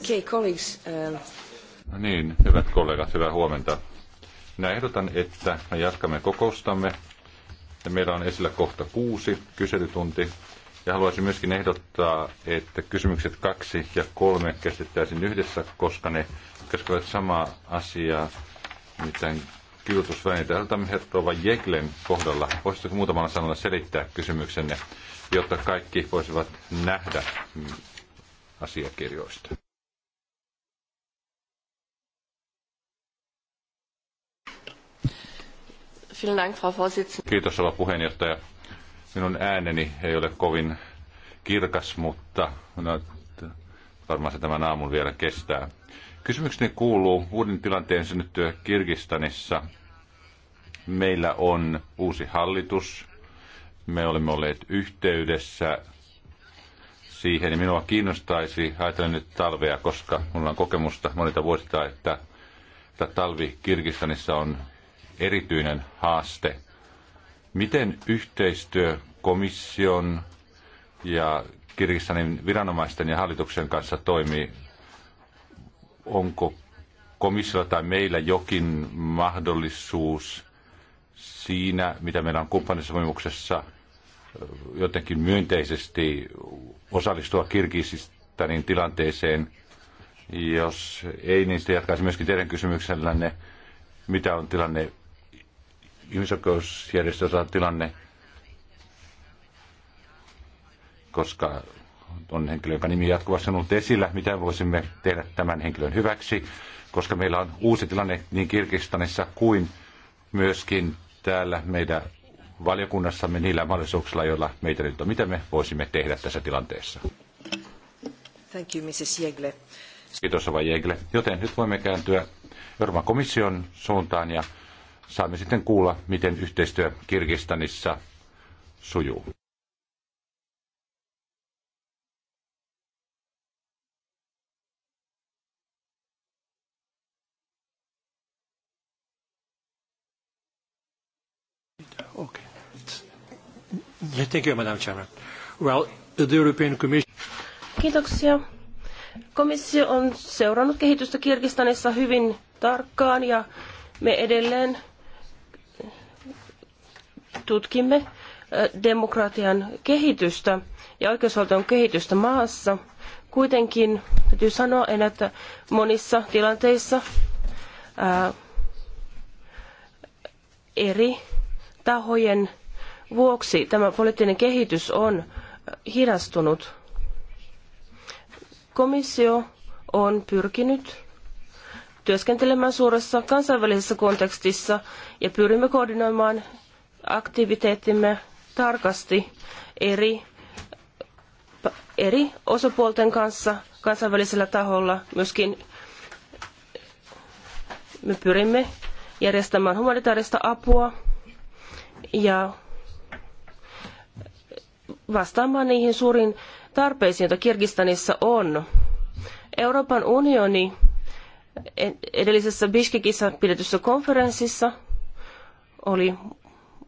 Okay, colleagues. Um, no niin, hyvät kollegat, hyvää huomenta. Minä ehdotan, että me jatkamme kokoustamme. Ja meillä on esillä kohta kuusi kyselytunti. Ja haluaisin myöskin ehdottaa, että kysymykset kaksi ja kolme käsittäisiin yhdessä, koska ne koskevat samaa asiaa, mitä kiusausvälineitä. Aloitamme Hertova Jeklen kohdalla. Voisitko muutamalla sanalla selittää kysymyksenne, jotta kaikki voisivat nähdä mm, asiakirjoista? Kiitos, rouva puheenjohtaja. Minun ääneni ei ole kovin kirkas, mutta no, varmaan se tämän aamun vielä kestää. Kysymykseni kuuluu uuden tilanteen synnyttyä Kirgistanissa. Meillä on uusi hallitus. Me olemme olleet yhteydessä siihen, ja minua kiinnostaisi, ajatellen nyt talvea, koska minulla on kokemusta monilta vuosilta, että, että talvi Kirgistanissa on erityinen haaste. Miten yhteistyö komission ja Kirgistanin viranomaisten ja hallituksen kanssa toimii? Onko komissiolla tai meillä jokin mahdollisuus siinä, mitä meillä on kumppanisopimuksessa, jotenkin myönteisesti osallistua Kirgisistanin tilanteeseen. Jos ei, niin sitten jatkaisi myöskin teidän kysymyksellänne, mitä on tilanne ihmisoikeusjärjestössä tilanne, koska on henkilö, jonka nimi jatkuvasti on ollut esillä, mitä voisimme tehdä tämän henkilön hyväksi, koska meillä on uusi tilanne niin Kirgistanissa kuin myöskin täällä meidän valiokunnassamme niillä mahdollisuuksilla, joilla meitä nyt on. Mitä me voisimme tehdä tässä tilanteessa? Thank you, Mrs. Jegle. Kiitos, Ava Jegle. Joten nyt voimme kääntyä Euroopan komission suuntaan ja saamme sitten kuulla, miten yhteistyö Kirgistanissa sujuu. Thank you, Madam Chairman. Well, the European Commission... Kiitoksia. Komissio on seurannut kehitystä Kirgistanissa hyvin tarkkaan ja me edelleen tutkimme demokratian kehitystä ja oikeusvaltion kehitystä maassa. Kuitenkin täytyy sanoa, että monissa tilanteissa ää, eri tahojen vuoksi tämä poliittinen kehitys on hidastunut. Komissio on pyrkinyt työskentelemään suuressa kansainvälisessä kontekstissa ja pyrimme koordinoimaan aktiviteettimme tarkasti eri, eri osapuolten kanssa kansainvälisellä taholla. Myöskin me pyrimme järjestämään humanitaarista apua ja vastaamaan niihin suuriin tarpeisiin, joita Kirgistanissa on. Euroopan unioni edellisessä Bishkekissä pidetyssä konferenssissa oli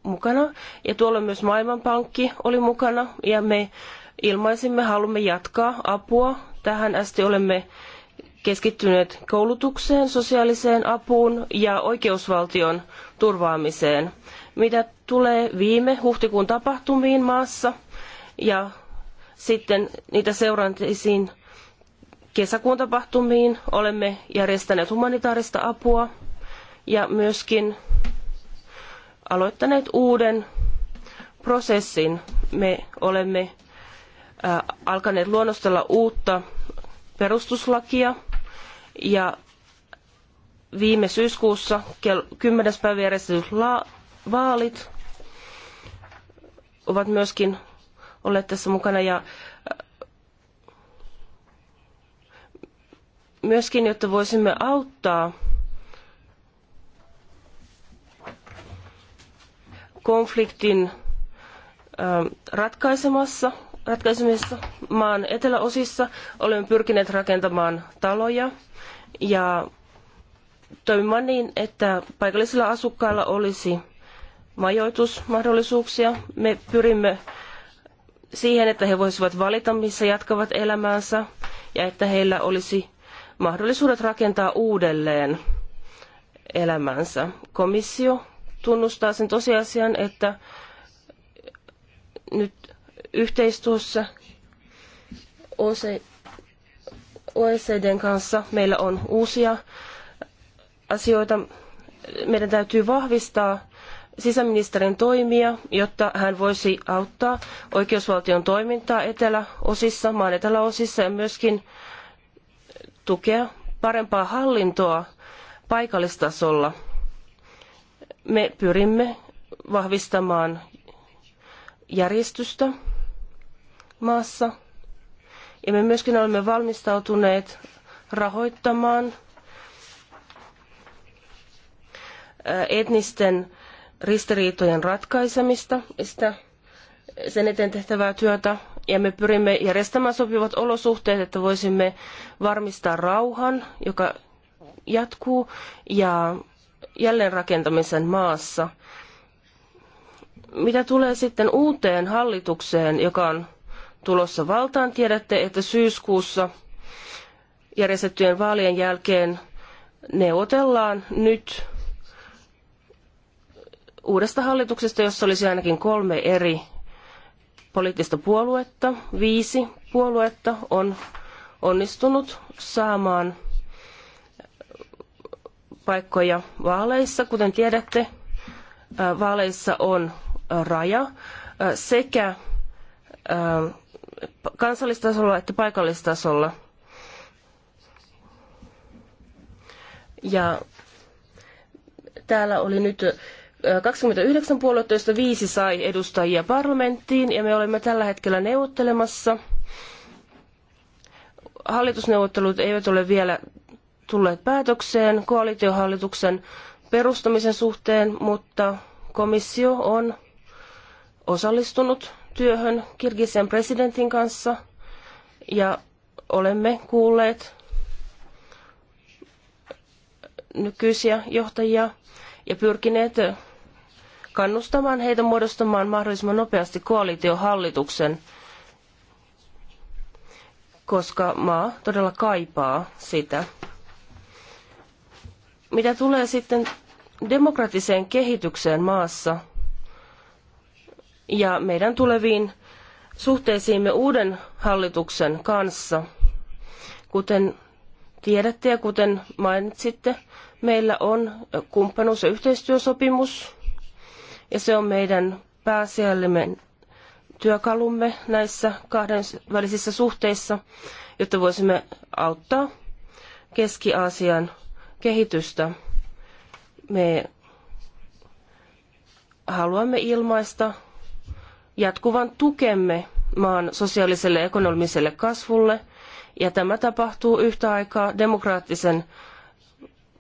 mukana ja tuolla myös Maailmanpankki oli mukana ja me ilmaisimme, haluamme jatkaa apua. Tähän asti olemme keskittyneet koulutukseen, sosiaaliseen apuun ja oikeusvaltion turvaamiseen. Mitä tulee viime huhtikuun tapahtumiin maassa – ja sitten niitä seuranteisiin kesäkuun tapahtumiin olemme järjestäneet humanitaarista apua ja myöskin aloittaneet uuden prosessin. Me olemme alkaneet luonnostella uutta perustuslakia ja viime syyskuussa 10. päivä järjestetyt vaalit ovat myöskin olleet tässä mukana ja äh, myöskin, jotta voisimme auttaa konfliktin ähm, ratkaisemassa, ratkaisemassa maan eteläosissa. Olemme pyrkineet rakentamaan taloja ja toimimaan niin, että paikallisilla asukkailla olisi majoitusmahdollisuuksia. Me pyrimme siihen, että he voisivat valita, missä jatkavat elämäänsä ja että heillä olisi mahdollisuudet rakentaa uudelleen elämänsä. Komissio tunnustaa sen tosiasian, että nyt yhteistyössä OECDn kanssa meillä on uusia asioita. Meidän täytyy vahvistaa sisäministerin toimia, jotta hän voisi auttaa oikeusvaltion toimintaa eteläosissa, maan eteläosissa ja myöskin tukea parempaa hallintoa paikallistasolla. Me pyrimme vahvistamaan järjestystä maassa ja me myöskin olemme valmistautuneet rahoittamaan etnisten ristiriitojen ratkaisemista, sitä sen eteen tehtävää työtä, ja me pyrimme järjestämään sopivat olosuhteet, että voisimme varmistaa rauhan, joka jatkuu, ja jälleenrakentamisen maassa. Mitä tulee sitten uuteen hallitukseen, joka on tulossa valtaan, tiedätte, että syyskuussa järjestettyjen vaalien jälkeen neuvotellaan nyt uudesta hallituksesta, jossa olisi ainakin kolme eri poliittista puoluetta, viisi puoluetta on onnistunut saamaan paikkoja vaaleissa. Kuten tiedätte, vaaleissa on raja sekä kansallistasolla että paikallistasolla. Ja täällä oli nyt 29 puoluetta, joista viisi sai edustajia parlamenttiin, ja me olemme tällä hetkellä neuvottelemassa. Hallitusneuvottelut eivät ole vielä tulleet päätökseen koalitiohallituksen perustamisen suhteen, mutta komissio on osallistunut työhön Kirgisian presidentin kanssa ja olemme kuulleet nykyisiä johtajia ja pyrkineet kannustamaan heitä muodostamaan mahdollisimman nopeasti koalitiohallituksen, koska maa todella kaipaa sitä. Mitä tulee sitten demokratiseen kehitykseen maassa ja meidän tuleviin suhteisiimme uuden hallituksen kanssa, kuten tiedätte ja kuten mainitsitte, meillä on kumppanuus- ja yhteistyösopimus ja se on meidän pääasiallinen työkalumme näissä kahdenvälisissä suhteissa, jotta voisimme auttaa Keski-Aasian kehitystä. Me haluamme ilmaista jatkuvan tukemme maan sosiaaliselle ja ekonomiselle kasvulle, ja tämä tapahtuu yhtä aikaa demokraattisen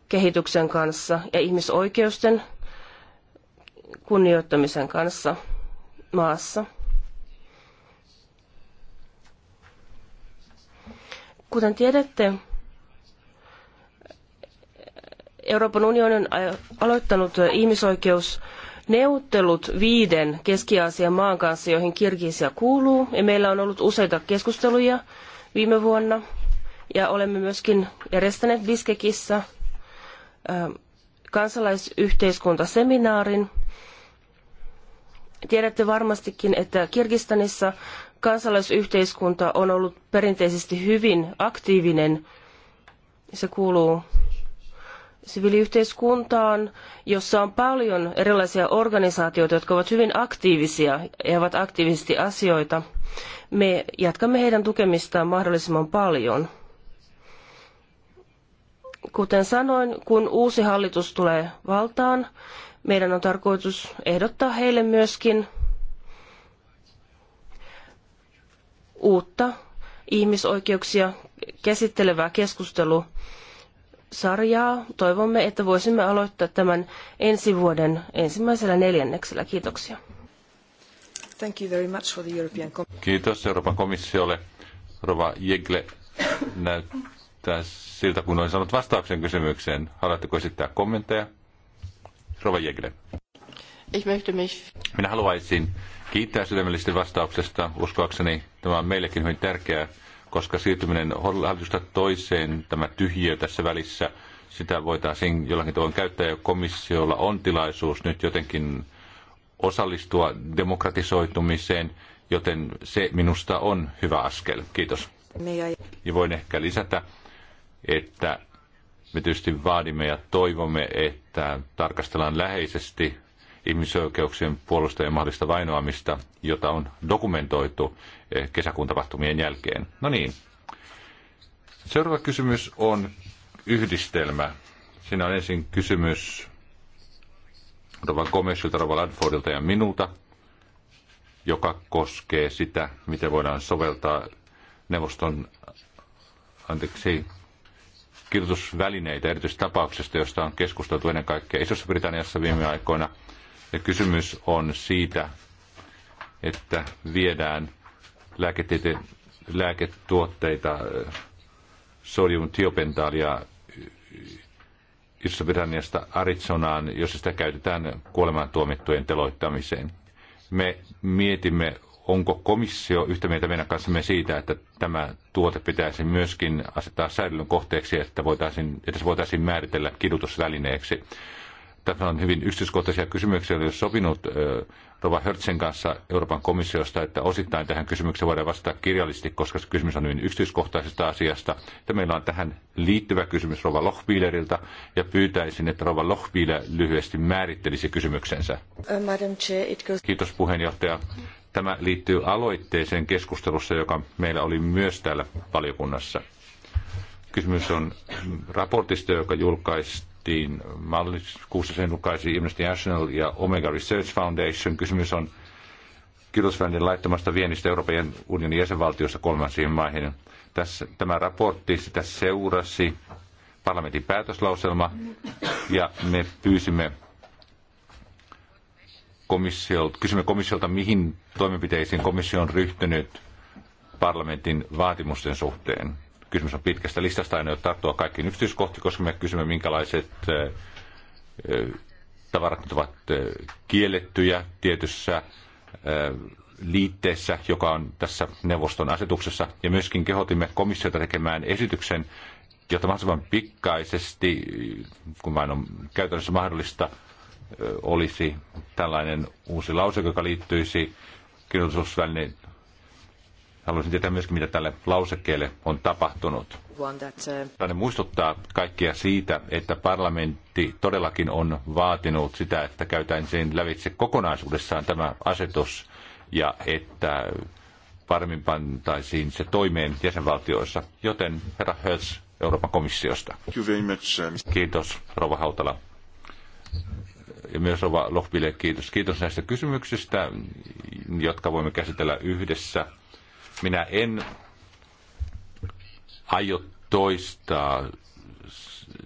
kehityksen kanssa ja ihmisoikeusten kunnioittamisen kanssa maassa. Kuten tiedätte, Euroopan unioni on aloittanut ihmisoikeusneuvottelut viiden Keski-Aasian maan kanssa, joihin Kirgisia kuuluu. Ja meillä on ollut useita keskusteluja viime vuonna. Ja olemme myöskin järjestäneet Biskekissä kansalaisyhteiskuntaseminaarin, Tiedätte varmastikin, että Kirgistanissa kansalaisyhteiskunta on ollut perinteisesti hyvin aktiivinen. Se kuuluu siviiliyhteiskuntaan, jossa on paljon erilaisia organisaatioita, jotka ovat hyvin aktiivisia ja ovat aktiivisesti asioita. Me jatkamme heidän tukemistaan mahdollisimman paljon. Kuten sanoin, kun uusi hallitus tulee valtaan, meidän on tarkoitus ehdottaa heille myöskin uutta ihmisoikeuksia käsittelevää keskustelusarjaa. Toivomme, että voisimme aloittaa tämän ensi vuoden ensimmäisellä neljänneksellä. Kiitoksia. Kiitos Euroopan komissiolle. Rova Jegle näyttää siltä, kun olen saanut vastauksen kysymykseen. Haluatteko esittää kommentteja? Rova Jegle. Minä haluaisin kiittää sydämellisesti vastauksesta. Uskoakseni tämä on meillekin hyvin tärkeää, koska siirtyminen hallitusta toiseen, tämä tyhjiö tässä välissä, sitä voitaisiin jollakin tavoin käyttää ja komissiolla on tilaisuus nyt jotenkin osallistua demokratisoitumiseen, joten se minusta on hyvä askel. Kiitos. Ja voin ehkä lisätä, että me tietysti vaadimme ja toivomme, että tarkastellaan läheisesti ihmisoikeuksien puolustajien mahdollista vainoamista, jota on dokumentoitu eh, kesäkuun tapahtumien jälkeen. No niin. Seuraava kysymys on yhdistelmä. Siinä on ensin kysymys Rova Gomesilta, Rova Ladfordilta ja minulta, joka koskee sitä, miten voidaan soveltaa neuvoston, anteeksi, kirjoitusvälineitä tapauksesta, josta on keskusteltu ennen kaikkea Isossa-Britanniassa viime aikoina. Ja kysymys on siitä, että viedään lääketiete- lääketuotteita, sodium tiopentaalia Iso-Britanniasta Arizonaan, jossa sitä käytetään kuolemaan tuomittujen teloittamiseen. Me mietimme onko komissio yhtä mieltä meidän kanssamme siitä, että tämä tuote pitäisi myöskin asettaa säädellyn kohteeksi, että voitaisiin, että se voitaisiin määritellä kidutusvälineeksi. Tässä on hyvin yksityiskohtaisia kysymyksiä, jos sopinut Rova Hörtsen kanssa Euroopan komissiosta, että osittain tähän kysymykseen voidaan vastata kirjallisesti, koska se kysymys on hyvin yksityiskohtaisesta asiasta. Ja meillä on tähän liittyvä kysymys Rova Lochbielerilta, ja pyytäisin, että Rova Lochbieler lyhyesti määrittelisi kysymyksensä. Madam Chair, it goes... Kiitos puheenjohtaja. Tämä liittyy aloitteeseen keskustelussa, joka meillä oli myös täällä valiokunnassa. Kysymys on raportista, joka julkaistiin maaliskuussa, sen julkaisi Amnesty National ja Omega Research Foundation. Kysymys on kidosvälinen laittomasta viennistä Euroopan unionin jäsenvaltiossa kolmansiin maihin. Tässä, tämä raportti sitä seurasi parlamentin päätöslauselma ja me pyysimme komissiolta, kysymme komissiolta, mihin toimenpiteisiin komissio on ryhtynyt parlamentin vaatimusten suhteen. Kysymys on pitkästä listasta, en ole tarttua kaikkiin yksityiskohtiin, koska me kysymme, minkälaiset tavarat ovat kiellettyjä tietyssä liitteessä, joka on tässä neuvoston asetuksessa, ja myöskin kehotimme komissiota tekemään esityksen, jotta mahdollisimman pikkaisesti, kun vain on käytännössä mahdollista, olisi tällainen uusi lause, joka liittyisi kirjoitusvälineen. Haluaisin tietää myöskin, mitä tälle lausekkeelle on tapahtunut. Uh, Tänne muistuttaa kaikkia siitä, että parlamentti todellakin on vaatinut sitä, että käytäisiin lävitse kokonaisuudessaan tämä asetus ja että paremmin pantaisiin se toimeen jäsenvaltioissa. Joten herra Hertz Euroopan komissiosta. Uh, Kiitos, rouva Hautala ja myös Rova Lohville kiitos. Kiitos näistä kysymyksistä, jotka voimme käsitellä yhdessä. Minä en aio toistaa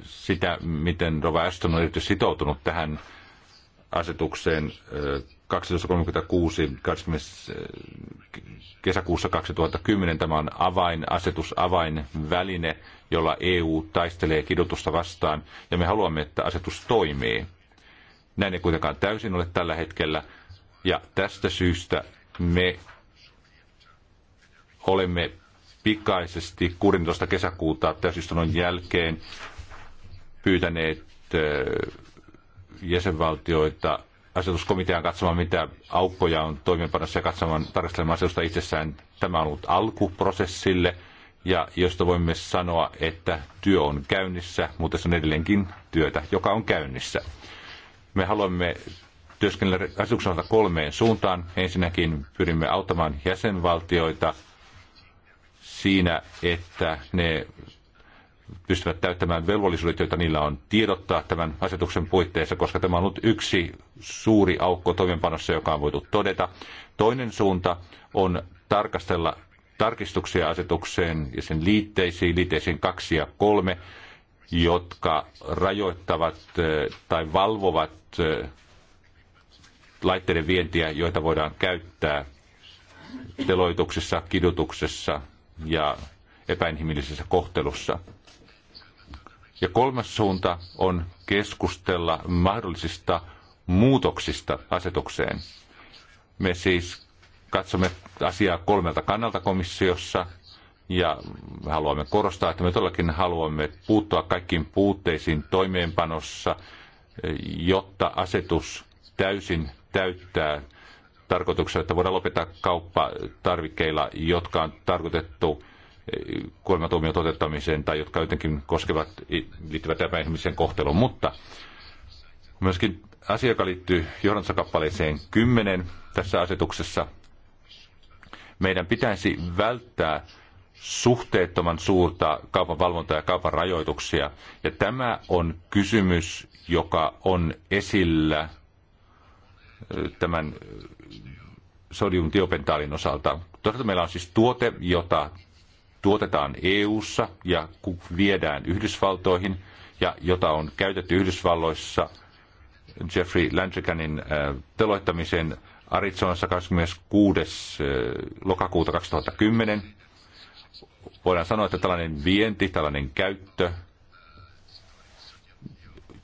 sitä, miten Rova Aston on erityisesti sitoutunut tähän asetukseen 1236 20, kesäkuussa 2010. Tämä on avainasetus, avainväline, jolla EU taistelee kidutusta vastaan, ja me haluamme, että asetus toimii. Näin ei kuitenkaan täysin ole tällä hetkellä. Ja tästä syystä me olemme pikaisesti 16. kesäkuuta täysistunnon jälkeen pyytäneet jäsenvaltioita asetuskomitean katsomaan, mitä aukkoja on toimeenpanossa ja katsomaan, tarkastelemaan asetusta itsessään. Tämä on ollut alkuprosessille ja josta voimme sanoa, että työ on käynnissä, mutta se on edelleenkin työtä, joka on käynnissä. Me haluamme työskennellä asetuksen kolmeen suuntaan. Ensinnäkin pyrimme auttamaan jäsenvaltioita siinä, että ne pystyvät täyttämään velvollisuudet, joita niillä on tiedottaa tämän asetuksen puitteissa, koska tämä on ollut yksi suuri aukko toimenpanossa, joka on voitu todeta. Toinen suunta on tarkastella tarkistuksia asetukseen ja sen liitteisiin, liitteisiin kaksi ja kolme, jotka rajoittavat tai valvovat laitteiden vientiä, joita voidaan käyttää teloituksessa, kidutuksessa ja epäinhimillisessä kohtelussa. Ja kolmas suunta on keskustella mahdollisista muutoksista asetukseen. Me siis katsomme asiaa kolmelta kannalta komissiossa – ja haluamme korostaa, että me todellakin haluamme puuttua kaikkiin puutteisiin toimeenpanossa, jotta asetus täysin täyttää tarkoituksena, että voidaan lopettaa kauppa tarvikkeilla, jotka on tarkoitettu eh, kuolematuomion toteuttamiseen tai jotka jotenkin koskevat, liittyvät tämän ihmisen kohteluun. Mutta myöskin asia, joka liittyy johdantosakappaleeseen 10 tässä asetuksessa, meidän pitäisi välttää suhteettoman suurta kaupan valvontaa ja kaupan rajoituksia. Ja tämä on kysymys, joka on esillä tämän sodiumtiopentaalin osalta. Toisaalta meillä on siis tuote, jota tuotetaan EU:ssa ja viedään Yhdysvaltoihin ja jota on käytetty Yhdysvalloissa Jeffrey Landricanin teloittamiseen Arizonassa 26. lokakuuta 2010 voidaan sanoa, että tällainen vienti, tällainen käyttö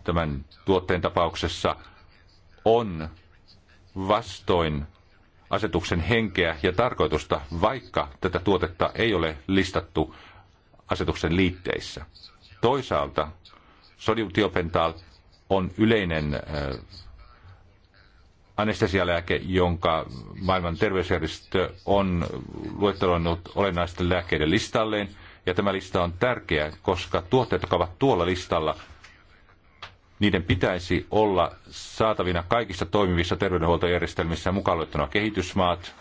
tämän tuotteen tapauksessa on vastoin asetuksen henkeä ja tarkoitusta, vaikka tätä tuotetta ei ole listattu asetuksen liitteissä. Toisaalta sodiumtiopentaal on yleinen äh, anestesialääke, jonka maailman terveysjärjestö on luettelonnut olennaisten lääkkeiden listalleen. Ja tämä lista on tärkeä, koska tuotteet, jotka ovat tuolla listalla, niiden pitäisi olla saatavina kaikissa toimivissa terveydenhuoltojärjestelmissä mukaan luettuna kehitysmaat.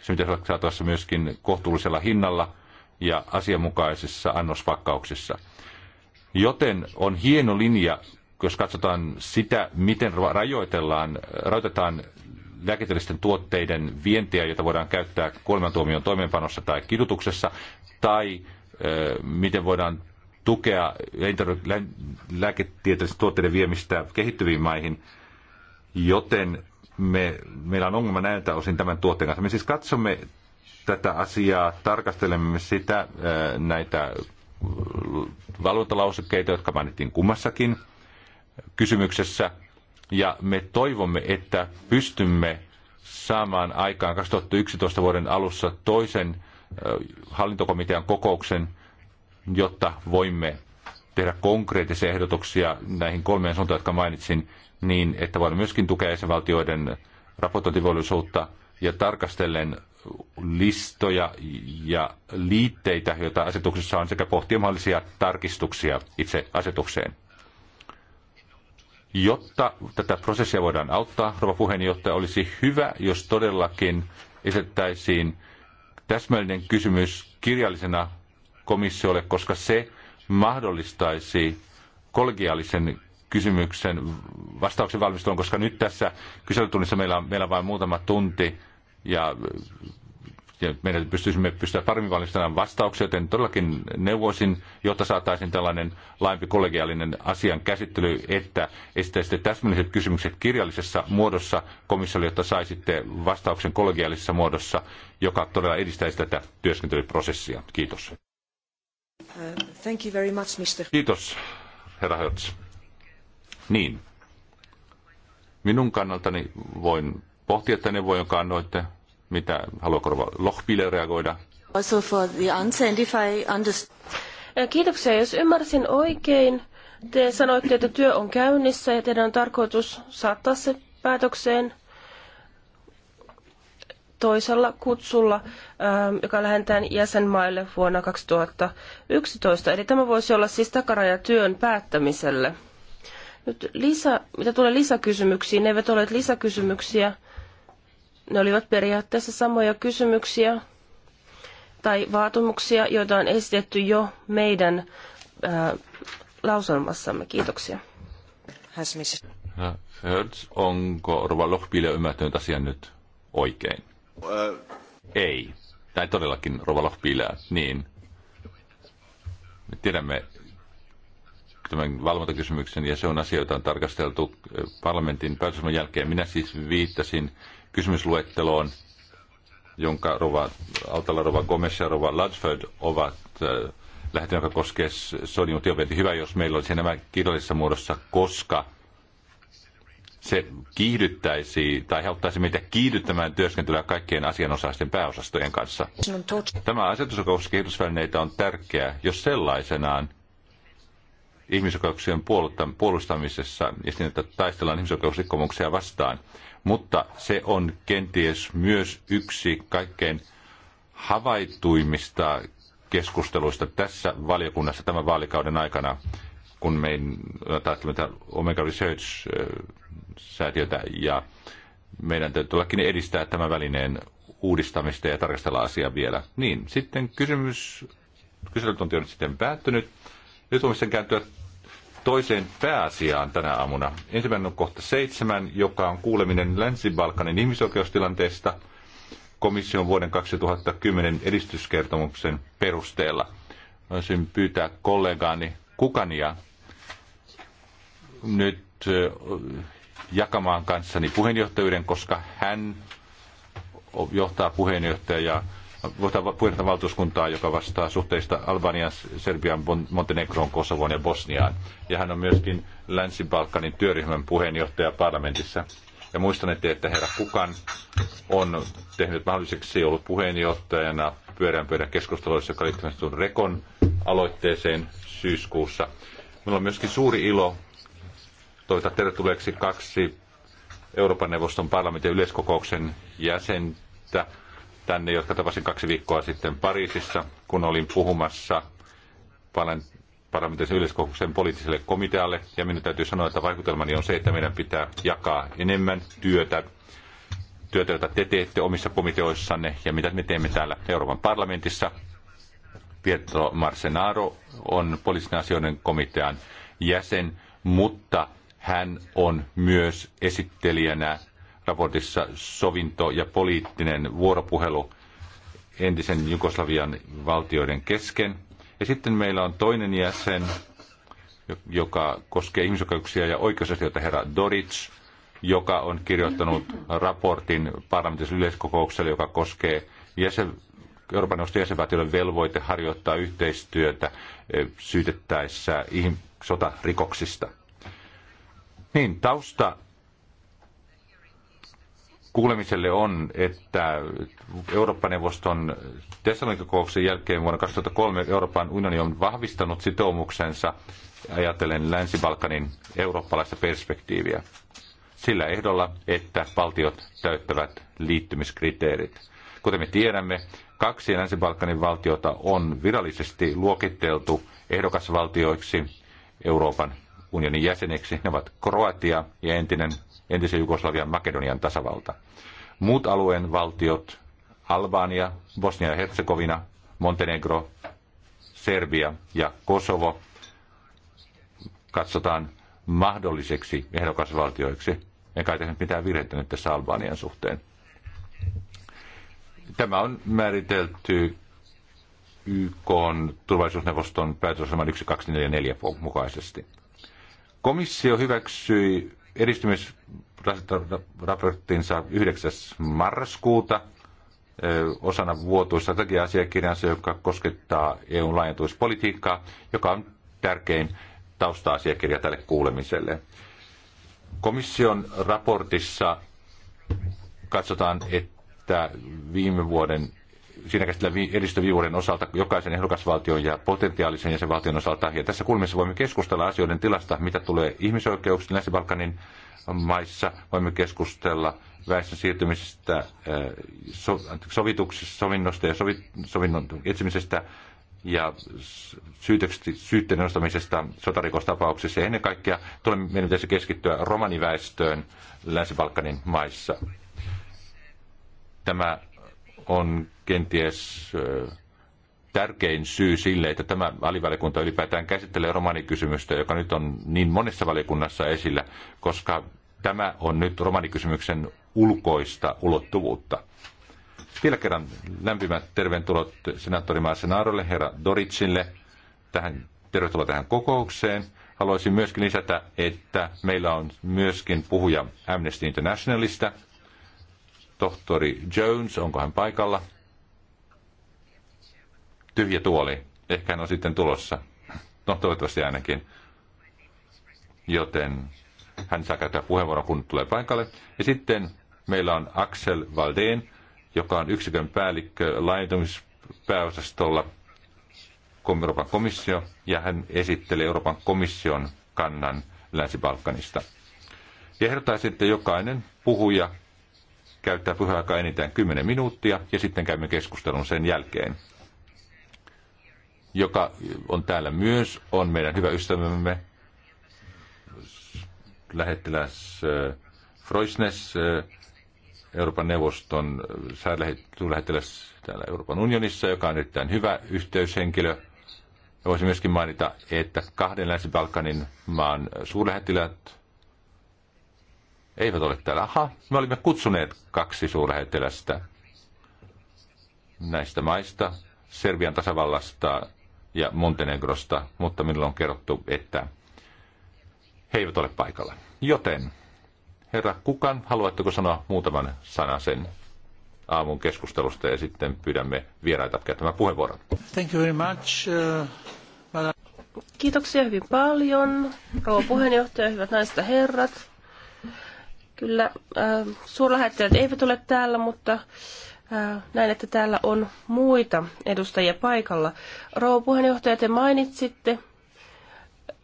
Se pitäisi olla saatavassa myöskin kohtuullisella hinnalla ja asianmukaisessa annospakkauksessa. Joten on hieno linja jos katsotaan sitä, miten rajoitellaan, rajoitetaan lääketieteellisten tuotteiden vientiä, jota voidaan käyttää tuomion toimeenpanossa tai kidutuksessa, tai miten voidaan tukea lääketieteellisten tuotteiden viemistä kehittyviin maihin, joten me, meillä on ongelma näiltä osin tämän tuotteen kanssa. Me siis katsomme tätä asiaa, tarkastelemme sitä, näitä valvontalausekkeita, jotka mainittiin kummassakin – kysymyksessä ja me toivomme, että pystymme saamaan aikaan 2011 vuoden alussa toisen hallintokomitean kokouksen, jotta voimme tehdä konkreettisia ehdotuksia näihin kolmeen suuntaan, jotka mainitsin, niin että voidaan myöskin tukea jäsenvaltioiden raportointivollisuutta ja tarkastellen listoja ja liitteitä, joita asetuksessa on, sekä pohtia mahdollisia tarkistuksia itse asetukseen. Jotta tätä prosessia voidaan auttaa, rouva puheenjohtaja, olisi hyvä, jos todellakin esittäisiin täsmällinen kysymys kirjallisena komissiolle, koska se mahdollistaisi kollegiaalisen kysymyksen vastauksen valmistelun, koska nyt tässä kyselytunnissa meillä on, meillä on vain muutama tunti ja ja meidän pystyisimme pystyä paremmin valmistamaan vastauksia, joten todellakin neuvoisin, jotta saataisiin tällainen laajempi kollegiaalinen asian käsittely, että esittäisitte täsmälliset kysymykset kirjallisessa muodossa komissiolle, jotta saisitte vastauksen kollegiaalisessa muodossa, joka todella edistäisi tätä työskentelyprosessia. Kiitos. Uh, thank you very much, Mr. Kiitos, herra Hertz. Niin. Minun kannaltani voin pohtia, että voi jonka annoitte, mitä, haluaako Lohpile reagoida? Also for the answer, and if I äh, Kiitoksia. Jos ymmärsin oikein, te sanoitte, että työ on käynnissä ja teidän on tarkoitus saattaa se päätökseen toisella kutsulla, ähm, joka lähentään jäsenmaille vuonna 2011. Eli tämä voisi olla siis takaraja työn päättämiselle. Nyt lisä, mitä tulee lisäkysymyksiin, ne eivät ole lisäkysymyksiä ne olivat periaatteessa samoja kysymyksiä tai vaatimuksia, joita on esitetty jo meidän ää, lauselmassamme. Kiitoksia. Hertz, onko Rova Lohpilä ymmärtänyt asian nyt oikein? Ää... Äh. Ei. Tai todellakin Rova Lohpilä, niin. Me tiedämme tämän valvontakysymyksen, ja se on asia, jota on tarkasteltu äh, parlamentin päätösmän jälkeen. Minä siis viittasin kysymysluetteloon, jonka Rova, Altala Rova Gomes ja Rova Ludford ovat äh, lähettäneet, joka koskee sodiumtiobeti. Hyvä, jos meillä olisi nämä kirjallisessa muodossa, koska se kiihdyttäisi tai auttaisi meitä kiihdyttämään työskentelyä kaikkien asianosaisten pääosastojen kanssa. Tämä asetus, joka koskee kehitysvälineitä, on tärkeä, jos sellaisenaan ihmisoikeuksien puolustamisessa ja siinä, että taistellaan ihmisoikeusrikkomuksia vastaan mutta se on kenties myös yksi kaikkein havaituimmista keskusteluista tässä valiokunnassa tämän vaalikauden aikana, kun me ajattelemme Omega Research-säätiötä eh, ja meidän täytyykin edistää tämän välineen uudistamista ja tarkastella asiaa vielä. Niin, sitten kysymys, kyselytunti on sitten päättynyt. Nyt on sen kääntyä toiseen pääasiaan tänä aamuna. Ensimmäinen on kohta seitsemän, joka on kuuleminen Länsi-Balkanin ihmisoikeustilanteesta komission vuoden 2010 edistyskertomuksen perusteella. Voisin pyytää kollegaani Kukania nyt jakamaan kanssani puheenjohtajuuden, koska hän johtaa puheenjohtajaa valtuuskuntaa, joka vastaa suhteista Albanian, Serbian, Montenegroon, Kosovoon ja Bosniaan. Ja hän on myöskin Länsi-Balkanin työryhmän puheenjohtaja parlamentissa. Ja muistan, että herra Kukan on tehnyt mahdolliseksi ollut puheenjohtajana pyörän pöydän keskusteluissa, joka liittyy Rekon aloitteeseen syyskuussa. Minulla on myöskin suuri ilo toivottaa tervetulleeksi kaksi Euroopan neuvoston parlamentin yleiskokouksen jäsentä, tänne, jotka tapasin kaksi viikkoa sitten Pariisissa, kun olin puhumassa parlamentaarisen yleiskokouksen poliittiselle komitealle. Ja minun täytyy sanoa, että vaikutelmani on se, että meidän pitää jakaa enemmän työtä, työtä, jota te teette omissa komiteoissanne ja mitä me teemme täällä Euroopan parlamentissa. Pietro Marsenaro on poliisin asioiden komitean jäsen, mutta hän on myös esittelijänä raportissa sovinto ja poliittinen vuoropuhelu entisen Jugoslavian valtioiden kesken. Ja sitten meillä on toinen jäsen, joka koskee ihmisoikeuksia ja oikeusasioita, herra Doric, joka on kirjoittanut raportin parlamentin yleiskokoukselle, joka koskee jäsen, Euroopan neuvoston jäsenvaltioiden velvoite harjoittaa yhteistyötä syytettäessä sotarikoksista. Niin, tausta kuulemiselle on, että Eurooppa-neuvoston Thessalonikokouksen jälkeen vuonna 2003 Euroopan unioni on vahvistanut sitoumuksensa ajatellen Länsi-Balkanin eurooppalaista perspektiiviä sillä ehdolla, että valtiot täyttävät liittymiskriteerit. Kuten me tiedämme, kaksi Länsi-Balkanin valtiota on virallisesti luokiteltu ehdokasvaltioiksi Euroopan unionin jäseneksi. Ne ovat Kroatia ja entinen entisen Jugoslavian Makedonian tasavalta. Muut alueen valtiot, Albania, Bosnia ja Herzegovina, Montenegro, Serbia ja Kosovo, katsotaan mahdolliseksi ehdokasvaltioiksi. En kai tehnyt mitään virhettä nyt tässä Albanian suhteen. Tämä on määritelty YK on turvallisuusneuvoston päätösaseman 1244 mukaisesti. Komissio hyväksyi edistymisraporttinsa 9. marraskuuta osana vuotuista strategia-asiakirjansa, joka koskettaa EUn laajentumispolitiikkaa, joka on tärkein tausta-asiakirja tälle kuulemiselle. Komission raportissa katsotaan, että viime vuoden siinä käsitellä edistöviivuuden osalta jokaisen ehdokasvaltion ja potentiaalisen jäsenvaltion osalta. Ja tässä kulmissa voimme keskustella asioiden tilasta, mitä tulee ihmisoikeuksiin Länsi-Balkanin maissa. Voimme keskustella väestön siirtymisestä, äh, so, sovinnosta ja sovi, sovinnon etsimisestä ja syytteen nostamisesta sotarikostapauksissa. Ja ennen kaikkea tulemme, meidän tässä keskittyä romaniväestöön Länsi-Balkanin maissa. Tämä on kenties tärkein syy sille, että tämä alivalikunta ylipäätään käsittelee romanikysymystä, joka nyt on niin monessa valikunnassa esillä, koska tämä on nyt romanikysymyksen ulkoista ulottuvuutta. Vielä kerran lämpimät tervetulot senaattori Marsenaarolle, herra Doritsille. Tähän, tervetuloa tähän kokoukseen. Haluaisin myöskin lisätä, että meillä on myöskin puhuja Amnesty Internationalista – tohtori Jones, onko hän paikalla? Tyhjä tuoli. Ehkä hän on sitten tulossa. No toivottavasti ainakin. Joten hän saa käyttää puheenvuoron, kun tulee paikalle. Ja sitten meillä on Axel Valdeen, joka on yksikön päällikkö laajentumispääosastolla Euroopan komissio, ja hän esittelee Euroopan komission kannan Länsi-Balkanista. Ja ehdottaa sitten jokainen puhuja käyttää puheaikaa enintään 10 minuuttia ja sitten käymme keskustelun sen jälkeen. Joka on täällä myös, on meidän hyvä ystävämme lähettiläs eh, Freusnes, eh, Euroopan neuvoston eh, lähettiläs täällä Euroopan unionissa, joka on erittäin hyvä yhteyshenkilö. Voisin myöskin mainita, että kahden Länsi-Balkanin maan suurlähettiläät eivät ole täällä. Aha, me olimme kutsuneet kaksi suurlähettilästä näistä maista, Serbian tasavallasta ja Montenegrosta, mutta minulle on kerrottu, että he eivät ole paikalla. Joten, herra Kukan, haluatteko sanoa muutaman sanan sen aamun keskustelusta ja sitten pyydämme vieraita käyttämään puheenvuoron. Thank you very much. Uh, Kiitoksia hyvin paljon, rouva puheenjohtaja, hyvät naiset ja herrat. Kyllä äh, suurlähettäjät eivät ole täällä, mutta äh, näin, että täällä on muita edustajia paikalla. Rouva puheenjohtaja, te mainitsitte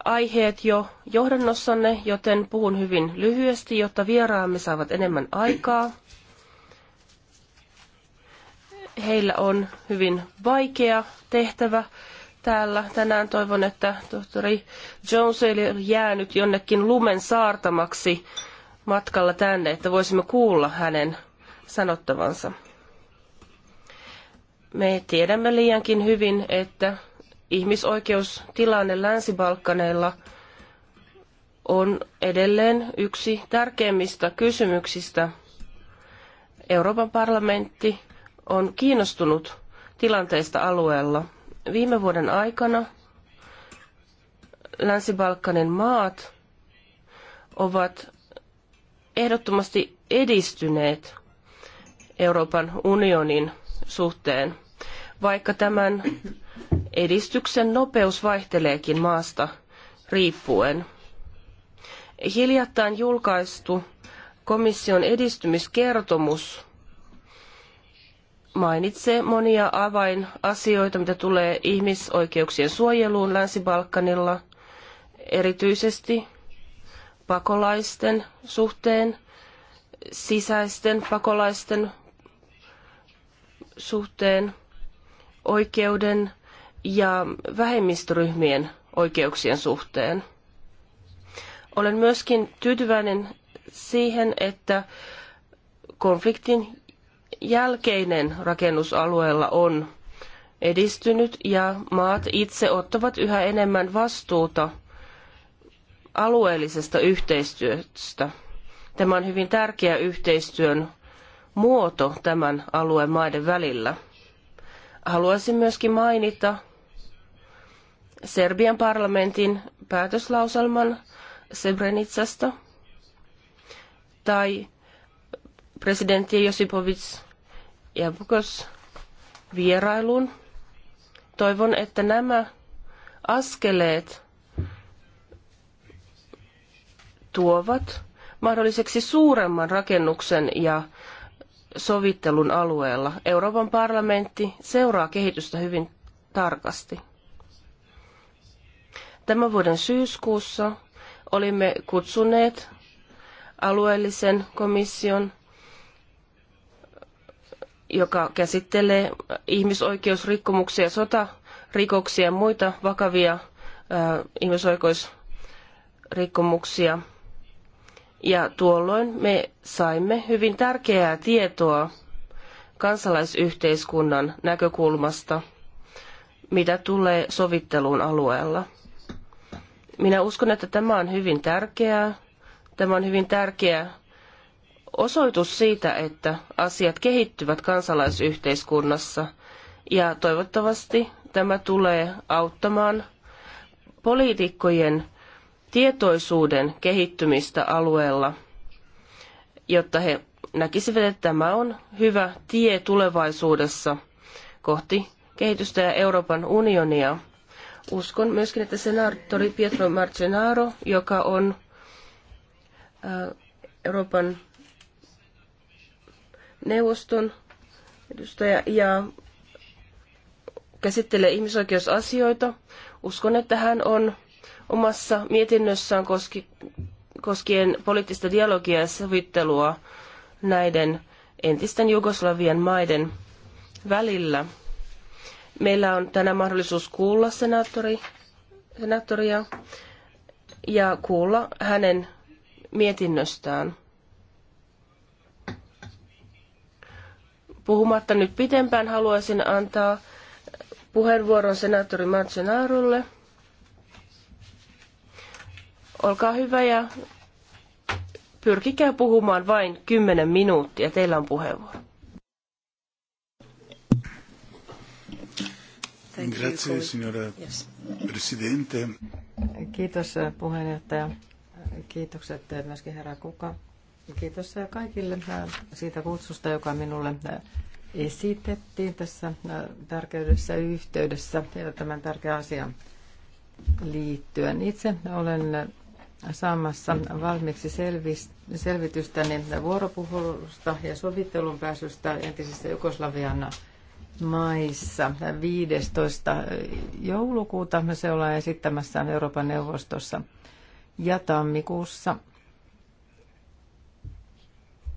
aiheet jo johdannossanne, joten puhun hyvin lyhyesti, jotta vieraamme saavat enemmän aikaa. Heillä on hyvin vaikea tehtävä täällä tänään. Toivon, että tohtori Jones ei ole jäänyt jonnekin lumen saartamaksi matkalla tänne, että voisimme kuulla hänen sanottavansa. Me tiedämme liiankin hyvin, että ihmisoikeustilanne Länsi-Balkaneilla on edelleen yksi tärkeimmistä kysymyksistä. Euroopan parlamentti on kiinnostunut tilanteesta alueella. Viime vuoden aikana Länsi-Balkanin maat ovat ehdottomasti edistyneet Euroopan unionin suhteen, vaikka tämän edistyksen nopeus vaihteleekin maasta riippuen. Hiljattain julkaistu komission edistymiskertomus mainitsee monia avainasioita, mitä tulee ihmisoikeuksien suojeluun Länsi-Balkanilla, erityisesti pakolaisten suhteen, sisäisten pakolaisten suhteen, oikeuden ja vähemmistöryhmien oikeuksien suhteen. Olen myöskin tyytyväinen siihen, että konfliktin jälkeinen rakennusalueella on edistynyt ja maat itse ottavat yhä enemmän vastuuta alueellisesta yhteistyöstä. Tämä on hyvin tärkeä yhteistyön muoto tämän alueen maiden välillä. Haluaisin myöskin mainita Serbian parlamentin päätöslauselman Srebrenicasta tai presidentti Josipovic Bukos vierailun. Toivon, että nämä askeleet tuovat mahdolliseksi suuremman rakennuksen ja sovittelun alueella. Euroopan parlamentti seuraa kehitystä hyvin tarkasti. Tämän vuoden syyskuussa olimme kutsuneet alueellisen komission, joka käsittelee ihmisoikeusrikkomuksia, sotarikoksia ja muita vakavia ihmisoikeusrikkomuksia – ja tuolloin me saimme hyvin tärkeää tietoa kansalaisyhteiskunnan näkökulmasta, mitä tulee sovitteluun alueella. Minä uskon, että tämä on hyvin tärkeää. Tämä on hyvin tärkeä osoitus siitä, että asiat kehittyvät kansalaisyhteiskunnassa. Ja toivottavasti tämä tulee auttamaan poliitikkojen tietoisuuden kehittymistä alueella, jotta he näkisivät, että tämä on hyvä tie tulevaisuudessa kohti kehitystä ja Euroopan unionia. Uskon myöskin, että senaattori Pietro Marcenaro, joka on äh, Euroopan neuvoston edustaja ja käsittelee ihmisoikeusasioita. Uskon, että hän on omassa mietinnössään koski, koskien poliittista dialogia ja sovittelua näiden entisten Jugoslavian maiden välillä. Meillä on tänään mahdollisuus kuulla senaattori, senaattoria ja kuulla hänen mietinnöstään. Puhumatta nyt pitempään haluaisin antaa puheenvuoron senaattori Marcinarulle – Olkaa hyvä ja pyrkikää puhumaan vain kymmenen minuuttia. Teillä on puheenvuoro. Grazie, signora Presidente. Kiitos puheenjohtaja. Kiitokset myöskin herra Kuka. Kiitos kaikille siitä kutsusta, joka minulle esitettiin tässä tärkeydessä yhteydessä ja tämän tärkeän asian liittyen. Itse olen saamassa valmiiksi selvitystä niin vuoropuhelusta ja sovittelun pääsystä entisissä Jugoslavian maissa 15. joulukuuta me se ollaan esittämässä Euroopan neuvostossa ja tammikuussa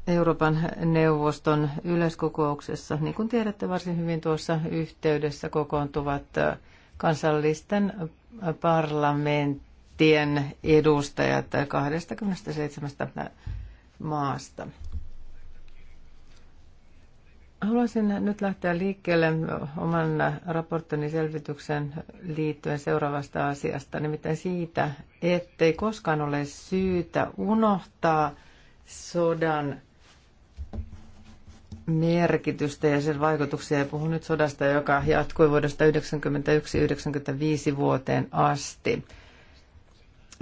Euroopan neuvoston yleiskokouksessa, niin kuin tiedätte varsin hyvin tuossa yhteydessä, kokoontuvat kansallisten parlamentti tien edustajat 27 maasta. Haluaisin nyt lähteä liikkeelle oman raporttini selvityksen liittyen seuraavasta asiasta, nimittäin siitä, ettei koskaan ole syytä unohtaa sodan merkitystä ja sen vaikutuksia. Ja puhun nyt sodasta, joka jatkui vuodesta 1991-1995 vuoteen asti.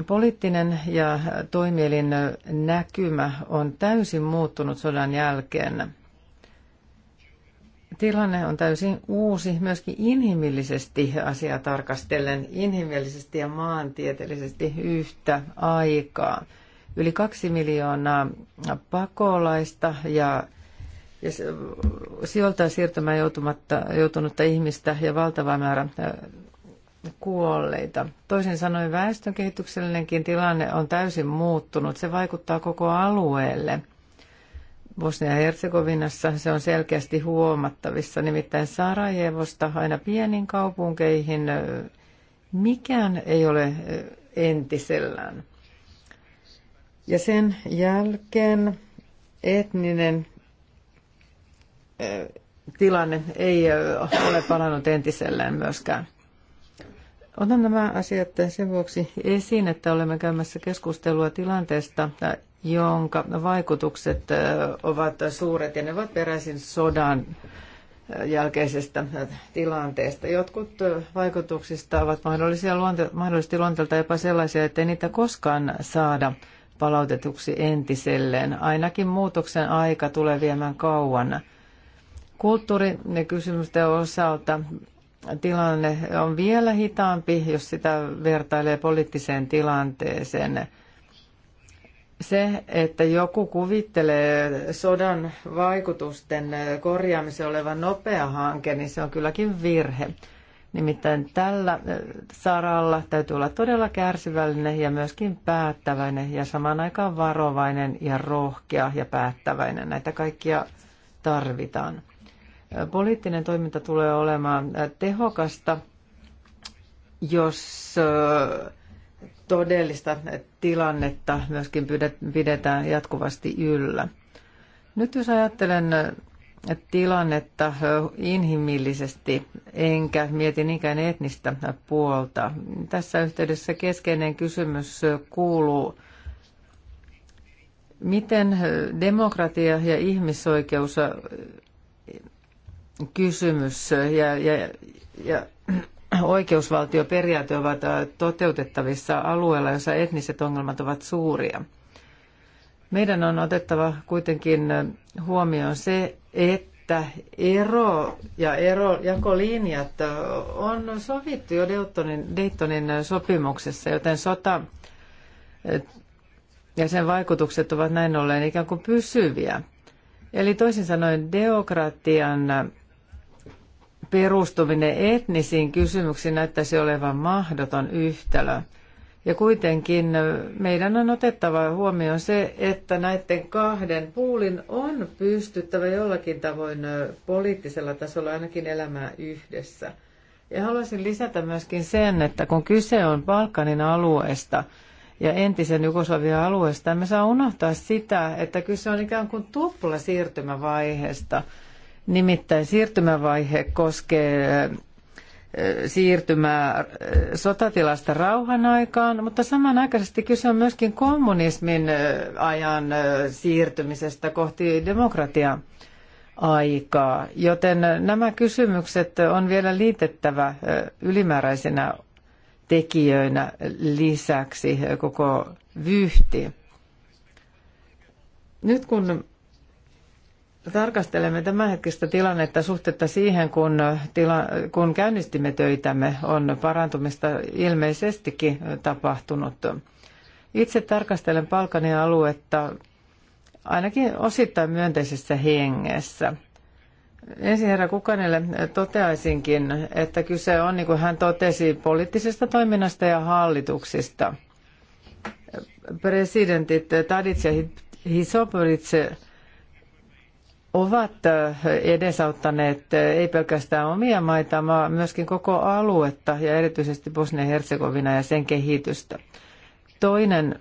Poliittinen ja toimielin näkymä on täysin muuttunut sodan jälkeen. Tilanne on täysin uusi, myöskin inhimillisesti asiaa tarkastellen, inhimillisesti ja maantieteellisesti yhtä aikaa. Yli kaksi miljoonaa pakolaista ja ja sijoiltaan siirtymään joutunutta ihmistä ja valtava määrä kuolleita. Toisin sanoen väestönkehityksellinenkin tilanne on täysin muuttunut. Se vaikuttaa koko alueelle. Bosnia-Herzegovinassa se on selkeästi huomattavissa, nimittäin Sarajevosta aina pieniin kaupunkeihin mikään ei ole entisellään. Ja sen jälkeen etninen tilanne ei ole palannut entisellään myöskään. Otan nämä asiat sen vuoksi esiin, että olemme käymässä keskustelua tilanteesta, jonka vaikutukset ovat suuret ja ne ovat peräisin sodan jälkeisestä tilanteesta. Jotkut vaikutuksista ovat mahdollisia luonte- mahdollisesti luonteelta jopa sellaisia, ettei niitä koskaan saada palautetuksi entiselleen. Ainakin muutoksen aika tulee viemään kauan. Kulttuurikysymysten osalta tilanne on vielä hitaampi, jos sitä vertailee poliittiseen tilanteeseen. Se, että joku kuvittelee sodan vaikutusten korjaamisen olevan nopea hanke, niin se on kylläkin virhe. Nimittäin tällä eh, saralla täytyy olla todella kärsivällinen ja myöskin päättäväinen ja samaan aikaan varovainen ja rohkea ja päättäväinen. Näitä kaikkia tarvitaan. Poliittinen toiminta tulee olemaan tehokasta, jos todellista tilannetta myöskin pidetään jatkuvasti yllä. Nyt jos ajattelen tilannetta inhimillisesti, enkä mieti niinkään etnistä puolta. Tässä yhteydessä keskeinen kysymys kuuluu, miten demokratia ja ihmisoikeus kysymys ja, ja, ja oikeusvaltioperiaate ovat äh, toteutettavissa alueella, jossa etniset ongelmat ovat suuria. Meidän on otettava kuitenkin äh, huomioon se, että ero ja ero, jakolinjat äh, on sovittu jo Deutonin, Daytonin sopimuksessa, joten sota ja sen vaikutukset ovat näin ollen ikään kuin pysyviä. Eli toisin sanoen demokratian perustuminen etnisiin kysymyksiin näyttäisi olevan mahdoton yhtälö. Ja kuitenkin meidän on otettava huomioon se, että näiden kahden puulin on pystyttävä jollakin tavoin poliittisella tasolla ainakin elämään yhdessä. Ja haluaisin lisätä myöskin sen, että kun kyse on Balkanin alueesta ja entisen Jugoslavian alueesta, me saa unohtaa sitä, että kyse on ikään kuin tupla siirtymävaiheesta – Nimittäin siirtymävaihe koskee siirtymää sotatilasta rauhan aikaan, mutta samanaikaisesti kyse on myöskin kommunismin ajan siirtymisestä kohti demokratiaa aikaa. Joten nämä kysymykset on vielä liitettävä ylimääräisenä tekijöinä lisäksi koko vyhti. Nyt kun tarkastelemme tämänhetkistä tilannetta suhteessa siihen, kun, tila, kun käynnistimme töitämme, on parantumista ilmeisestikin tapahtunut. Itse tarkastelen Balkanin aluetta ainakin osittain myönteisessä hengessä. Ensin herra Kukanille toteaisinkin, että kyse on, niin kuin hän totesi, poliittisesta toiminnasta ja hallituksista. Presidentit Tadic ja Hisopuritse ovat edesauttaneet ei pelkästään omia maita, vaan myöskin koko aluetta ja erityisesti Bosnia-Herzegovina ja sen kehitystä. Toinen,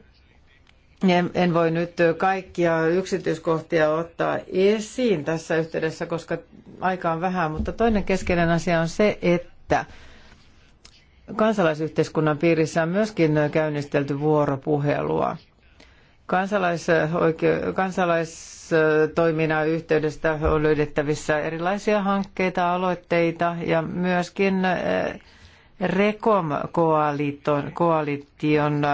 en voi nyt kaikkia yksityiskohtia ottaa esiin tässä yhteydessä, koska aika on vähän, mutta toinen keskeinen asia on se, että kansalaisyhteiskunnan piirissä on myöskin käynnistelty vuoropuhelua. Kansalais, kansalais toiminnan yhteydestä on löydettävissä erilaisia hankkeita, aloitteita ja myöskin eh, Rekom-koalition eh,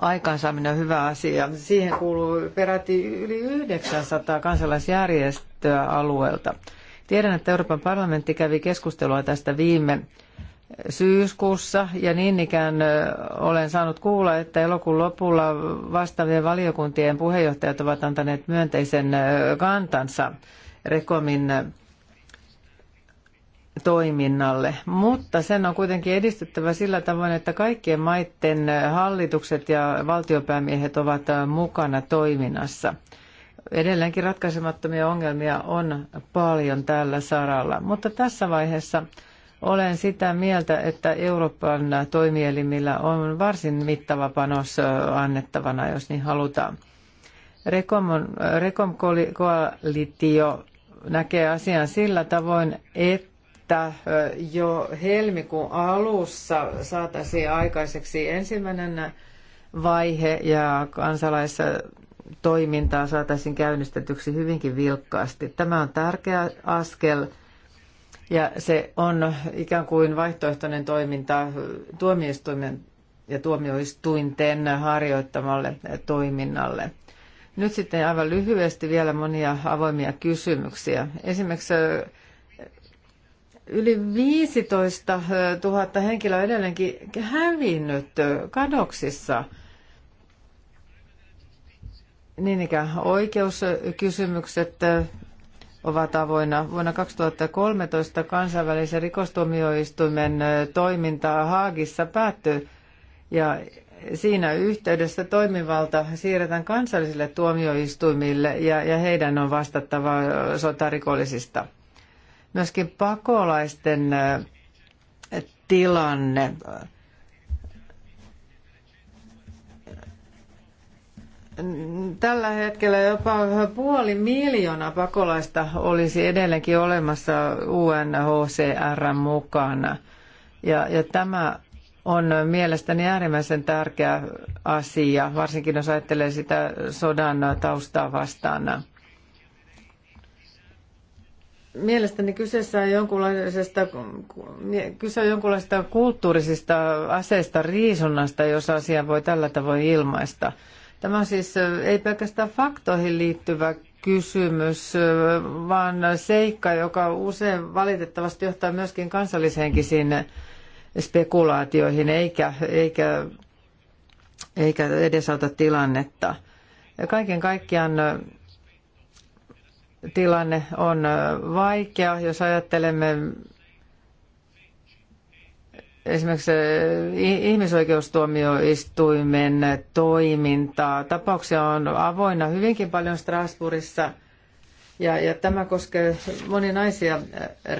aikaansaaminen on hyvä asia. Siihen kuuluu peräti yli 900 kansalaisjärjestöä alueelta. Tiedän, että Euroopan parlamentti kävi keskustelua tästä viime syyskuussa ja niin ikään olen saanut kuulla, että elokuun lopulla vastaavien valiokuntien puheenjohtajat ovat antaneet myönteisen kantansa Rekomin toiminnalle, mutta sen on kuitenkin edistyttävä sillä tavoin, että kaikkien maiden hallitukset ja valtiopäämiehet ovat mukana toiminnassa. Edelleenkin ratkaisemattomia ongelmia on paljon tällä saralla, mutta tässä vaiheessa olen sitä mieltä, että Euroopan toimielimillä on varsin mittava panos annettavana, jos niin halutaan. Rekom-koalitio näkee asian sillä tavoin, että jo helmikuun alussa saataisiin aikaiseksi ensimmäinen vaihe ja kansalaistoimintaa saataisiin käynnistetyksi hyvinkin vilkkaasti. Tämä on tärkeä askel – ja se on ikään kuin vaihtoehtoinen toiminta tuomioistuimen ja tuomioistuinten harjoittamalle toiminnalle. Nyt sitten aivan lyhyesti vielä monia avoimia kysymyksiä. Esimerkiksi äh, yli 15 000 äh, henkilöä edelleenkin hävinnyt äh, kadoksissa. Niin ikään oikeuskysymykset, ovat avoinna. Vuonna 2013 kansainvälisen rikostuomioistuimen toiminta Haagissa päättyy ja siinä yhteydessä toimivalta siirretään kansallisille tuomioistuimille ja, ja heidän on vastattava sotarikollisista. Myöskin pakolaisten tilanne Tällä hetkellä jopa puoli miljoonaa pakolaista olisi edelleenkin olemassa UNHCR mukana. Ja, ja tämä on mielestäni äärimmäisen tärkeä asia, varsinkin jos ajattelee sitä sodan taustaa vastaan. Mielestäni kyseessä on jonkunlaisesta, kyse on jonkunlaisesta kulttuurisista aseista riisunnasta, jos asia voi tällä tavoin ilmaista – Tämä on siis eh, ei pelkästään faktoihin liittyvä kysymys, eh, vaan seikka, joka usein valitettavasti johtaa myöskin kansallishenkisiin spekulaatioihin, eikä, eikä, eikä edesauta tilannetta. Ja kaiken kaikkiaan eh, tilanne on vaikea, jos ajattelemme esimerkiksi eh, ihmisoikeustuomioistuimen toimintaa. Tapauksia on avoinna hyvinkin paljon Strasbourgissa ja, ja tämä koskee moninaisia eh,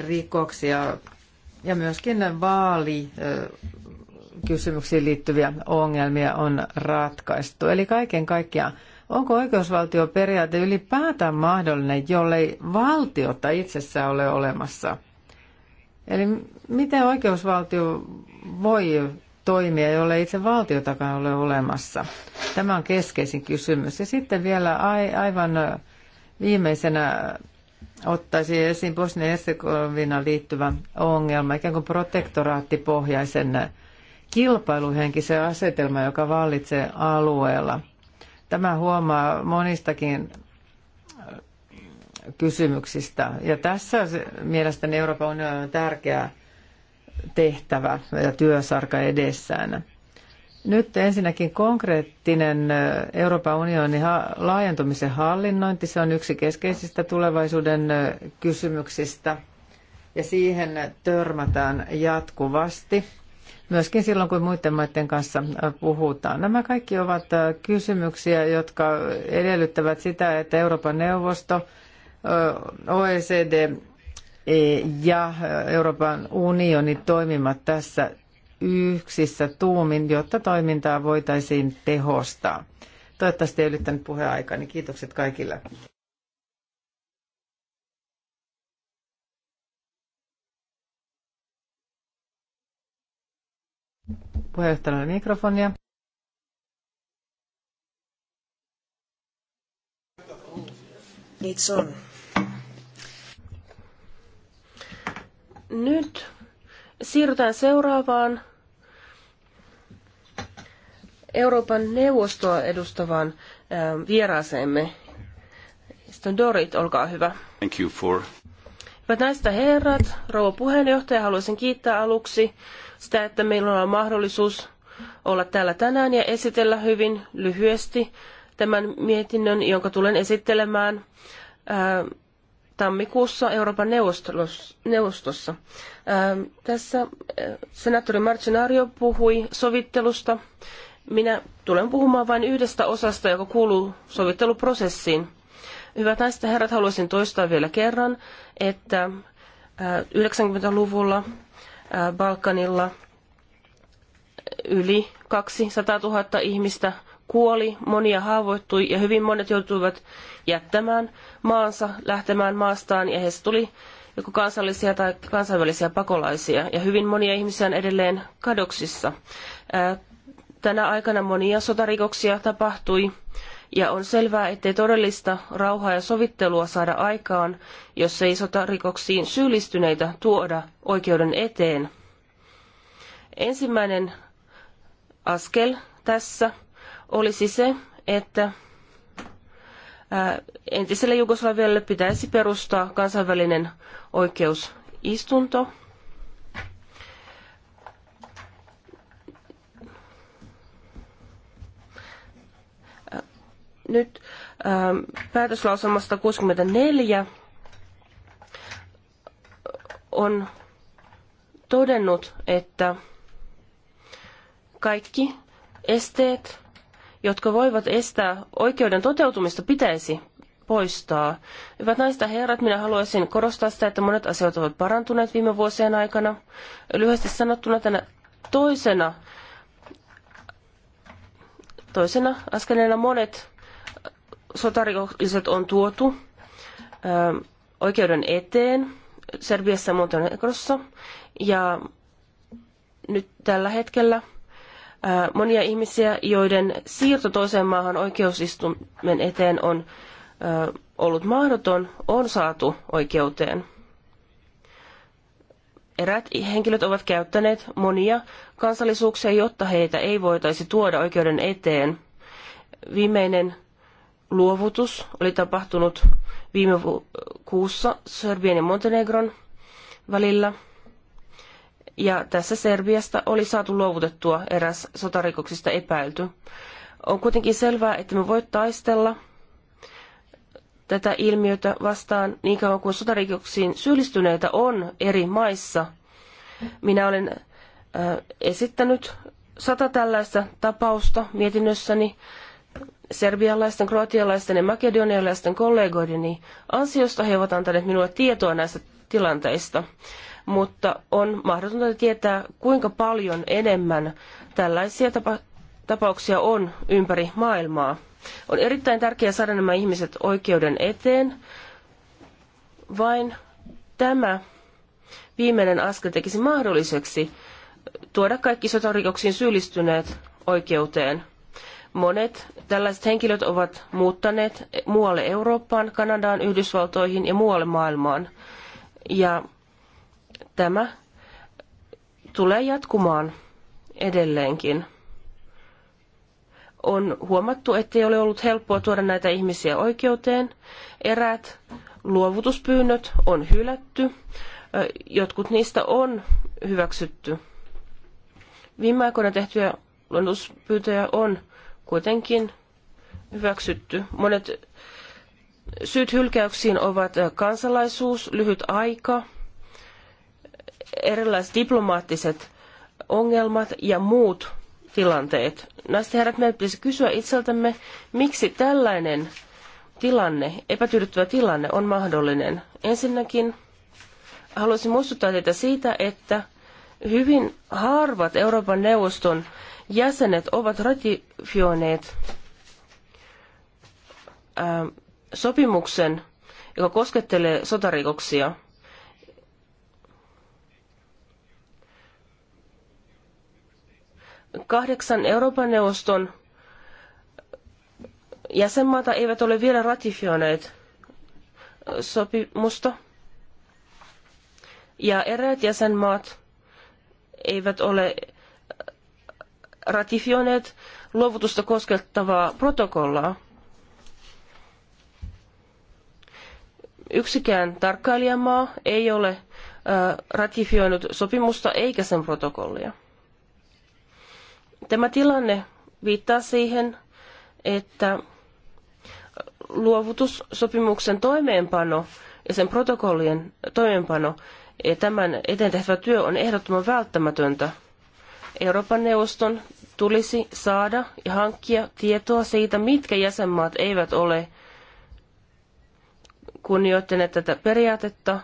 rikoksia ja myöskin vaali eh, kysymyksiin liittyviä ongelmia on ratkaistu. Eli kaiken kaikkiaan, onko oikeusvaltioperiaate ylipäätään mahdollinen, jollei valtiota itsessään ole olemassa? Eli Miten oikeusvaltio voi toimia, jolle itse valtiotakaan ole olemassa? Tämä on keskeisin kysymys. Ja sitten vielä aivan viimeisenä ottaisi esiin bosnia herzegovina liittyvä ongelma, ikään kuin protektoraattipohjaisen kilpailuhenkisen asetelma, joka vallitsee alueella. Tämä huomaa monistakin kysymyksistä. Ja tässä mielestäni Euroopan unioni on tärkeää tehtävä ja työsarka edessään. Nyt ensinnäkin konkreettinen Euroopan unionin laajentumisen hallinnointi, se on yksi keskeisistä tulevaisuuden kysymyksistä ja siihen törmätään jatkuvasti. Myöskin silloin, kun muiden maiden kanssa puhutaan. Nämä kaikki ovat kysymyksiä, jotka edellyttävät sitä, että Euroopan neuvosto, OECD ja Euroopan unioni toimimat tässä yksissä tuumin, jotta toimintaa voitaisiin tehostaa. Toivottavasti ei ylittänyt puheaikani. Niin kiitokset kaikille. Puheenjohtajalle mikrofonia. It's niin on. nyt siirrytään seuraavaan Euroopan neuvostoa edustavaan vieraaseemme. Sitten Dorit, olkaa hyvä. Thank you for... Hyvät näistä herrat, rouva puheenjohtaja, haluaisin kiittää aluksi sitä, että meillä on mahdollisuus olla täällä tänään ja esitellä hyvin lyhyesti tämän mietinnön, jonka tulen esittelemään tammikuussa Euroopan neuvostossa. Ähm, tässä äh, senaattori Marcinario puhui sovittelusta. Minä tulen puhumaan vain yhdestä osasta, joka kuuluu sovitteluprosessiin. Hyvät naiset ja herrat, haluaisin toistaa vielä kerran, että 90-luvulla äh, äh, Balkanilla yli 200 000 ihmistä kuoli, monia haavoittui ja hyvin monet joutuivat jättämään maansa, lähtemään maastaan ja heistä tuli joko kansallisia tai kansainvälisiä pakolaisia. Ja hyvin monia ihmisiä on edelleen kadoksissa. Tänä aikana monia sotarikoksia tapahtui ja on selvää, ettei todellista rauhaa ja sovittelua saada aikaan, jos ei sotarikoksiin syyllistyneitä tuoda oikeuden eteen. Ensimmäinen askel tässä olisi se, että äh, entiselle Jugoslavialle pitäisi perustaa kansainvälinen oikeusistunto. Äh, nyt ähm, päätöslausamasta 64 on todennut, että kaikki esteet jotka voivat estää oikeuden toteutumista, pitäisi poistaa. Hyvät naiset ja herrat, minä haluaisin korostaa sitä, että monet asiat ovat parantuneet viime vuosien aikana. Lyhyesti sanottuna tänä toisena, toisena askeleena monet sotarikolliset on tuotu ö, ähm, oikeuden eteen Serbiassa ja Montenegrossa. Ja nyt tällä hetkellä monia ihmisiä, joiden siirto toiseen maahan oikeusistumen eteen on ollut mahdoton, on saatu oikeuteen. Eräät henkilöt ovat käyttäneet monia kansallisuuksia, jotta heitä ei voitaisi tuoda oikeuden eteen. Viimeinen luovutus oli tapahtunut viime kuussa Serbian ja Montenegron välillä – ja tässä Serbiasta oli saatu luovutettua eräs sotarikoksista epäilty. On kuitenkin selvää, että me voi taistella tätä ilmiötä vastaan niin kauan kuin sotarikoksiin syyllistyneitä on eri maissa. Minä olen äh, esittänyt sata tällaista tapausta mietinnössäni serbialaisten, kroatialaisten ja makedonialaisten kollegoideni ansiosta. He ovat antaneet minulle tietoa näistä tilanteista mutta on mahdotonta tietää, kuinka paljon enemmän tällaisia tapa- tapauksia on ympäri maailmaa. On erittäin tärkeää saada nämä ihmiset oikeuden eteen. Vain tämä viimeinen askel tekisi mahdolliseksi tuoda kaikki sotarikoksiin syyllistyneet oikeuteen. Monet tällaiset henkilöt ovat muuttaneet muualle Eurooppaan, Kanadaan, Yhdysvaltoihin ja muualle maailmaan. Ja tämä tulee jatkumaan edelleenkin. On huomattu, ettei ole ollut helppoa tuoda näitä ihmisiä oikeuteen. Eräät luovutuspyynnöt on hylätty, jotkut niistä on hyväksytty. Viime aikoina tehtyjä luovutuspyyntöjä on kuitenkin hyväksytty. Monet syyt hylkäyksiin ovat kansalaisuus, lyhyt aika – erilaiset diplomaattiset ongelmat ja muut tilanteet. Naiset ja herrat, meidän pitäisi kysyä itseltämme, miksi tällainen tilanne, epätyydyttävä tilanne on mahdollinen. Ensinnäkin haluaisin muistuttaa teitä siitä, että hyvin harvat Euroopan neuvoston jäsenet ovat ratifioineet sopimuksen, joka koskettelee sotarikoksia – kahdeksan Euroopan neuvoston jäsenmaata eivät ole vielä ratifioineet sopimusta. Ja eräät jäsenmaat eivät ole ratifioineet luovutusta koskettavaa protokollaa. Yksikään tarkkailijamaa ei ole ratifioinut sopimusta eikä sen protokollia. Tämä tilanne viittaa siihen, että luovutussopimuksen toimeenpano ja sen protokollien toimeenpano ja tämän eteen tehtävä työ on ehdottoman välttämätöntä. Euroopan neuvoston tulisi saada ja hankkia tietoa siitä, mitkä jäsenmaat eivät ole kunnioittaneet tätä periaatetta,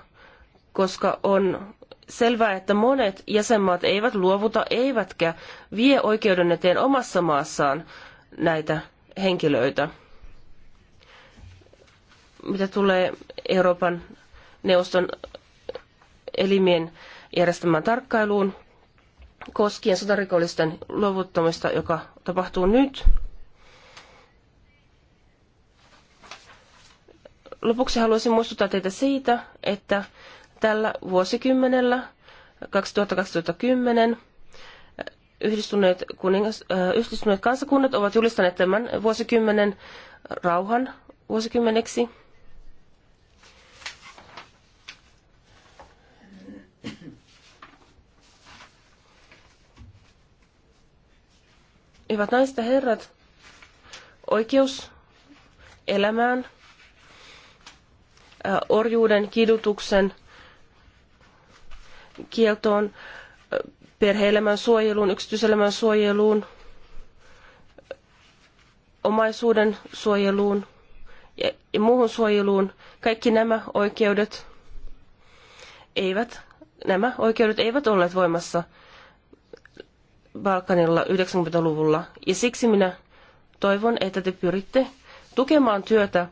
koska on selvää, että monet jäsenmaat eivät luovuta eivätkä vie oikeuden eteen omassa maassaan näitä henkilöitä. Mitä tulee Euroopan neuvoston elimien järjestämään tarkkailuun koskien sotarikollisten luovuttamista, joka tapahtuu nyt. Lopuksi haluaisin muistuttaa teitä siitä, että tällä vuosikymmenellä 2000-2010 yhdistyneet, kuningas, yhdistyneet kansakunnat ovat julistaneet tämän vuosikymmenen rauhan vuosikymmeneksi. Hyvät naiset ja herrat, oikeus elämään, orjuuden, kidutuksen, kieltoon, perheelämän suojeluun, yksityiselämän suojeluun, omaisuuden suojeluun ja, ja muuhun suojeluun. Kaikki nämä oikeudet eivät, nämä oikeudet eivät olleet voimassa Balkanilla 90-luvulla. Ja siksi minä toivon, että te pyritte tukemaan työtä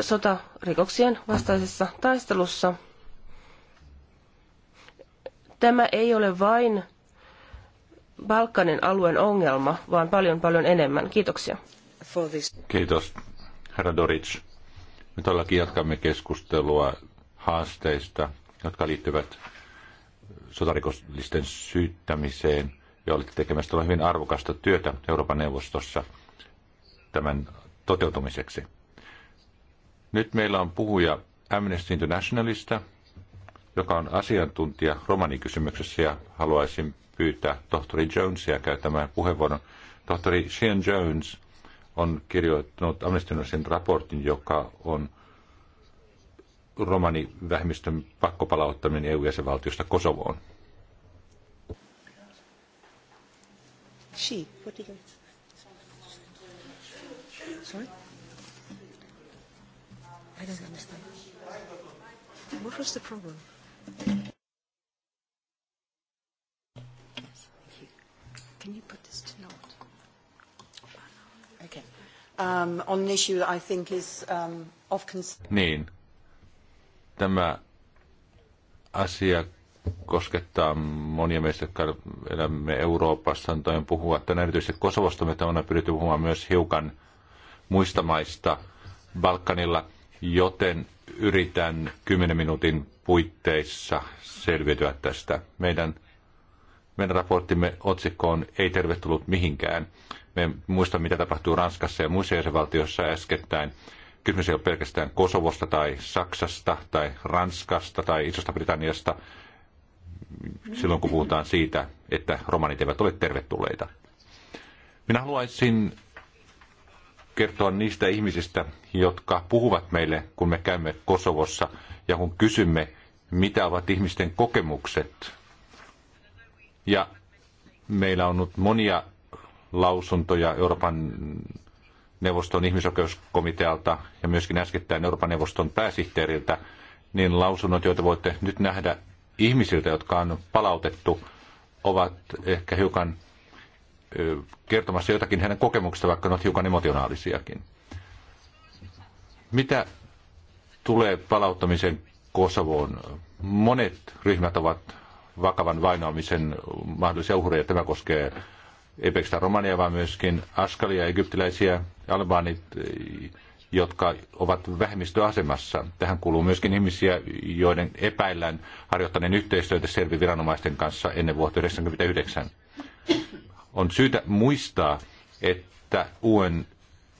sotarikoksien vastaisessa taistelussa – Tämä ei ole vain Balkanin alueen ongelma, vaan paljon paljon enemmän. Kiitoksia. Kiitos, herra Doric. Me todellakin jatkamme keskustelua haasteista, jotka liittyvät sotarikollisten syyttämiseen, ja olette tekemässä tuolla hyvin arvokasta työtä Euroopan neuvostossa tämän toteutumiseksi. Nyt meillä on puhuja Amnesty Internationalista, joka on asiantuntija romanikysymyksessä ja haluaisin pyytää tohtori Jonesia käyttämään puheenvuoron. Tohtori Sean Jones on kirjoittanut Amnesty raportin, joka on romanivähemmistön pakkopalauttaminen EU-jäsenvaltiosta Kosovoon. She, what did Sorry? I don't understand. What was the problem? Can you put this to note? Okay. Um, on an issue that I think is um, of concern. Niin. Tämä asia koskettaa monia meistä, jotka elämme Euroopassa, antoin puhua Tänä erityisesti Kosovosta, mutta on pyritty puhumaan myös hiukan muista maista Balkanilla, joten yritän 10 minuutin puitteissa selviytyä tästä. Meidän, meidän raporttimme otsikko on Ei tervetullut mihinkään. Me muista, mitä tapahtuu Ranskassa ja muissa jäsenvaltioissa äskettäin. Kysymys ei ole pelkästään Kosovosta tai Saksasta tai Ranskasta tai Isosta Britanniasta silloin, kun puhutaan siitä, että romanit eivät ole tervetulleita. Minä haluaisin kertoa niistä ihmisistä, jotka puhuvat meille, kun me käymme Kosovossa ja kun kysymme, mitä ovat ihmisten kokemukset. Ja meillä on ollut monia lausuntoja Euroopan neuvoston ihmisoikeuskomitealta ja myöskin äskettäin Euroopan neuvoston pääsihteeriltä, niin lausunnot, joita voitte nyt nähdä ihmisiltä, jotka on palautettu, ovat ehkä hiukan kertomassa jotakin hänen kokemuksista, vaikka ne ovat hiukan emotionaalisiakin. Mitä tulee palauttamisen Kosovoon? Monet ryhmät ovat vakavan vainoamisen mahdollisia uhreja. Tämä koskee ei pelkästään romania, vaan myöskin askalia, egyptiläisiä, albaanit, jotka ovat vähemmistöasemassa. Tähän kuuluu myöskin ihmisiä, joiden epäillään harjoittaneen yhteistyötä serviviranomaisten kanssa ennen vuotta 1999. On syytä muistaa, että UN,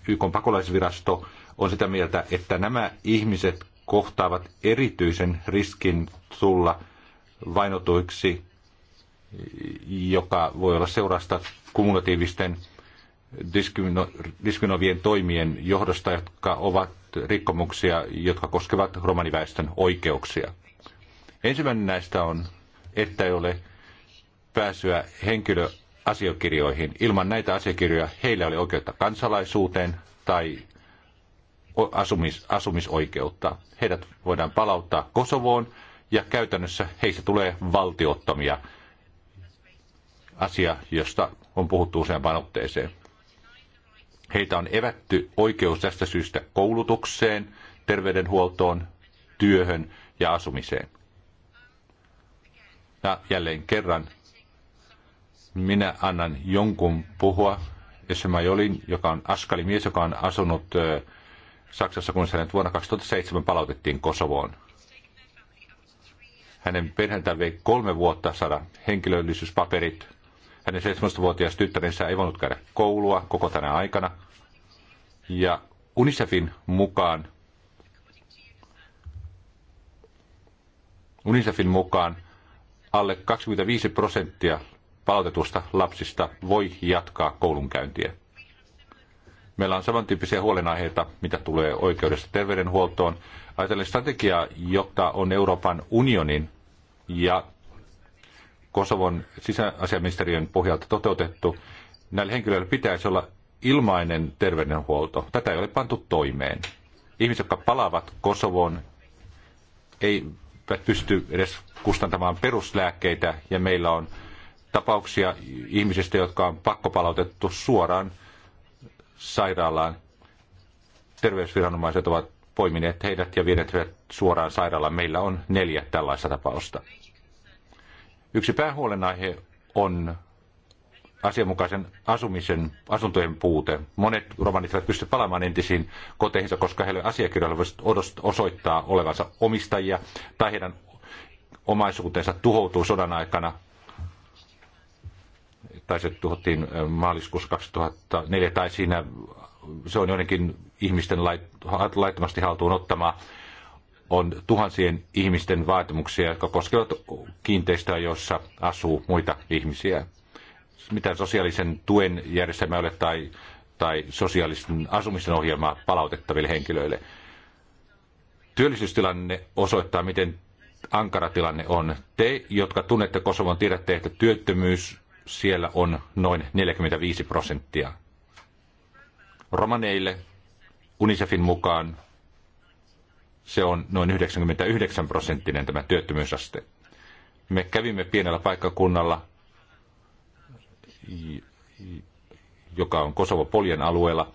YK pakolaisvirasto on sitä mieltä, että nämä ihmiset kohtaavat erityisen riskin tulla vainotuiksi, joka voi olla seurasta kumulatiivisten diskriminoivien toimien johdosta, jotka ovat rikkomuksia, jotka koskevat romaniväestön oikeuksia. Ensimmäinen näistä on, että ei ole pääsyä henkilö asiakirjoihin. Ilman näitä asiakirjoja heillä oli oikeutta kansalaisuuteen tai asumis, asumisoikeutta. Heidät voidaan palauttaa Kosovoon ja käytännössä heistä tulee valtiottomia asia, josta on puhuttu useampaan otteeseen. Heitä on evätty oikeus tästä syystä koulutukseen, terveydenhuoltoon, työhön ja asumiseen. Ja jälleen kerran minä annan jonkun puhua. Esma Jolin, joka on askali mies, joka on asunut Saksassa, kun hänet vuonna 2007 palautettiin Kosovoon. Hänen perheeltään vei kolme vuotta saada henkilöllisyyspaperit. Hänen 17-vuotias tyttärensä ei voinut käydä koulua koko tänä aikana. Ja UNICEFin mukaan UNICEFin mukaan alle 25 prosenttia palautetusta lapsista voi jatkaa koulunkäyntiä. Meillä on samantyyppisiä huolenaiheita, mitä tulee oikeudesta terveydenhuoltoon. Ajatellen strategiaa, jota on Euroopan unionin ja Kosovon sisäasiaministeriön pohjalta toteutettu, näillä henkilöillä pitäisi olla ilmainen terveydenhuolto. Tätä ei ole pantu toimeen. Ihmiset, jotka palaavat Kosovoon, eivät pysty edes kustantamaan peruslääkkeitä ja meillä on tapauksia ihmisistä, jotka on pakkopalautettu suoraan sairaalaan. Terveysviranomaiset ovat poimineet heidät ja vieneet heidät suoraan sairaalaan. Meillä on neljä tällaista tapausta. Yksi päähuolenaihe on asianmukaisen asumisen, asuntojen puute. Monet romanit eivät pysty palaamaan entisiin koteihinsa, koska heille asiakirjoilla voisi osoittaa olevansa omistajia tai heidän omaisuutensa tuhoutuu sodan aikana se tuhottiin maaliskuussa 2004 tai siinä se on joidenkin ihmisten lait, laittomasti haltuun ottama on tuhansien ihmisten vaatimuksia, jotka koskevat kiinteistöä, jossa asuu muita ihmisiä. Mitä sosiaalisen tuen järjestelmää ole tai, tai sosiaalisen asumisen ohjelmaa palautettaville henkilöille. Työllisyystilanne osoittaa, miten ankara tilanne on. Te, jotka tunnette Kosovon, tiedätte, että työttömyys siellä on noin 45 prosenttia. Romaneille UNICEFin mukaan se on noin 99 prosenttinen tämä työttömyysaste. Me kävimme pienellä paikkakunnalla, joka on Kosovo Poljen alueella.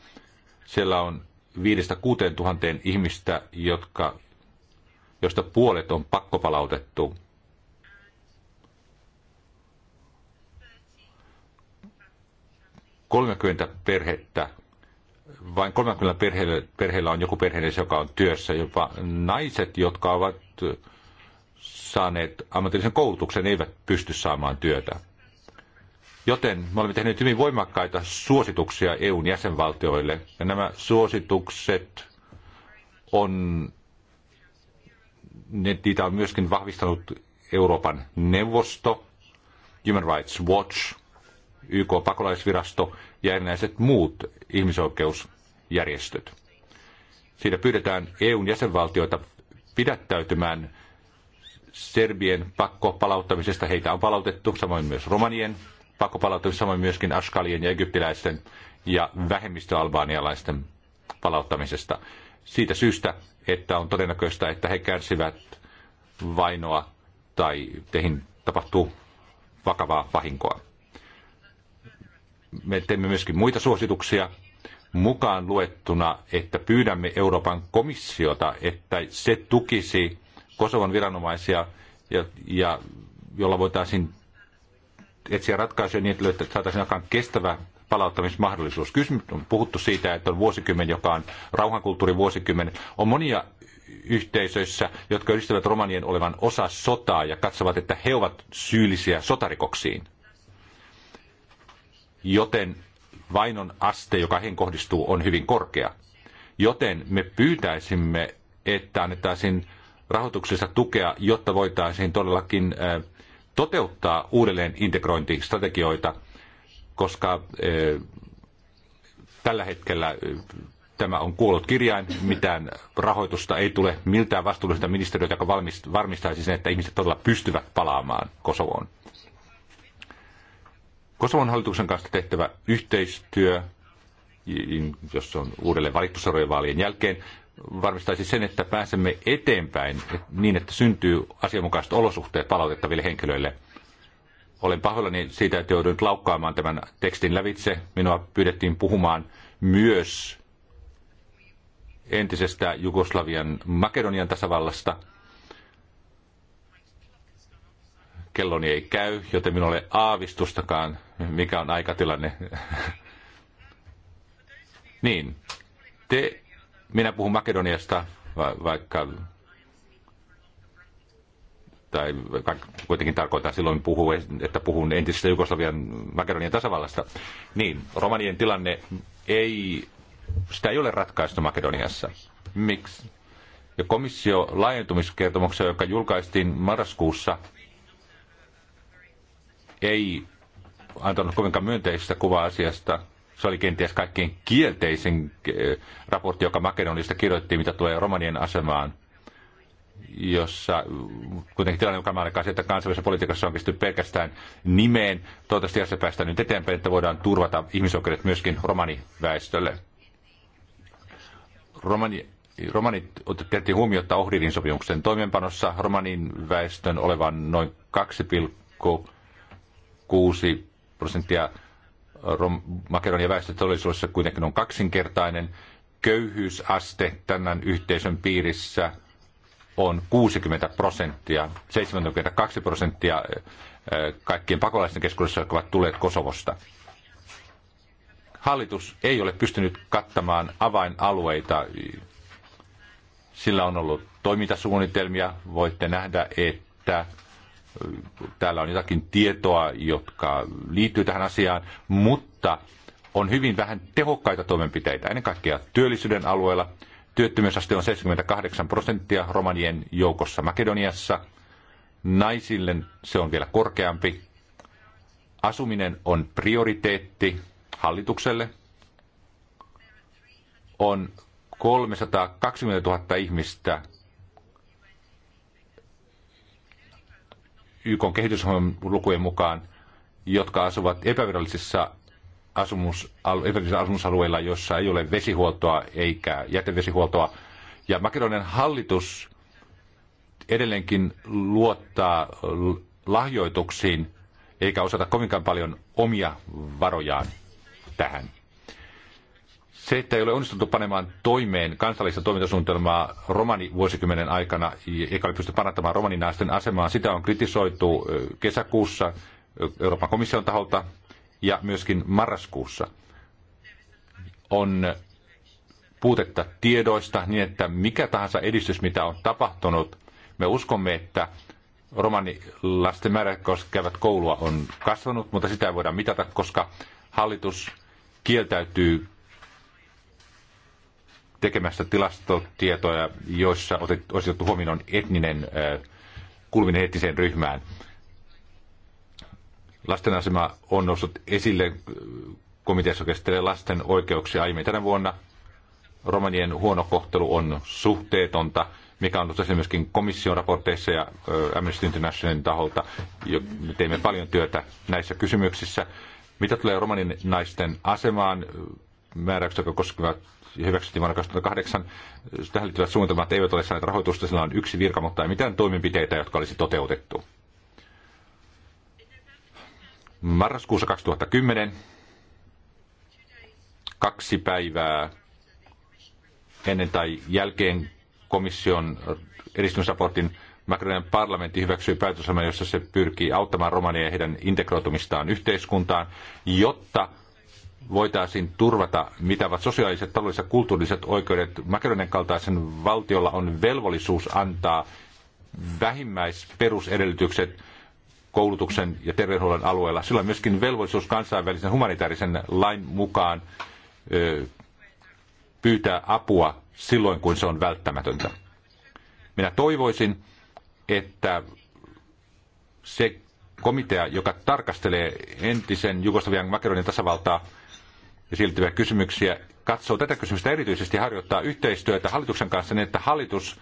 Siellä on 5-6 tuhanteen ihmistä, jotka, joista puolet on pakkopalautettu 30 perhettä, vain 30 perheellä, perheellä on joku perheellis, joka on työssä. Jopa naiset, jotka ovat saaneet ammatillisen koulutuksen, eivät pysty saamaan työtä. Joten me olemme tehneet hyvin voimakkaita suosituksia EUn jäsenvaltioille, ja nämä suositukset on, niitä on myöskin vahvistanut Euroopan neuvosto, Human Rights Watch YK-pakolaisvirasto ja erinäiset muut ihmisoikeusjärjestöt. Siitä pyydetään EUn jäsenvaltioita pidättäytymään Serbien pakkopalauttamisesta. Heitä on palautettu, samoin myös romanien pakkopalauttamisesta, samoin myöskin askalien ja egyptiläisten ja vähemmistöalbaanialaisten palauttamisesta. Siitä syystä, että on todennäköistä, että he kärsivät vainoa tai teihin tapahtuu vakavaa vahinkoa me teemme myöskin muita suosituksia, mukaan luettuna, että pyydämme Euroopan komissiota, että se tukisi Kosovon viranomaisia, ja, ja jolla voitaisiin etsiä ratkaisuja niin, että saataisiin aikaan kestävä palauttamismahdollisuus. Kysymys on puhuttu siitä, että on vuosikymmen, joka on rauhankulttuurin vuosikymmen. On monia yhteisöissä, jotka yhdistävät romanien olevan osa sotaa ja katsovat, että he ovat syyllisiä sotarikoksiin joten vainon aste, joka heihin kohdistuu, on hyvin korkea. Joten me pyytäisimme, että annettaisiin rahoituksessa tukea, jotta voitaisiin todellakin toteuttaa uudelleen integrointistrategioita, koska tällä hetkellä tämä on kuollut kirjain, mitään rahoitusta ei tule miltään vastuullisesta ministeriöitä, joka varmistaisi sen, että ihmiset todella pystyvät palaamaan Kosovoon. Kosovon hallituksen kanssa tehtävä yhteistyö, jos on uudelleen valittu vaalien jälkeen, varmistaisi sen, että pääsemme eteenpäin niin, että syntyy asianmukaiset olosuhteet palautettaville henkilöille. Olen pahoillani siitä, että joudun nyt laukkaamaan tämän tekstin lävitse. Minua pyydettiin puhumaan myös entisestä Jugoslavian Makedonian tasavallasta. Kelloni ei käy, joten minulla ei ole aavistustakaan mikä on aikatilanne. niin, te, minä puhun Makedoniasta, va, vaikka tai kuitenkin tarkoitan silloin, puhuu, että puhun entisestä Jugoslavian Makedonian tasavallasta. Niin, romanien tilanne ei, sitä ei ole ratkaistu Makedoniassa. Miksi? Ja komissio laajentumiskertomuksessa, joka julkaistiin marraskuussa, ei antanut kovinkaan myönteistä kuvaa asiasta. Se oli kenties kaikkein kielteisin eh, raportti, joka Makedonista kirjoitti, mitä tulee romanien asemaan jossa kuitenkin tilanne, joka aikaa että kansainvälisessä politiikassa on keskitytty pelkästään nimeen. Toivottavasti asia päästään nyt eteenpäin, että voidaan turvata ihmisoikeudet myöskin romaniväestölle. Romani, romanit otettiin huomiota Ohridin sopimuksen toimeenpanossa romanin väestön olevan noin 2,6 prosenttia Makedonian väestötodellisuudessa kuitenkin on kaksinkertainen. Köyhyysaste tämän yhteisön piirissä on 60 prosenttia, 72 prosenttia eh, kaikkien pakolaisten keskuudessa, jotka ovat tulleet Kosovosta. Hallitus ei ole pystynyt kattamaan avainalueita. Sillä on ollut toimintasuunnitelmia. Voitte nähdä, että täällä on jotakin tietoa, jotka liittyy tähän asiaan, mutta on hyvin vähän tehokkaita toimenpiteitä, ennen kaikkea työllisyyden alueella. Työttömyysaste on 78 prosenttia romanien joukossa Makedoniassa. Naisille se on vielä korkeampi. Asuminen on prioriteetti hallitukselle. On 320 000 ihmistä, YK kehitysohjelman lukujen mukaan, jotka asuvat epävirallisissa asumus, asumusalueilla, joissa ei ole vesihuoltoa eikä jätevesihuoltoa. Ja Makedonian hallitus edelleenkin luottaa lahjoituksiin eikä osata kovinkaan paljon omia varojaan tähän. Se, että ei ole onnistuttu panemaan toimeen kansallista toimintasuunnitelmaa romani vuosikymmenen aikana, eikä ole pystytty parantamaan romaninaisten asemaa, sitä on kritisoitu kesäkuussa Euroopan komission taholta ja myöskin marraskuussa. On puutetta tiedoista niin, että mikä tahansa edistys, mitä on tapahtunut, me uskomme, että romanilasten määrä, jotka käyvät koulua, on kasvanut, mutta sitä ei voida mitata, koska hallitus kieltäytyy tekemässä tilastotietoja, joissa olisi otettu huomioon etninen äh, kulminen etniseen ryhmään. Lasten asema on noussut esille äh, komiteassa käsittelee lasten oikeuksia aiemmin tänä vuonna. Romanien huono kohtelu on suhteetonta, mikä on ollut myöskin komission raporteissa ja äh, Amnesty Internationalin taholta. Me teimme paljon työtä näissä kysymyksissä. Mitä tulee romanin naisten asemaan, määräykset, jotka koskevat hyväksyttiin vuonna 2008. Tähän liittyvät suunnitelmat eivät ole saaneet rahoitusta, sillä on yksi virka, mutta ei mitään toimenpiteitä, jotka olisi toteutettu. Marraskuussa 2010, kaksi päivää ennen tai jälkeen komission edistymisraportin Makedonian parlamentti hyväksyi päätösohjelman, jossa se pyrkii auttamaan romania ja heidän integroitumistaan yhteiskuntaan, jotta voitaisiin turvata, mitä ovat sosiaaliset, taloudelliset ja kulttuuriset oikeudet. Makedonian kaltaisen valtiolla on velvollisuus antaa vähimmäisperusedellytykset koulutuksen ja terveydenhuollon alueella. Sillä on myöskin velvollisuus kansainvälisen humanitaarisen lain mukaan pyytää apua silloin, kun se on välttämätöntä. Minä toivoisin, että se komitea, joka tarkastelee entisen Jugoslavian Makedonian tasavaltaa, siirtyviä kysymyksiä, katsoo tätä kysymystä erityisesti harjoittaa yhteistyötä hallituksen kanssa niin, että hallitus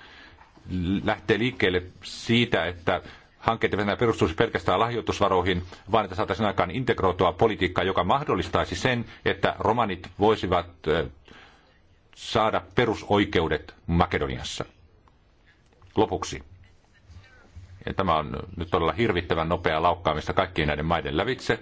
lähtee liikkeelle siitä, että hankkeet eivät perustuisi pelkästään lahjoitusvaroihin, vaan että saataisiin aikaan integroitua politiikkaa, joka mahdollistaisi sen, että romanit voisivat saada perusoikeudet Makedoniassa. Lopuksi. Ja tämä on nyt todella hirvittävän nopea laukkaamista kaikkien näiden maiden lävitse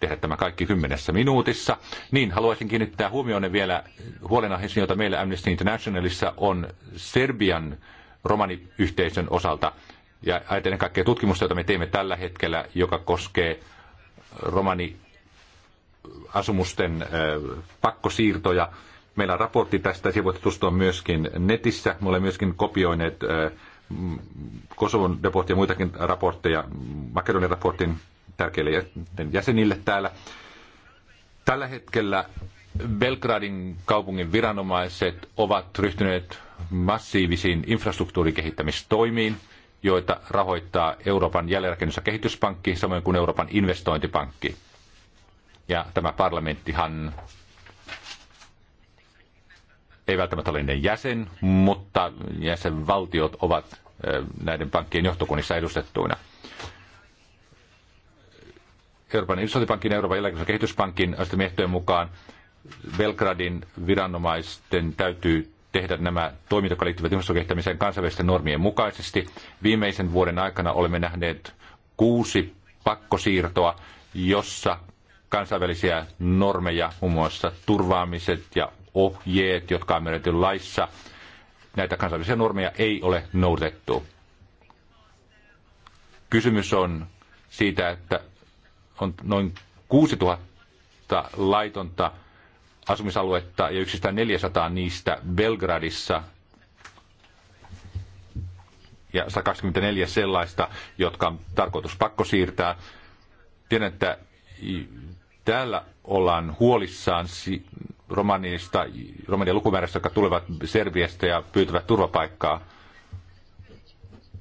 tehdä tämä kaikki kymmenessä minuutissa. Niin, haluaisin kiinnittää huomioon vielä huolenaiheisiin, joita meillä Amnesty Internationalissa on Serbian romaniyhteisön osalta. Ja ajatellen kaikkea tutkimusta, jota me teemme tällä hetkellä, joka koskee romani asumusten pakkosiirtoja. Meillä on raportti tästä, ja voitte tutustua myöskin netissä. Me olemme myöskin kopioineet Kosovon raporttia ja muitakin raportteja, Makedonian raportin tärkeille jäsenille täällä. Tällä hetkellä Belgradin kaupungin viranomaiset ovat ryhtyneet massiivisiin infrastruktuurikehittämistoimiin, joita rahoittaa Euroopan jälleenrakennus- ja kehityspankki, samoin kuin Euroopan investointipankki. Ja tämä parlamenttihan ei välttämättä ole niiden jäsen, mutta jäsenvaltiot ovat eh, näiden pankkien johtokunnissa edustettuina. Euroopan investointipankin ja Euroopan eläkeläisen kehityspankin asetamien mukaan Belgradin viranomaisten täytyy tehdä nämä toimit, jotka liittyvät ilmastokehittämiseen kansainvälisten normien mukaisesti. Viimeisen vuoden aikana olemme nähneet kuusi pakkosiirtoa, jossa kansainvälisiä normeja, muun muassa turvaamiset ja ohjeet, jotka on myönnetty laissa, näitä kansainvälisiä normeja ei ole noudatettu. Kysymys on siitä, että on noin 6000 laitonta asumisaluetta ja yksistään 400 niistä Belgradissa ja 124 sellaista, jotka on tarkoitus pakko siirtää. Tiedän, että täällä ollaan huolissaan romanista, romanien lukumäärästä, jotka tulevat Serbiasta ja pyytävät turvapaikkaa.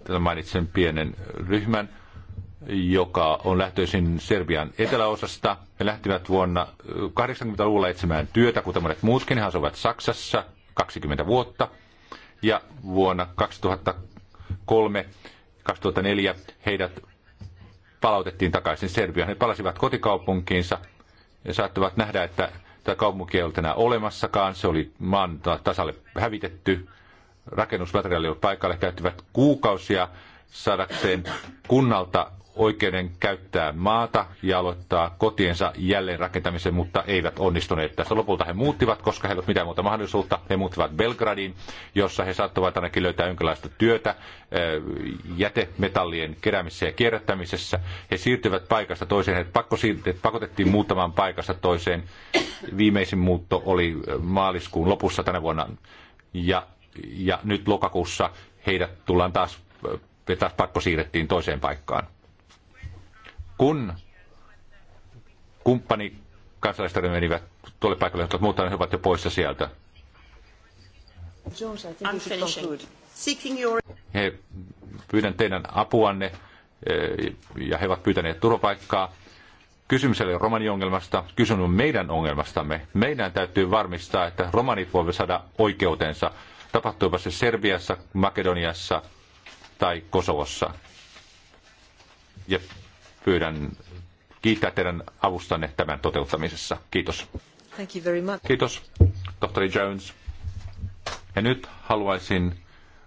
Tällä mainitsen pienen ryhmän joka on lähtöisin Serbian eteläosasta. He lähtivät vuonna 80-luvulla etsimään työtä, kuten monet muutkin. He asuvat Saksassa 20 vuotta. Ja vuonna 2003 2004 heidät palautettiin takaisin Serbiaan. He palasivat kotikaupunkiinsa ja saattavat nähdä, että tämä kaupunki ei ollut enää olemassakaan. Se oli maan tasalle hävitetty. Rakennusmateriaali oli paikalle. Käyttivät kuukausia saadakseen kunnalta oikeuden käyttää maata ja aloittaa kotiensa jälleenrakentamisen, mutta eivät onnistuneet tässä. Lopulta he muuttivat, koska heillä ei mitään muuta mahdollisuutta. He muuttivat Belgradiin, jossa he saattoivat ainakin löytää jonkinlaista työtä eh, jätemetallien keräämisessä ja kierrättämisessä. He siirtyivät paikasta toiseen, he pakotettiin muuttamaan paikasta toiseen. Viimeisin muutto oli eh, maaliskuun lopussa tänä vuonna ja, ja nyt lokakuussa heidät tullaan taas, eh, taas pakko siirrettiin toiseen paikkaan. Kun kumppani kansalaiset menivät tuolle paikalle, mutta muuten he ovat jo poissa sieltä. he pyydän teidän apuanne e, ja he ovat pyytäneet turvapaikkaa. Kysymys ei ole romaniongelmasta, kysymys on meidän ongelmastamme. Meidän täytyy varmistaa, että romanit voivat saada oikeutensa, tapahtuipa se Serbiassa, Makedoniassa tai Kosovossa. Ja pyydän kiittää teidän avustanne tämän toteuttamisessa. Kiitos. Thank you very much. Kiitos, tohtori Jones. Ja nyt haluaisin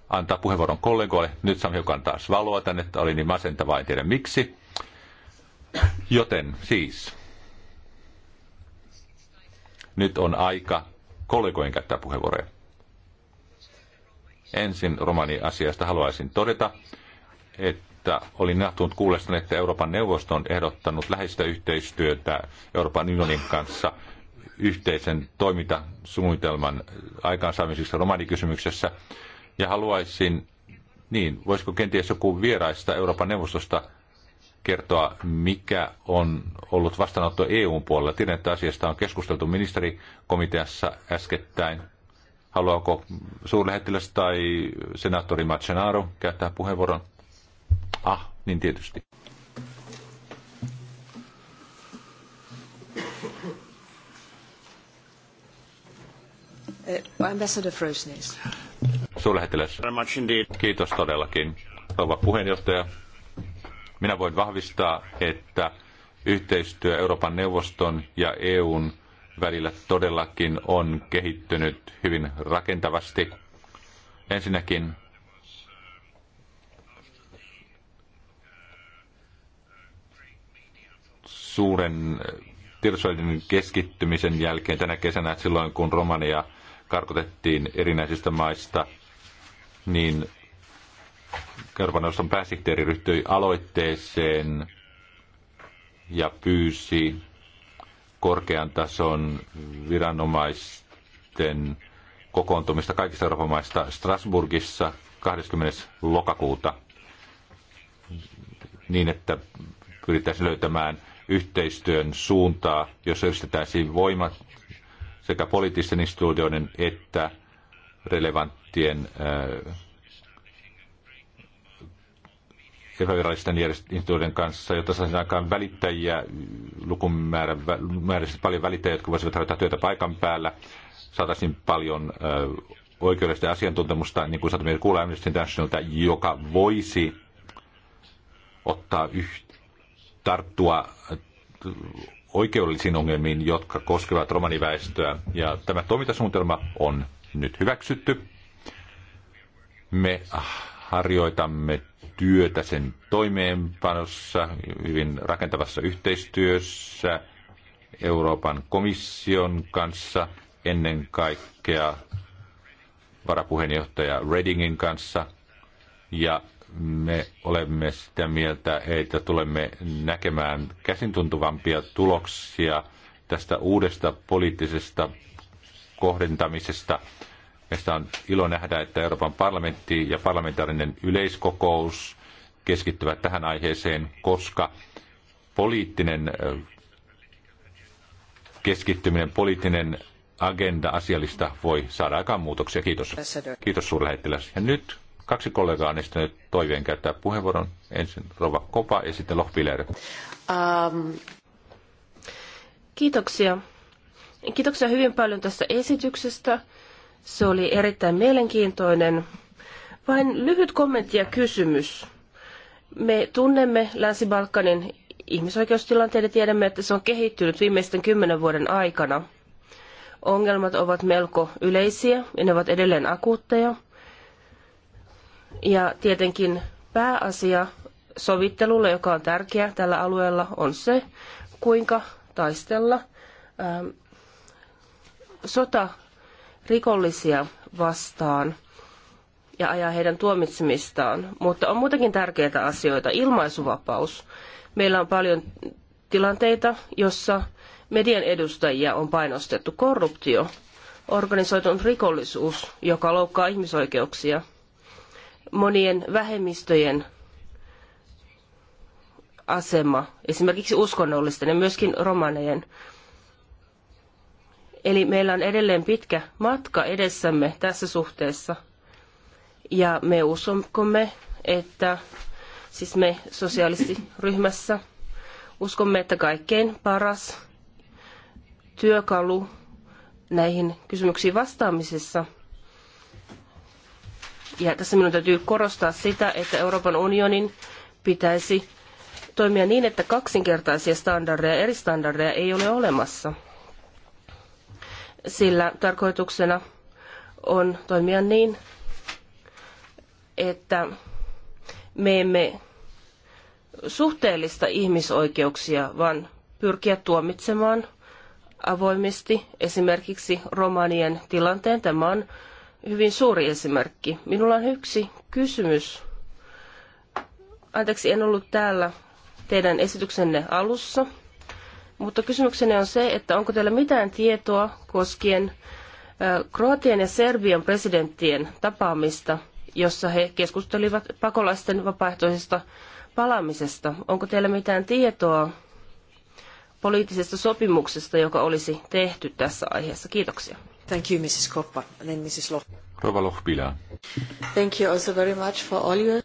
antaa puheenvuoron kollegoille. Nyt saan hiukan taas valoa tänne, että oli niin masentavaa, en tiedä miksi. Joten siis, nyt on aika kollegojen käyttää puheenvuoroja. Ensin romani-asiasta haluaisin todeta, että että olin nähtynyt kuulesten, että Euroopan neuvosto on ehdottanut läheistä yhteistyötä Euroopan unionin kanssa yhteisen toimintasuunnitelman aikaansaamisessa romanikysymyksessä. Ja haluaisin, niin, voisiko kenties joku vieraista Euroopan neuvostosta kertoa, mikä on ollut vastaanotto EUn puolella. Tiedän, että asiasta on keskusteltu ministerikomiteassa äskettäin. Haluaako suurlähettiläs tai senaattori Macenaro käyttää puheenvuoron? Ah, niin tietysti. Eh, Ambassador Frosnes. Suurlähettiläs. Kiitos todellakin, rouva puheenjohtaja. Minä voin vahvistaa, että yhteistyö Euroopan neuvoston ja EUn välillä todellakin on kehittynyt hyvin rakentavasti. Ensinnäkin suuren eh, tiedotusvälineiden keskittymisen jälkeen tänä kesänä, silloin kun Romania karkotettiin erinäisistä maista, niin Euroopan neuvoston pääsihteeri ryhtyi aloitteeseen ja pyysi korkean tason viranomaisten kokoontumista kaikista Euroopan maista Strasburgissa 20. lokakuuta niin, että pyrittäisiin löytämään yhteistyön suuntaa, jossa yhdistettäisiin voimat sekä poliittisten instituutioiden että relevanttien äh, epävirallisten instituutioiden kanssa, jotta saisi aikaan välittäjiä, lukumääräisesti paljon välittäjiä, jotka voisivat harjoittaa työtä paikan päällä. Saataisiin paljon ö, äh, oikeudellista asiantuntemusta, niin kuin saatamme kuulla Amnesty joka voisi ottaa yhteyttä tarttua oikeudellisiin ongelmiin, jotka koskevat romaniväestöä. Ja tämä toimintasuunnitelma on nyt hyväksytty. Me harjoitamme työtä sen toimeenpanossa, hyvin rakentavassa yhteistyössä Euroopan komission kanssa, ennen kaikkea varapuheenjohtaja Redingin kanssa. Ja me olemme sitä mieltä, että tulemme näkemään käsintuntuvampia tuloksia tästä uudesta poliittisesta kohdentamisesta. Meistä on ilo nähdä, että Euroopan parlamentti ja parlamentaarinen yleiskokous keskittyvät tähän aiheeseen, koska poliittinen keskittyminen, poliittinen agenda asialista voi saada aikaan muutoksia. Kiitos. Kiitos suurlähettiläs. Ja nyt Kaksi kollegaa on esittänyt toiveen käyttää puheenvuoron. Ensin Rova Kopa ja sitten Lohpiler. Um, ähm. kiitoksia. Kiitoksia hyvin paljon tästä esityksestä. Se oli erittäin mielenkiintoinen. Vain lyhyt kommentti ja kysymys. Me tunnemme Länsi-Balkanin ihmisoikeustilanteiden tiedämme, että se on kehittynyt viimeisten kymmenen vuoden aikana. Ongelmat ovat melko yleisiä ja ne ovat edelleen akuutteja. Ja tietenkin pääasia sovittelulle, joka on tärkeä tällä alueella, on se, kuinka taistella ähm, sotarikollisia vastaan ja ajaa heidän tuomitsemistaan. Mutta on muutenkin tärkeitä asioita. Ilmaisuvapaus. Meillä on paljon tilanteita, jossa median edustajia on painostettu. Korruptio, organisoitunut rikollisuus, joka loukkaa ihmisoikeuksia – monien vähemmistöjen asema, esimerkiksi uskonnollisten ja myöskin romanejen. Eli meillä on edelleen pitkä matka edessämme tässä suhteessa. Ja me uskomme, että siis me ryhmässä, uskomme, että kaikkein paras työkalu näihin kysymyksiin vastaamisessa – ja tässä minun täytyy korostaa sitä, että Euroopan unionin pitäisi toimia niin, että kaksinkertaisia standardeja, eri standardeja ei ole olemassa. Sillä tarkoituksena on toimia niin, että me emme suhteellista ihmisoikeuksia, vaan pyrkiä tuomitsemaan avoimesti esimerkiksi romanien tilanteen. Tämä on hyvin suuri esimerkki. Minulla on yksi kysymys. Anteeksi, en ollut täällä teidän esityksenne alussa, mutta kysymykseni on se, että onko teillä mitään tietoa koskien Kroatian ja Serbian presidenttien tapaamista, jossa he keskustelivat pakolaisten vapaaehtoisesta palaamisesta. Onko teillä mitään tietoa poliittisesta sopimuksesta, joka olisi tehty tässä aiheessa? Kiitoksia. Thank you, Mrs. Koppa. then Mrs. Loh. Rova Lohpilä. Thank you also very much for all your...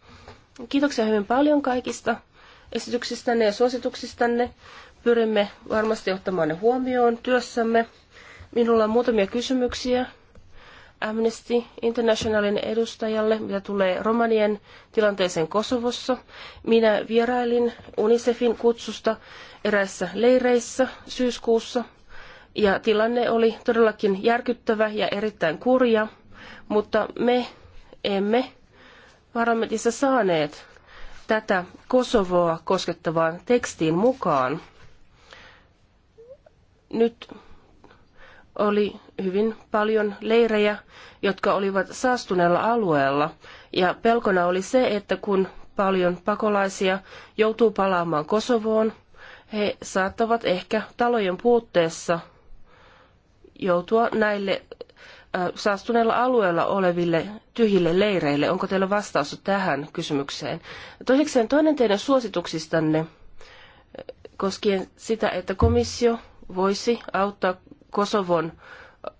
Kiitoksia hyvin paljon kaikista esityksistänne ja suosituksistanne. Pyrimme varmasti ottamaan ne huomioon työssämme. Minulla on muutamia kysymyksiä Amnesty Internationalin edustajalle, mitä tulee romanien tilanteeseen Kosovossa. Minä vierailin UNICEFin kutsusta eräissä leireissä syyskuussa ja tilanne oli todellakin järkyttävä ja erittäin kurja, mutta me emme parlamentissa saaneet tätä Kosovoa koskettavaan tekstiin mukaan. Nyt oli hyvin paljon leirejä, jotka olivat saastuneella alueella, ja pelkona oli se, että kun paljon pakolaisia joutuu palaamaan Kosovoon, he saattavat ehkä talojen puutteessa – joutua näille saastuneilla alueilla oleville tyhjille leireille. Onko teillä vastaus tähän kysymykseen? Toisekseen toinen teidän suosituksistanne koskien sitä, että komissio voisi auttaa Kosovon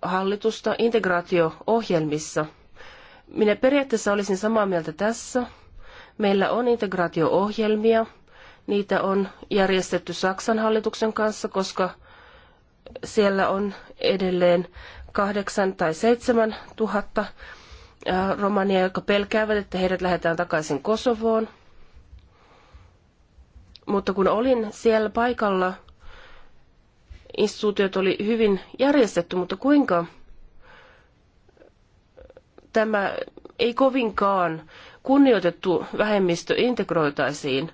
hallitusta integraatio-ohjelmissa. Minä periaatteessa olisin samaa mieltä tässä. Meillä on integraatio-ohjelmia. Niitä on järjestetty Saksan hallituksen kanssa, koska siellä on edelleen kahdeksan tai seitsemän tuhatta äh, romania, jotka pelkäävät, että heidät lähdetään takaisin Kosovoon. Mutta kun olin siellä paikalla, instituutiot oli hyvin järjestetty, mutta kuinka tämä ei kovinkaan kunnioitettu vähemmistö integroitaisiin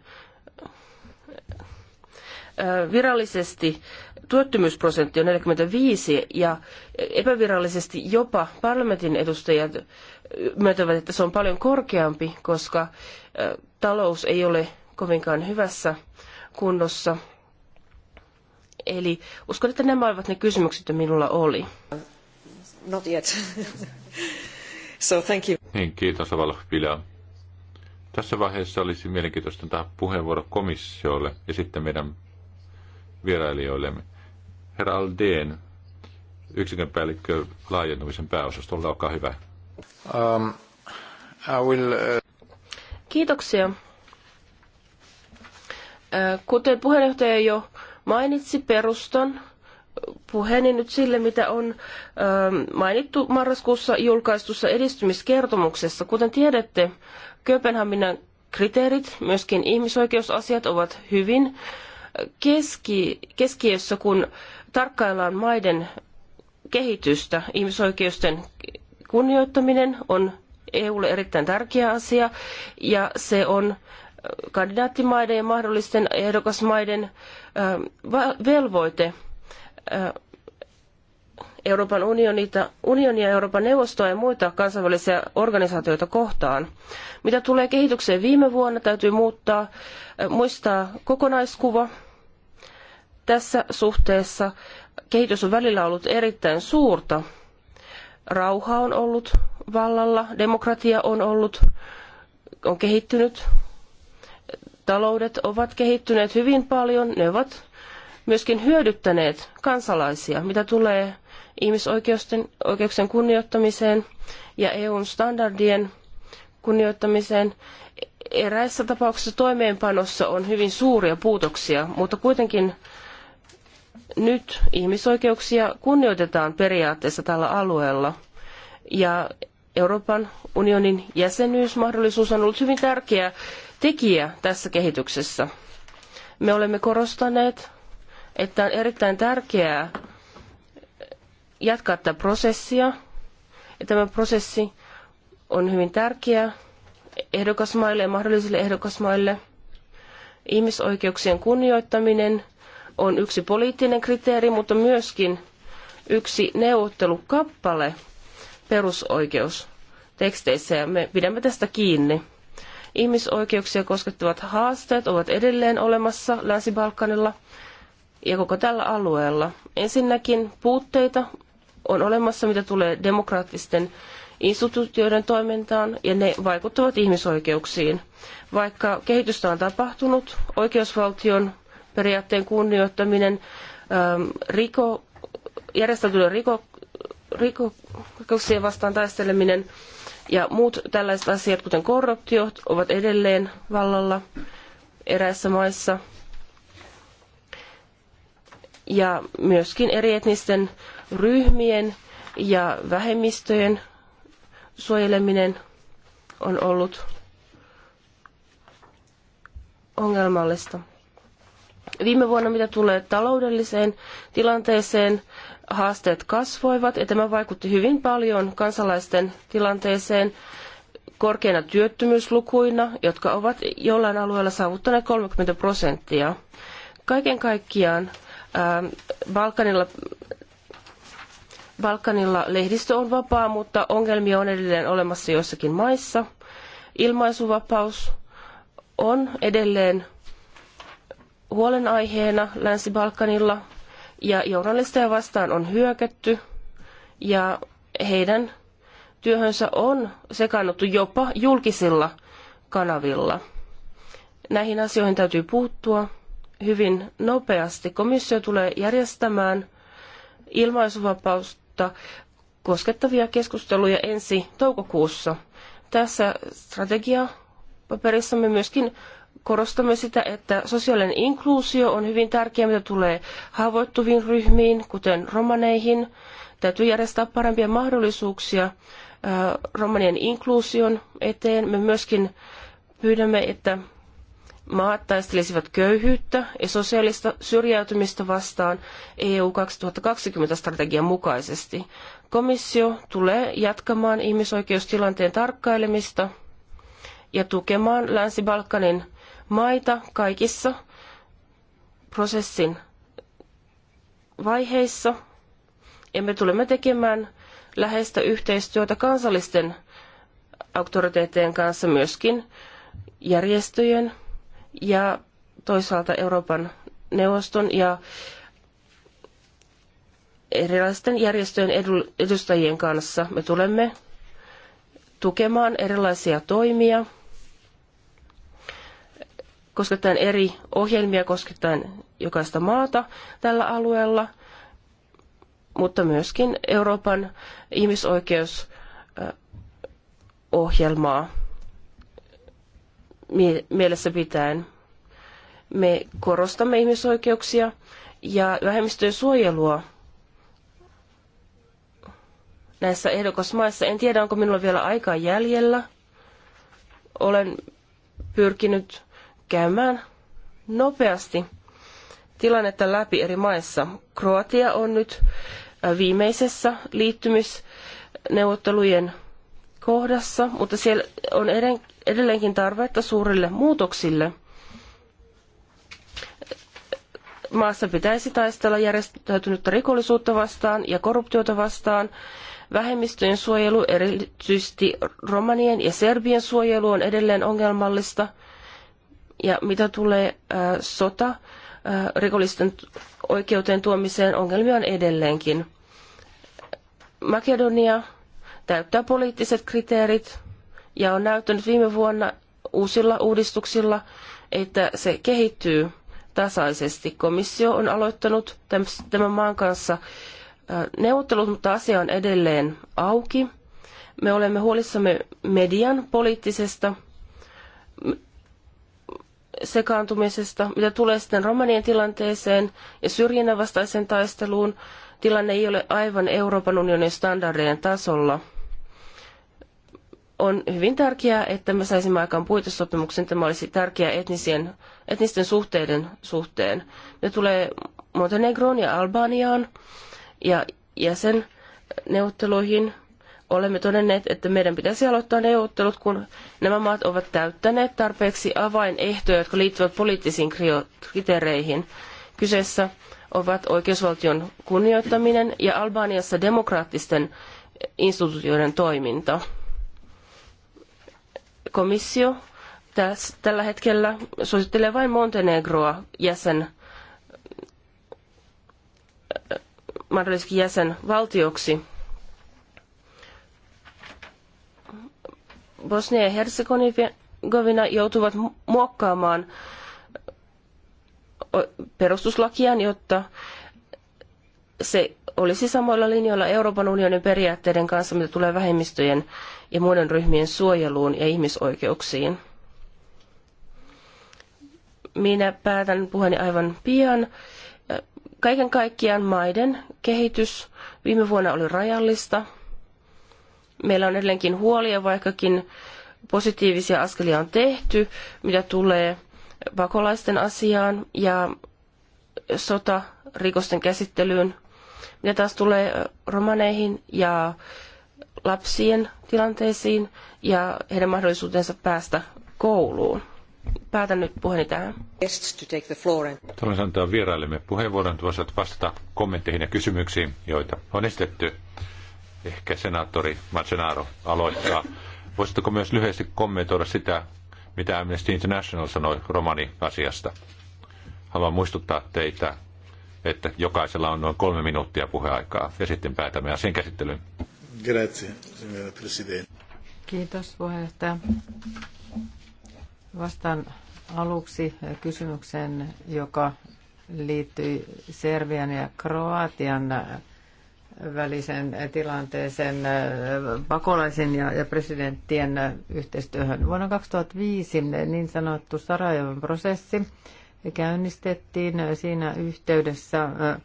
äh, virallisesti työttömyysprosentti on 45 ja epävirallisesti jopa parlamentin edustajat myöntävät, että se on paljon korkeampi, koska talous ei ole kovinkaan hyvässä kunnossa. Eli uskon, että nämä olivat ne kysymykset, joita minulla oli. Not yet. so thank you. Niin, kiitos Avalopilja. Tässä vaiheessa olisi mielenkiintoista antaa puheenvuoro komissiolle ja sitten meidän vierailijoillemme. Herra Aldeen, yksikön päällikkö laajentumisen pääosastolta, olkaa hyvä. Um, I will, uh... Kiitoksia. Kuten puheenjohtaja jo mainitsi, perustan puheeni nyt sille, mitä on mainittu marraskuussa julkaistussa edistymiskertomuksessa. Kuten tiedätte, Kööpenhaminan kriteerit, myöskin ihmisoikeusasiat ovat hyvin keski, keskiössä, kun tarkkaillaan maiden kehitystä. Ihmisoikeusten kunnioittaminen on EUlle erittäin tärkeä asia ja se on kandidaattimaiden ja mahdollisten ehdokasmaiden velvoite Euroopan unionia, Euroopan neuvostoa ja muita kansainvälisiä organisaatioita kohtaan. Mitä tulee kehitykseen viime vuonna, täytyy muuttaa, muistaa kokonaiskuva tässä suhteessa kehitys on välillä ollut erittäin suurta. Rauha on ollut vallalla, demokratia on ollut, on kehittynyt, taloudet ovat kehittyneet hyvin paljon, ne ovat myöskin hyödyttäneet kansalaisia, mitä tulee ihmisoikeuksien kunnioittamiseen ja EUn standardien kunnioittamiseen. Eräissä tapauksissa toimeenpanossa on hyvin suuria puutoksia, mutta kuitenkin nyt ihmisoikeuksia kunnioitetaan periaatteessa tällä alueella ja Euroopan unionin jäsenyysmahdollisuus on ollut hyvin tärkeä tekijä tässä kehityksessä. Me olemme korostaneet, että on erittäin tärkeää jatkaa tätä prosessia. Ja tämä prosessi on hyvin tärkeä ehdokasmaille ja mahdollisille ehdokasmaille. Ihmisoikeuksien kunnioittaminen on yksi poliittinen kriteeri, mutta myöskin yksi neuvottelukappale perusoikeusteksteissä ja me pidämme tästä kiinni. Ihmisoikeuksia koskettavat haasteet ovat edelleen olemassa Länsi-Balkanilla ja koko tällä alueella. Ensinnäkin puutteita on olemassa, mitä tulee demokraattisten instituutioiden toimintaan, ja ne vaikuttavat ihmisoikeuksiin. Vaikka kehitystä on tapahtunut, oikeusvaltion periaatteen kunnioittaminen, ähm, riko, järjestäytyneen riko, rikoksien vastaan taisteleminen ja muut tällaiset asiat, kuten korruptio, ovat edelleen vallalla eräissä maissa. Ja myöskin eri etnisten ryhmien ja vähemmistöjen suojeleminen on ollut ongelmallista. Viime vuonna, mitä tulee taloudelliseen tilanteeseen, haasteet kasvoivat ja tämä vaikutti hyvin paljon kansalaisten tilanteeseen korkeina työttömyyslukuina, jotka ovat jollain alueella saavuttaneet 30 prosenttia. Kaiken kaikkiaan ää, ähm, Balkanilla, Balkanilla lehdistö on vapaa, mutta ongelmia on edelleen olemassa joissakin maissa. Ilmaisuvapaus on edelleen huolenaiheena Länsi-Balkanilla ja journalisteja vastaan on hyökätty ja heidän työhönsä on sekannuttu jopa julkisilla kanavilla. Näihin asioihin täytyy puuttua hyvin nopeasti. Komissio tulee järjestämään ilmaisuvapautta koskettavia keskusteluja ensi toukokuussa. Tässä strategiapaperissamme myöskin korostamme sitä, että sosiaalinen inkluusio on hyvin tärkeä, mitä tulee haavoittuviin ryhmiin, kuten romaneihin. Täytyy järjestää parempia mahdollisuuksia äh, romanien inkluusion eteen. Me myöskin pyydämme, että maat taistelisivat köyhyyttä ja sosiaalista syrjäytymistä vastaan EU 2020-strategian mukaisesti. Komissio tulee jatkamaan ihmisoikeustilanteen tarkkailemista ja tukemaan Länsi-Balkanin maita kaikissa prosessin vaiheissa ja me tulemme tekemään läheistä yhteistyötä kansallisten auktoriteettien kanssa myöskin järjestöjen ja toisaalta Euroopan neuvoston ja erilaisten järjestöjen edustajien kanssa. Me tulemme tukemaan erilaisia toimia – kosketaan eri ohjelmia, kosketaan jokaista maata tällä alueella, mutta myöskin Euroopan ihmisoikeusohjelmaa mielessä pitäen. Me korostamme ihmisoikeuksia ja vähemmistöjen suojelua näissä ehdokasmaissa. En tiedä, onko minulla vielä aikaa jäljellä. Olen pyrkinyt käymään nopeasti tilannetta läpi eri maissa. Kroatia on nyt äh, viimeisessä liittymisneuvottelujen kohdassa, mutta siellä on edelleenkin tarvetta suurille muutoksille. Maassa pitäisi taistella järjestäytynyttä rikollisuutta vastaan ja korruptiota vastaan. Vähemmistöjen suojelu, erityisesti romanien ja serbien suojelu, on edelleen ongelmallista – ja mitä tulee äh, sota, äh, rikollisten oikeuteen tuomiseen ongelmia on edelleenkin. Makedonia täyttää poliittiset kriteerit ja on näyttänyt viime vuonna uusilla uudistuksilla, että se kehittyy tasaisesti. Komissio on aloittanut tämän maan kanssa äh, neuvottelut, mutta asia on edelleen auki. Me olemme huolissamme median poliittisesta sekaantumisesta. Mitä tulee sitten romanien tilanteeseen ja syrjinnän vastaiseen taisteluun, tilanne ei ole aivan Euroopan unionin standardien tasolla. On hyvin tärkeää, että me saisimme aikaan puitesopimuksen. Tämä olisi tärkeää etnisien, etnisten suhteiden suhteen. Ne tulee Montenegroon ja Albaniaan ja jäsenneuvotteluihin – olemme todenneet, että meidän pitäisi aloittaa neuvottelut, kun nämä maat ovat täyttäneet tarpeeksi avainehtoja, jotka liittyvät poliittisiin kriteereihin. Kyseessä ovat oikeusvaltion kunnioittaminen ja Albaniassa demokraattisten instituutioiden toiminta. Komissio täs, tällä hetkellä suosittelee vain Montenegroa jäsen, mahdollisesti jäsenvaltioksi Bosnia ja Herzegovina joutuvat muokkaamaan perustuslakiaan, jotta se olisi samoilla linjoilla Euroopan unionin periaatteiden kanssa, mitä tulee vähemmistöjen ja muiden ryhmien suojeluun ja ihmisoikeuksiin. Minä päätän puheeni aivan pian. Kaiken kaikkiaan maiden kehitys viime vuonna oli rajallista. Meillä on edelleenkin huolia, vaikkakin positiivisia askelia on tehty, mitä tulee pakolaisten asiaan ja sotarikosten käsittelyyn. Mitä taas tulee romaneihin ja lapsien tilanteisiin ja heidän mahdollisuutensa päästä kouluun. Päätän nyt puheeni tähän. Haluaisin antaa vieraillemme puheenvuoron, että voisivat vastata kommentteihin ja kysymyksiin, joita on esitetty. Ehkä senaattori Marcenaro aloittaa. Voisitteko myös lyhyesti kommentoida sitä, mitä Amnesty International sanoi romani-asiasta? Haluan muistuttaa teitä, että jokaisella on noin kolme minuuttia puheaikaa ja sitten päätämme asian käsittelyyn. Kiitos puheenjohtaja. Vastaan aluksi kysymykseen, joka liittyi Serbian ja Kroatian välisen tilanteeseen äh, pakolaisen ja, ja presidenttien äh, yhteistyöhön. Vuonna 2005 niin sanottu Sarajevon prosessi käynnistettiin. Siinä yhteydessä äh,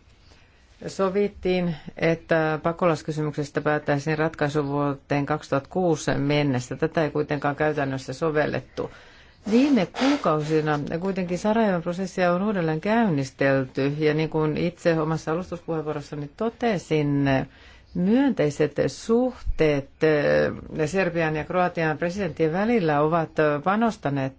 sovittiin, että pakolaiskysymyksestä päättäisiin ratkaisu vuoteen 2006 mennessä. Tätä ei kuitenkaan käytännössä sovellettu. Viime kuukausina kuitenkin Sarajevan prosessia on uudelleen käynnistelty ja niin kuin itse omassa alustuspuheenvuorossani totesin, myönteiset suhteet Serbian ja Kroatian presidenttien välillä ovat panostaneet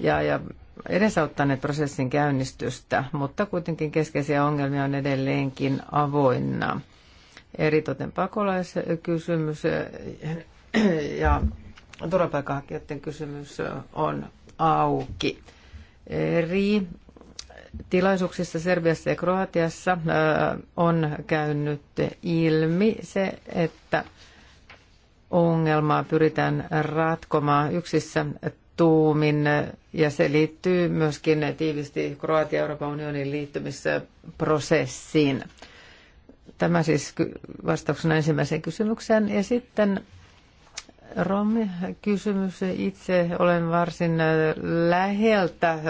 ja, ja edesauttaneet prosessin käynnistystä, mutta kuitenkin keskeisiä ongelmia on edelleenkin avoinna. Eritoten pakolaiskysymys ja turvapaikanhakijoiden kysymys on auki. Eri tilaisuuksissa Serbiassa ja Kroatiassa äh, on käynyt ilmi se, että ongelmaa pyritään ratkomaan yksissä tuumin ja se liittyy myöskin tiivisti Kroatia Euroopan unionin liittymisprosessiin. Tämä siis vastauksena ensimmäiseen kysymykseen. Ja sitten Romi-kysymys. Itse olen varsin äh, läheltä äh,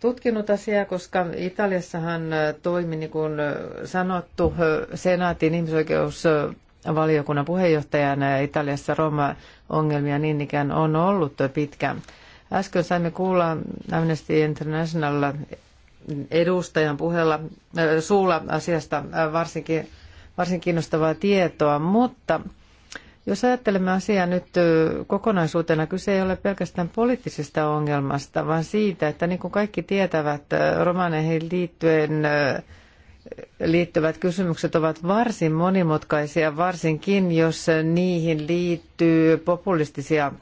tutkinut asiaa, koska Italiassahan äh, toimi, niin kuin sanottu, senaatin ihmisoikeusvaliokunnan puheenjohtajana Italiassa Roma-ongelmia niin ikään on ollut pitkään. Äsken saimme kuulla Amnesty International edustajan puheella, suulla asiasta varsinkin, varsin kiinnostavaa tietoa, mutta – jos ajattelemme asiaa nyt kokonaisuutena, kyse ei ole pelkästään poliittisesta ongelmasta, vaan siitä, että niin kuin kaikki tietävät, romaneihin liittyen liittyvät kysymykset ovat varsin monimutkaisia, varsinkin jos niihin liittyy populistisia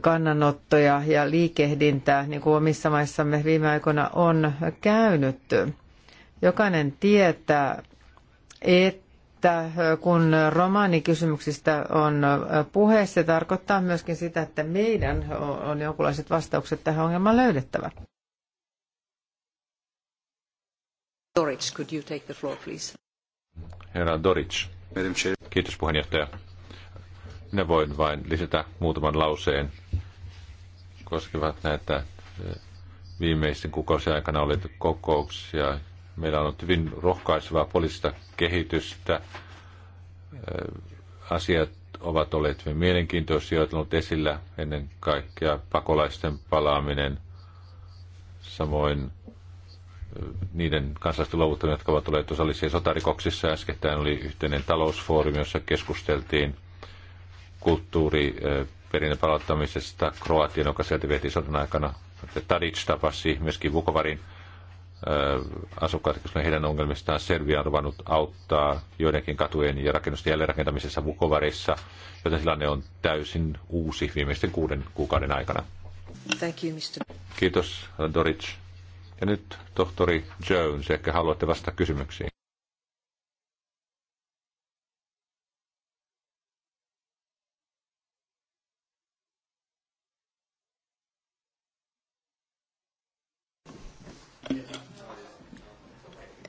kannanottoja ja liikehdintää, niin kuin omissa maissamme viime aikoina on käynyt. Jokainen tietää, että että äh, kun romaanikysymyksistä on äh, puhe, se tarkoittaa myöskin sitä, että meidän äh, on jonkinlaiset vastaukset tähän ongelmaan löydettävä. Doric, could you take the floor, please? Herra Doric. Kiitos puheenjohtaja. Minä voin vain lisätä muutaman lauseen koskevat näitä viimeisten kuukausien aikana oli kokouksia, Meillä on ollut hyvin rohkaisevaa poliittista kehitystä. Asiat ovat olleet hyvin mielenkiintoisia, joita on ollut esillä ennen kaikkea pakolaisten palaaminen, samoin niiden kansalaisten luovuttaminen, jotka ovat olleet osallisia sotarikoksissa. Äskettäin oli yhteinen talousfoorumi, jossa keskusteltiin kulttuuriperinnön palauttamisesta Kroatian, joka sieltä vietiin sodan aikana. Tadic tapasi myöskin Vukovarin asukkaat, koska heidän ongelmistaan Serbia on ruvannut auttaa joidenkin katujen ja rakennusten jälleenrakentamisessa Vukovarissa, joten tilanne on täysin uusi viimeisten kuuden kuukauden aikana. Thank you, Mr. Kiitos, Doric. Ja nyt tohtori Jones, ehkä haluatte vastata kysymyksiin.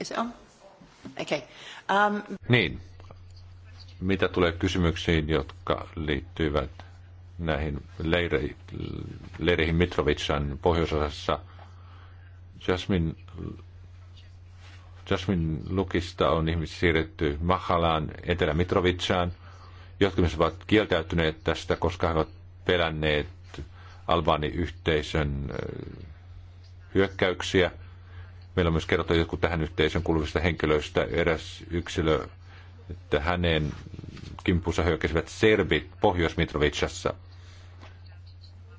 Is it on? Okay. Um... Niin. Mitä tulee kysymyksiin, jotka liittyvät näihin leireihin Mitrovitsan pohjoisosassa. Jasmin, Jasmin Lukista on ihmisiä siirretty Mahalaan, Etelä-Mitrovitsaan. Jotkut ovat kieltäytyneet tästä, koska he ovat pelänneet albaaniyhteisön hyökkäyksiä. Meillä on myös kerrottu jotkut tähän yhteisön kuuluvista henkilöistä. Eräs yksilö, että hänen kimppunsa hyökkäsivät serbit pohjois mitrovitsassa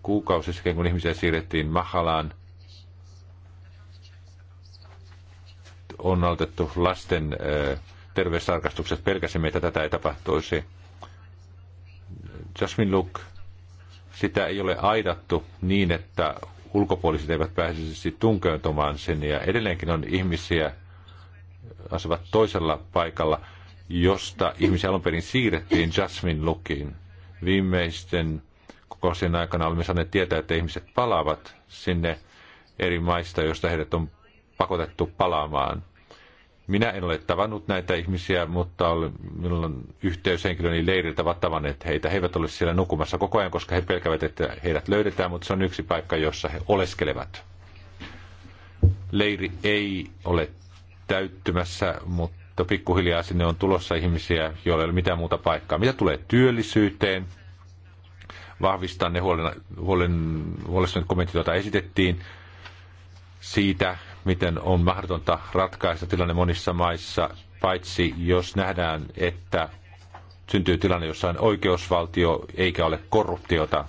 Kuukausi sitten, kun ihmisiä siirrettiin Mahalaan, on aloitettu lasten terveystarkastukset. Pelkäsimme, että tätä ei tapahtuisi. Jasmine Luke, sitä ei ole aidattu niin, että ulkopuoliset eivät pääsisi tunkeutumaan sinne. Ja edelleenkin on ihmisiä, asuvat toisella paikalla, josta ihmisiä alun perin siirrettiin Jasmine Lukiin. Viimeisten kokousien aikana olemme saaneet tietää, että ihmiset palaavat sinne eri maista, joista heidät on pakotettu palaamaan. Minä en ole tavannut näitä ihmisiä, mutta minulla on yhteyshenkilöni niin leiriltä ovat tavanneet heitä. He eivät ole siellä nukumassa koko ajan, koska he pelkävät, että heidät löydetään, mutta se on yksi paikka, jossa he oleskelevat. Leiri ei ole täyttymässä, mutta pikkuhiljaa sinne on tulossa ihmisiä, joilla ei ole mitään muuta paikkaa. Mitä tulee työllisyyteen, vahvistan ne huolen, huolen, huolestuneet kommentit, joita esitettiin siitä, miten on mahdotonta ratkaista tilanne monissa maissa, paitsi jos nähdään, että syntyy tilanne, jossa on oikeusvaltio eikä ole korruptiota.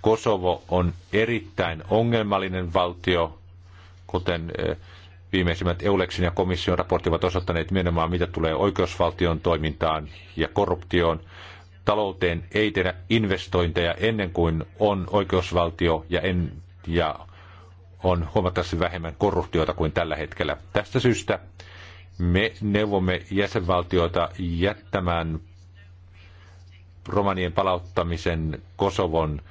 Kosovo on erittäin ongelmallinen valtio, kuten eh, viimeisimmät Euleksin ja komission raportit ovat osoittaneet nimenomaan, mitä tulee oikeusvaltion toimintaan ja korruptioon. Talouteen ei tehdä investointeja ennen kuin on oikeusvaltio ja, en, ja on huomattavasti vähemmän korruptiota kuin tällä hetkellä. Tästä syystä me neuvomme jäsenvaltioita jättämään romanien palauttamisen Kosovon,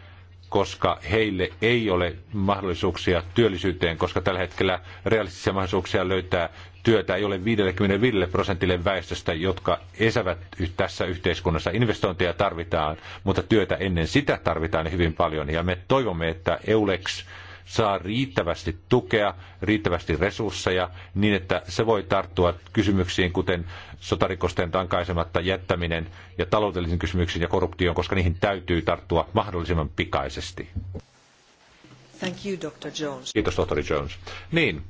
koska heille ei ole mahdollisuuksia työllisyyteen, koska tällä hetkellä realistisia mahdollisuuksia löytää työtä ei ole 55 prosentille väestöstä, jotka esävät tässä yhteiskunnassa. Investointeja tarvitaan, mutta työtä ennen sitä tarvitaan hyvin paljon. Ja me toivomme, että EULEX saa riittävästi tukea, riittävästi resursseja, niin että se voi tarttua kysymyksiin, kuten sotarikosten tankaisematta jättäminen ja taloudellisiin kysymyksiin ja korruptioon, koska niihin täytyy tarttua mahdollisimman pikaisesti. Thank you, Dr. Jones. Kiitos, tohtori Jones. Niin,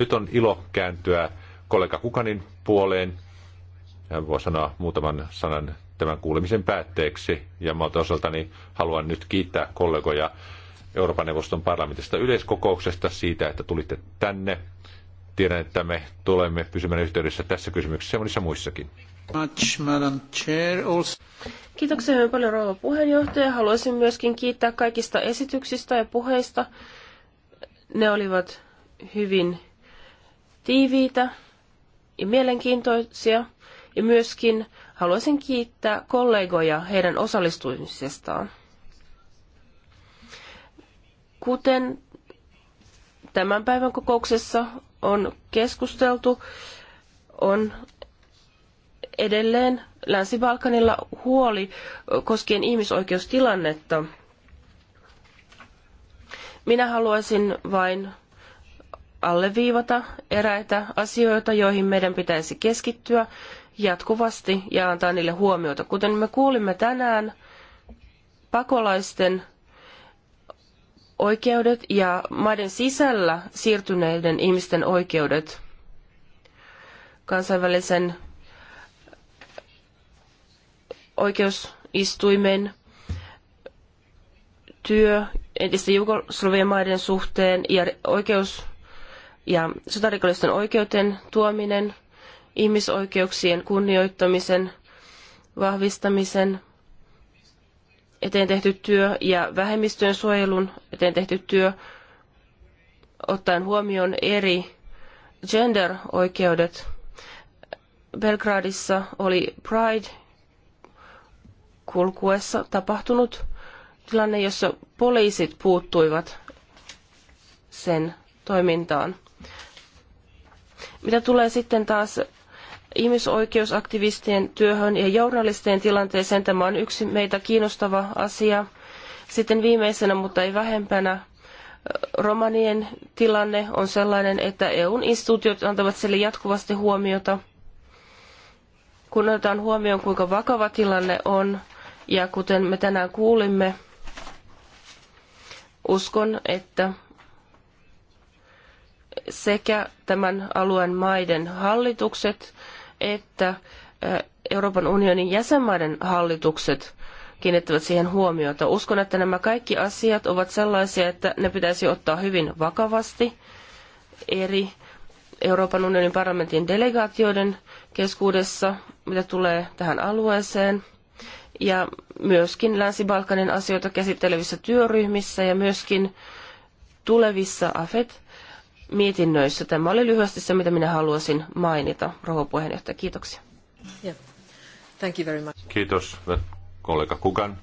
nyt on ilo kääntyä kollega Kukanin puoleen. Hän voi sanoa muutaman sanan tämän kuulemisen päätteeksi. Ja omalta osaltani haluan nyt kiittää kollegoja Euroopan neuvoston parlamentista yleiskokouksesta siitä, että tulitte tänne. Tiedän, että me tulemme pysymään yhteydessä tässä kysymyksessä ja monissa muissakin. Kiitoksia hyvin paljon rouva puheenjohtaja. Haluaisin myöskin kiittää kaikista esityksistä ja puheista. Ne olivat hyvin tiiviitä ja mielenkiintoisia. Ja myöskin haluaisin kiittää kollegoja heidän osallistumisestaan. Kuten tämän päivän kokouksessa on keskusteltu, on edelleen Länsi-Balkanilla huoli koskien ihmisoikeustilannetta. Minä haluaisin vain alleviivata eräitä asioita, joihin meidän pitäisi keskittyä jatkuvasti ja antaa niille huomiota. Kuten me kuulimme tänään, pakolaisten oikeudet ja maiden sisällä siirtyneiden ihmisten oikeudet kansainvälisen oikeusistuimen työ entisten Jugoslavien maiden suhteen ja oikeus ja sotarikollisten oikeuden tuominen, ihmisoikeuksien kunnioittamisen vahvistamisen eteen tehty työ ja vähemmistöjen suojelun eteen tehty työ, ottaen huomioon eri gender-oikeudet. Belgradissa oli Pride kulkuessa tapahtunut tilanne, jossa poliisit puuttuivat sen toimintaan. Mitä tulee sitten taas ihmisoikeusaktivistien työhön ja journalistien tilanteeseen. Tämä on yksi meitä kiinnostava asia. Sitten viimeisenä, mutta ei vähempänä, romanien tilanne on sellainen, että EUn instituutiot antavat sille jatkuvasti huomiota. Kun otetaan huomioon, kuinka vakava tilanne on, ja kuten me tänään kuulimme, uskon, että sekä tämän alueen maiden hallitukset että Euroopan unionin jäsenmaiden hallitukset kiinnittävät siihen huomiota. Uskon, että nämä kaikki asiat ovat sellaisia, että ne pitäisi ottaa hyvin vakavasti eri Euroopan unionin parlamentin delegaatioiden keskuudessa, mitä tulee tähän alueeseen, ja myöskin Länsi-Balkanin asioita käsittelevissä työryhmissä ja myöskin tulevissa AFET mietinnöissä. Tämä oli lyhyesti se, mitä minä haluaisin mainita. Rouva puheenjohtaja, kiitoksia. Yeah. Thank you very much. Kiitos, kollega Kukan.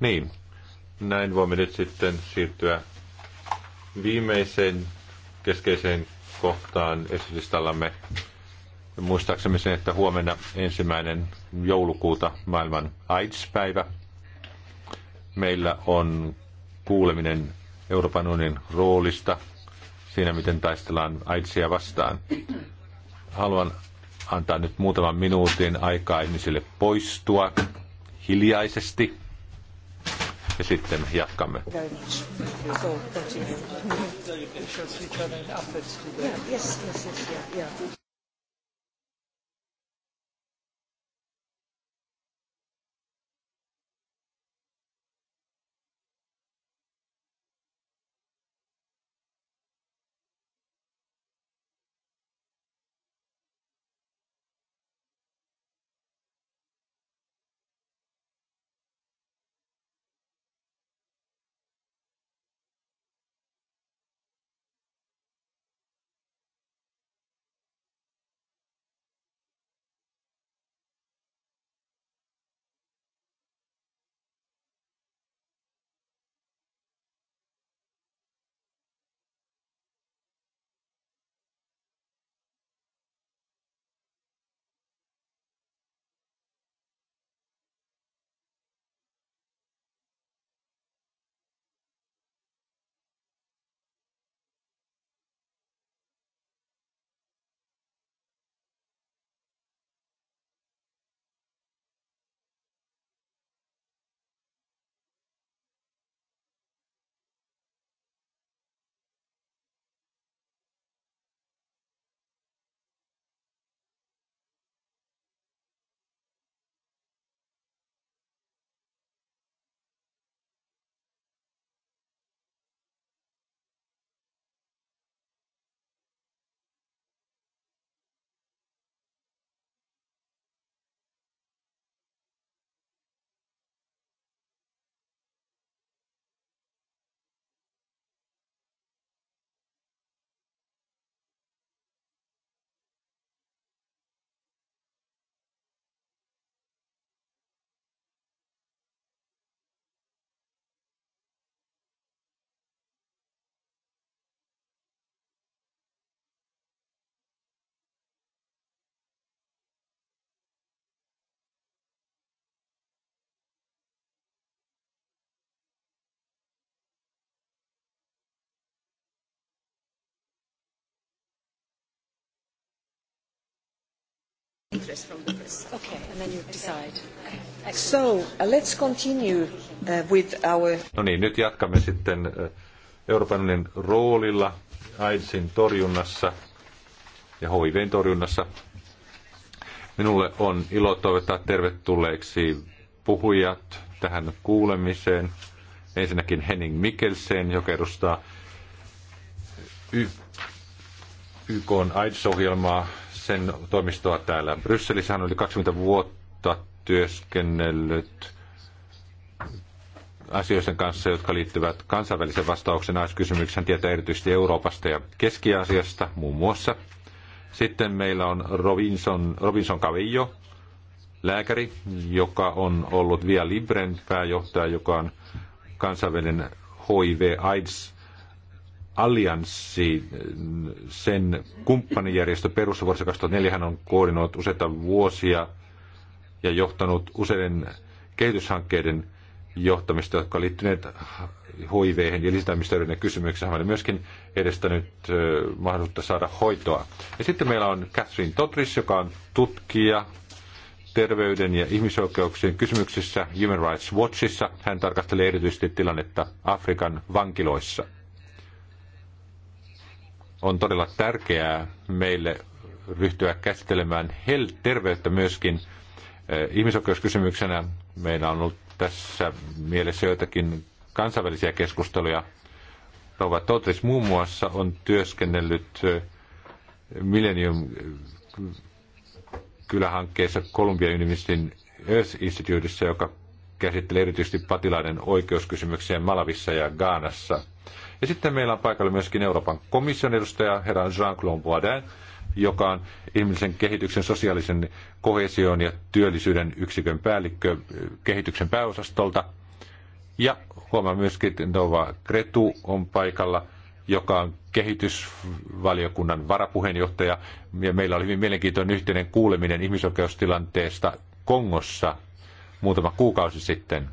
Niin, näin voimme nyt sitten siirtyä viimeiseen keskeiseen kohtaan esitystallamme. Muistaaksemme sen, että huomenna ensimmäinen joulukuuta maailman AIDS-päivä. Meillä on kuuleminen Euroopan unionin roolista – siinä, miten taistellaan AIDSia vastaan. Haluan antaa nyt muutaman minuutin aikaa ihmisille poistua hiljaisesti. Ja sitten jatkamme. interest from the press. Okay, and then you decide. Okay. So, uh, let's continue uh, with our... No niin, nyt jatkamme sitten uh, Euroopan unionin roolilla AIDSin torjunnassa ja HIVn torjunnassa. Minulle on ilo toivottaa tervetulleeksi puhujat tähän kuulemiseen. Ensinnäkin Henning Mikkelsen, joka edustaa y- YK AIDS-ohjelmaa sen toimistoa täällä Brysselissä. Hän oli 20 vuotta työskennellyt asioiden kanssa, jotka liittyvät kansainvälisen vastauksen naiskysymyksiin. Hän tietää erityisesti Euroopasta ja Keski-Aasiasta muun muassa. Sitten meillä on Robinson, Robinson Cavillo, lääkäri, joka on ollut Via Libren pääjohtaja, joka on kansainvälinen HIV AIDS allianssi, sen kumppanijärjestö perussa vuodessa 2004 hän on koordinoinut useita vuosia ja johtanut useiden kehityshankkeiden johtamista, jotka ovat liittyneet HIV- ja lisätämistöiden kysymyksiin. Hän on myöskin edestänyt mahdollisuutta saada hoitoa. Ja sitten meillä on Catherine Totris, joka on tutkija terveyden ja ihmisoikeuksien kysymyksissä Human Rights Watchissa. Hän tarkastelee erityisesti tilannetta Afrikan vankiloissa on todella tärkeää meille ryhtyä käsittelemään terveyttä myöskin eh, ihmisoikeuskysymyksenä. Meillä on ollut tässä mielessä joitakin kansainvälisiä keskusteluja. Rova Totris muun muassa on työskennellyt eh, Millennium eh, kylähankkeessa Columbia Universityn Earth Instituteissa, joka käsittelee erityisesti patilaiden oikeuskysymyksiä Malavissa ja Gaanassa. Ja sitten meillä on paikalla myöskin Euroopan komission edustaja, herra Jean-Claude Boisdin, joka on ihmisen kehityksen, sosiaalisen kohesion ja työllisyyden yksikön päällikkö eh, kehityksen pääosastolta. Ja huomaa myöskin, että Nova Kretu on paikalla, joka on kehitysvaliokunnan varapuheenjohtaja. Ja meillä oli hyvin mielenkiintoinen yhteinen kuuleminen ihmisoikeustilanteesta Kongossa muutama kuukausi sitten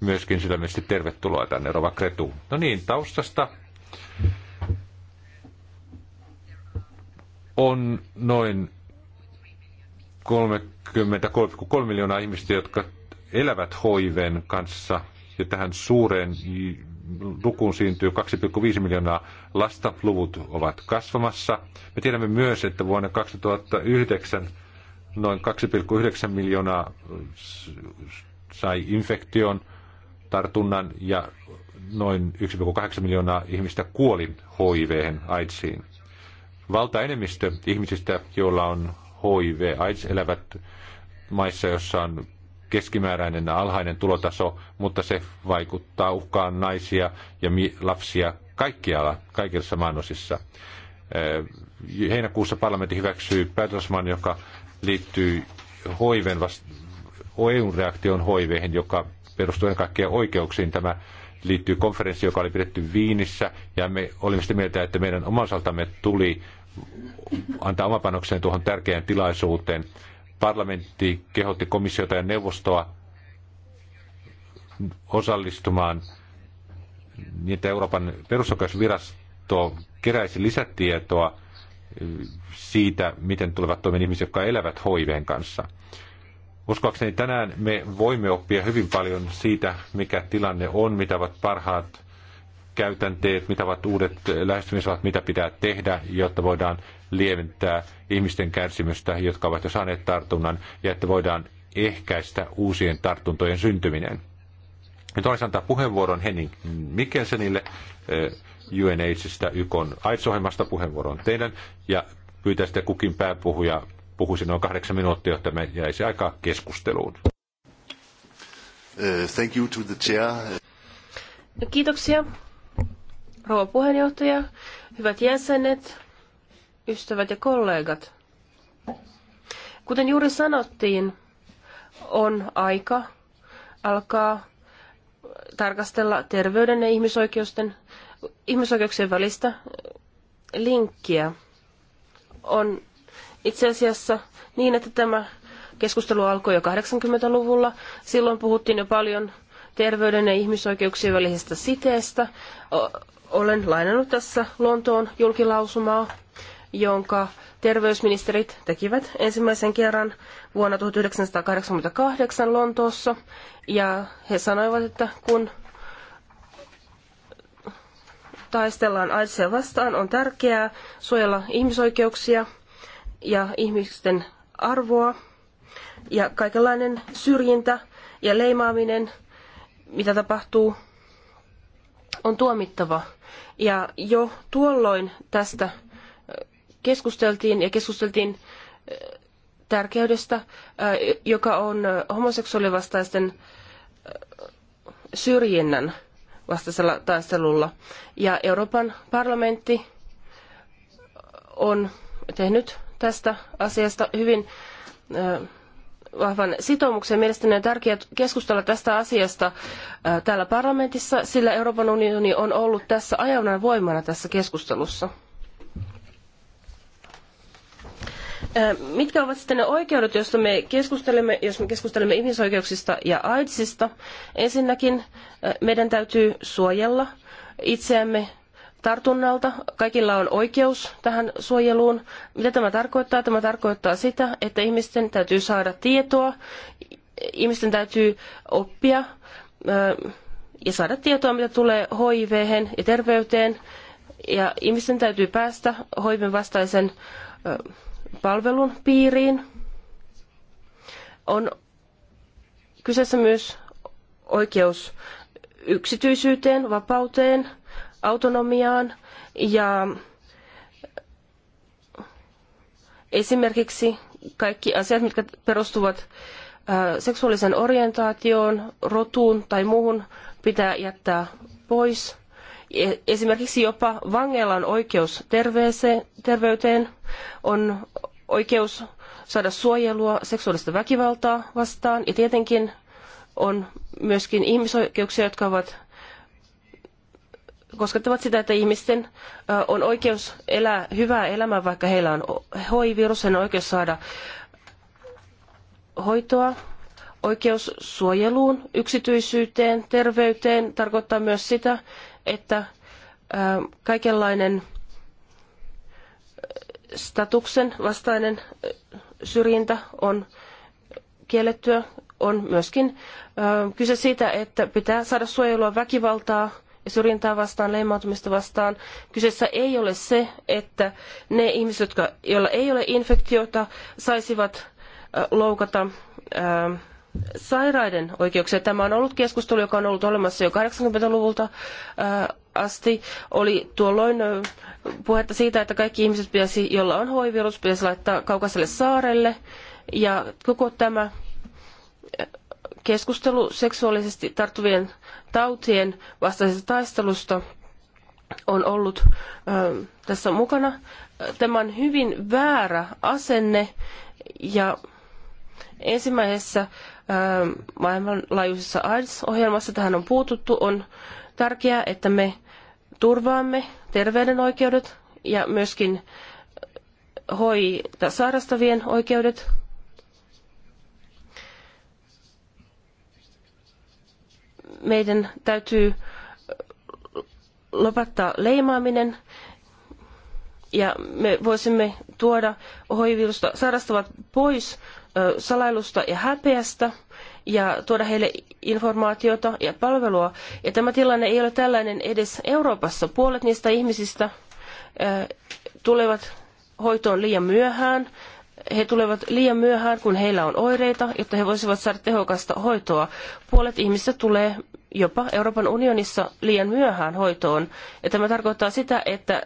myöskin sydämellisesti tervetuloa tänne Rova Kretu. No niin, taustasta on noin 33,3 miljoonaa ihmistä, jotka elävät hoiven kanssa. Ja tähän suureen lukuun siintyy 2,5 miljoonaa lasta. Luvut ovat kasvamassa. Me tiedämme myös, että vuonna 2009 noin 2,9 miljoonaa sai infektion – tartunnan ja noin 1,8 miljoonaa ihmistä kuoli hiv AIDSiin. Valtaenemmistö ihmisistä, joilla on HIV, AIDS, elävät maissa, joissa on keskimääräinen alhainen tulotaso, mutta se vaikuttaa uhkaan naisia ja lapsia kaikkialla, kaikissa maanosissa. Heinäkuussa parlamentti hyväksyi päätösman, joka liittyy hoiven vast- EUn reaktion hiv joka perustuu ennen oikeuksiin. Tämä liittyy konferenssi, joka oli pidetty Viinissä, ja me olimme sitä mieltä, että meidän omansaltamme tuli antaa oma panokseen tuohon tärkeään tilaisuuteen. Parlamentti kehotti komissiota ja neuvostoa osallistumaan niin, että Euroopan perusoikeusvirasto keräisi lisätietoa siitä, miten tulevat toimeen ihmiset, jotka elävät hoiveen kanssa. Uskoakseni tänään me voimme oppia hyvin paljon siitä, mikä tilanne on, mitä ovat parhaat käytänteet, mitä ovat uudet lähestymistavat, mitä pitää tehdä, jotta voidaan lieventää ihmisten kärsimystä, jotka ovat jo saaneet tartunnan, ja että voidaan ehkäistä uusien tartuntojen syntyminen. Nyt olisi antaa puheenvuoron Henning Mikkelsenille eh, UNHista YK AIDS-ohjelmasta puheenvuoron teidän, ja pyytää sitten kukin pääpuhuja puhuisin noin kahdeksan minuuttia, jotta me jäisi aikaa keskusteluun. Eh, thank you to the chair. No, kiitoksia, rouva puheenjohtaja, hyvät jäsenet, ystävät ja kollegat. Kuten juuri sanottiin, on aika alkaa tarkastella terveyden ja ihmisoikeusten, ihmisoikeuksien välistä linkkiä. On itse asiassa niin, että tämä keskustelu alkoi jo 80-luvulla. Silloin puhuttiin jo paljon terveyden ja ihmisoikeuksien välisestä siteestä. Olen lainannut tässä Lontoon julkilausumaa, jonka terveysministerit tekivät ensimmäisen kerran vuonna 1988 Lontoossa. Ja he sanoivat, että kun taistellaan AIDSia vastaan, on tärkeää suojella ihmisoikeuksia – ja ihmisten arvoa ja kaikenlainen syrjintä ja leimaaminen, mitä tapahtuu, on tuomittava. Ja jo tuolloin tästä keskusteltiin ja keskusteltiin tärkeydestä, joka on homoseksuaalivastaisten syrjinnän vastaisella taistelulla. Ja Euroopan parlamentti on tehnyt tästä asiasta hyvin vahvan sitoumuksen. Mielestäni on tärkeää keskustella tästä asiasta täällä parlamentissa, sillä Euroopan unioni on ollut tässä ajana voimana tässä keskustelussa. Mitkä ovat sitten ne oikeudet, joista me keskustelemme, jos me keskustelemme ihmisoikeuksista ja AIDSista? Ensinnäkin meidän täytyy suojella itseämme tartunnalta. Kaikilla on oikeus tähän suojeluun. Mitä tämä tarkoittaa? Tämä tarkoittaa sitä, että ihmisten täytyy saada tietoa, ihmisten täytyy oppia ja saada tietoa, mitä tulee hiv ja terveyteen. Ja ihmisten täytyy päästä hoivin vastaisen palvelun piiriin. On kyseessä myös oikeus yksityisyyteen, vapauteen – autonomiaan ja esimerkiksi kaikki asiat, mitkä perustuvat äh, seksuaaliseen orientaatioon, rotuun tai muuhun, pitää jättää pois. E, esimerkiksi jopa vangeilla on oikeus terveyteen, on oikeus saada suojelua seksuaalista väkivaltaa vastaan ja tietenkin on myöskin ihmisoikeuksia, jotka ovat koskettavat sitä, että ihmisten on oikeus elää hyvää elämää, vaikka heillä on HIV-virus, on oikeus saada hoitoa, oikeus suojeluun, yksityisyyteen, terveyteen tarkoittaa myös sitä, että kaikenlainen statuksen vastainen syrjintä on kiellettyä. On myöskin kyse siitä, että pitää saada suojelua väkivaltaa syrjintää vastaan, leimautumista vastaan. Kyseessä ei ole se, että ne ihmiset, jotka, joilla ei ole infektiota, saisivat loukata ää, sairaiden oikeuksia. Tämä on ollut keskustelu, joka on ollut olemassa jo 80-luvulta asti. Oli tuolloin puhetta siitä, että kaikki ihmiset, pitäisi, joilla on HIV-virus, pitäisi laittaa kaukaiselle saarelle. Ja koko tämä Keskustelu seksuaalisesti tarttuvien tautien vastaisesta taistelusta on ollut ö, tässä mukana. Tämä on hyvin väärä asenne ja ensimmäisessä ö, maailmanlaajuisessa AIDS-ohjelmassa tähän on puututtu. On tärkeää, että me turvaamme terveyden oikeudet ja myöskin hoita sairastavien oikeudet meidän täytyy lopettaa leimaaminen ja me voisimme tuoda HIV-virusta sairastavat pois salailusta ja häpeästä ja tuoda heille informaatiota ja palvelua. Ja tämä tilanne ei ole tällainen edes Euroopassa. Puolet niistä ihmisistä tulevat hoitoon liian myöhään he tulevat liian myöhään, kun heillä on oireita, jotta he voisivat saada tehokasta hoitoa. Puolet ihmistä tulee jopa Euroopan unionissa liian myöhään hoitoon. Ja tämä tarkoittaa sitä, että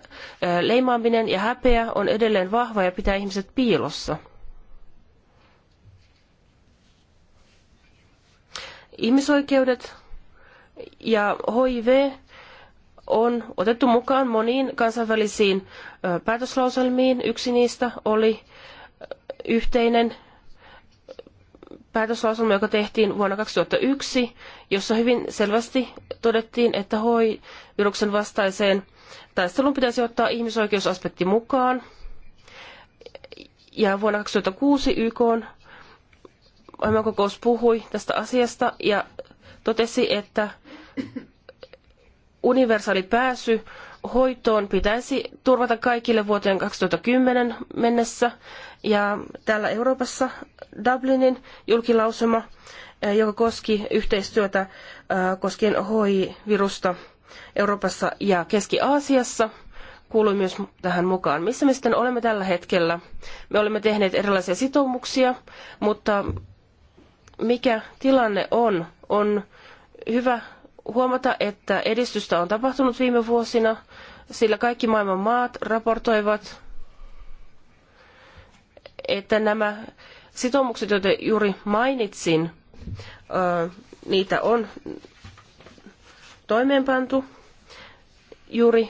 leimaaminen ja häpeä on edelleen vahva ja pitää ihmiset piilossa. Ihmisoikeudet ja HIV on otettu mukaan moniin kansainvälisiin päätöslauselmiin. Yksi niistä oli yhteinen päätöslauselma, joka tehtiin vuonna 2001, jossa hyvin selvästi todettiin, että HIV-viruksen vastaiseen taisteluun pitäisi ottaa ihmisoikeusaspekti mukaan. Ja vuonna 2006 YK maailmankokous puhui tästä asiasta ja totesi, että universaali pääsy hoitoon pitäisi turvata kaikille vuoteen 2010 mennessä. Ja täällä Euroopassa Dublinin julkilausuma, eh, joka koski yhteistyötä eh, koskien HIV-virusta Euroopassa ja Keski-Aasiassa, kuului myös tähän mukaan. Missä me sitten olemme tällä hetkellä? Me olemme tehneet erilaisia sitoumuksia, mutta mikä tilanne on? On hyvä huomata, että edistystä on tapahtunut viime vuosina – sillä kaikki maailman maat raportoivat, että nämä sitoumukset, joita juuri mainitsin, niitä on toimeenpantu. Juuri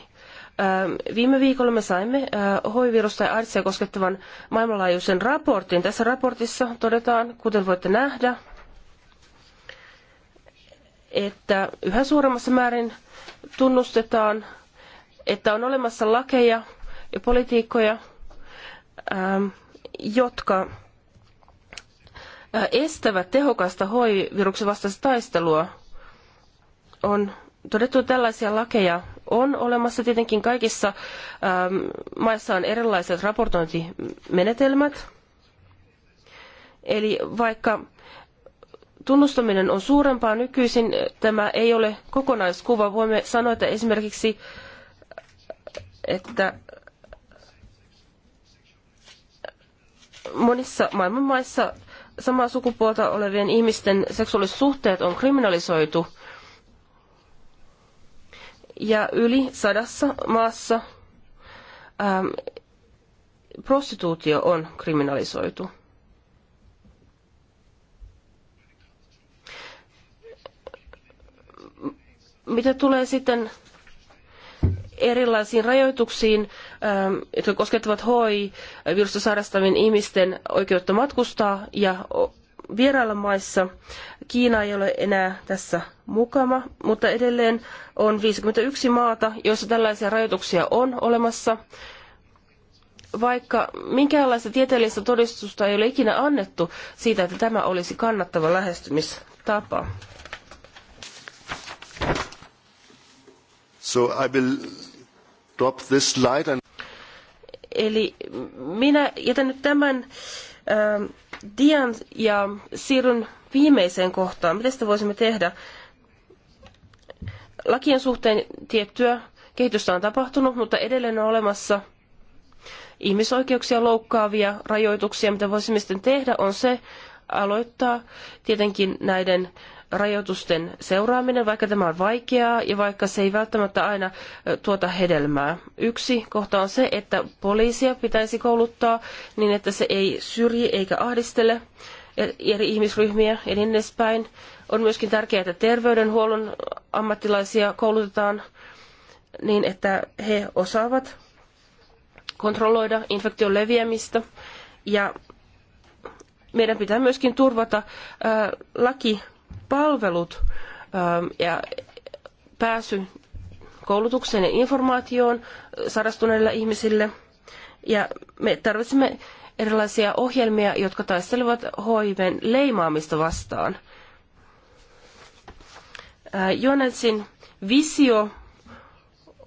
viime viikolla me saimme HIV-virusta ja aidsia koskettavan maailmanlaajuisen raportin. Tässä raportissa todetaan, kuten voitte nähdä, että yhä suuremmassa määrin tunnustetaan että on olemassa lakeja ja politiikkoja, ähm, jotka äh, estävät tehokasta HIV-viruksen vastaista taistelua. On todettu, että tällaisia lakeja on olemassa. Tietenkin kaikissa ähm, maissa on erilaiset raportointimenetelmät. Eli vaikka tunnustaminen on suurempaa nykyisin, tämä ei ole kokonaiskuva. Voimme sanoa, että esimerkiksi että monissa maailman maissa samaa sukupuolta olevien ihmisten seksuaaliset suhteet on kriminalisoitu. Ja yli sadassa maassa ähm, prostituutio on kriminalisoitu. Mitä tulee sitten erilaisiin rajoituksiin, ähm, jotka koskettavat HI-virusta sairastavien ihmisten oikeutta matkustaa ja vierailla maissa. Kiina ei ole enää tässä mukana, mutta edelleen on 51 maata, joissa tällaisia rajoituksia on olemassa. Vaikka minkäänlaista tieteellistä todistusta ei ole ikinä annettu siitä, että tämä olisi kannattava lähestymistapa. So I will drop this and... Eli minä jätän nyt tämän äh, dian ja siirryn viimeiseen kohtaan. Mitä sitä voisimme tehdä? Lakien suhteen tiettyä kehitystä on tapahtunut, mutta edelleen on olemassa ihmisoikeuksia loukkaavia rajoituksia. Mitä voisimme sitten tehdä on se, aloittaa tietenkin näiden rajoitusten seuraaminen, vaikka tämä on vaikeaa ja vaikka se ei välttämättä aina tuota hedelmää. Yksi kohta on se, että poliisia pitäisi kouluttaa niin, että se ei syrji eikä ahdistele e, eri ihmisryhmiä ja niin edespäin. On myöskin tärkeää, että terveydenhuollon ammattilaisia koulutetaan niin, että he osaavat kontrolloida infektion leviämistä ja meidän pitää myöskin turvata lakipalvelut ja pääsy koulutukseen ja informaatioon sairastuneille ihmisille. Ja me tarvitsemme erilaisia ohjelmia, jotka taistelevat hoiven leimaamista vastaan. Jonetsin visio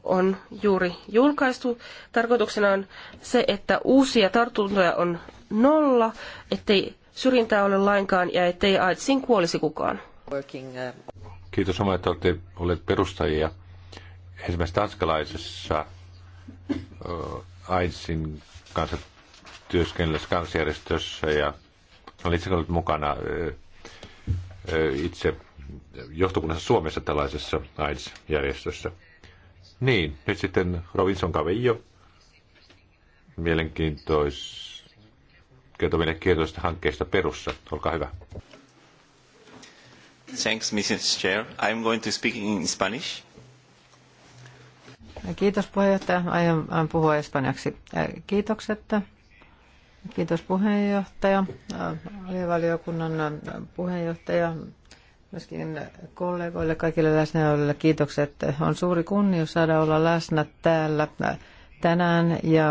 on juuri julkaistu. Tarkoituksena on se, että uusia tartuntoja on nolla, ettei syrjintää ole lainkaan ja ettei AIDSiin kuolisi kukaan. Uh, Kiitos sama, että olette olleet perustajia. Esimerkiksi tanskalaisessa uh, AIDSin kanssa työskennellessä kansjärjestössä ja olin itse ollut mukana uh, itse johtokunnassa Suomessa tällaisessa AIDS-järjestössä. Niin, nyt sitten Robinson Cavillo, mielenkiintois kertoo meille kiitoista hankkeista perussa. Olkaa hyvä. Thanks, Mrs. Chair. I'm going to speak in Spanish. Kiitos puheenjohtaja. Aion puhua espanjaksi. Äh, kiitokset. Kiitos puheenjohtaja, äh, valiokunnan äh, puheenjohtaja, myöskin kollegoille, kaikille läsnäolijoille kiitokset. On suuri kunnia saada olla läsnä täällä tänään ja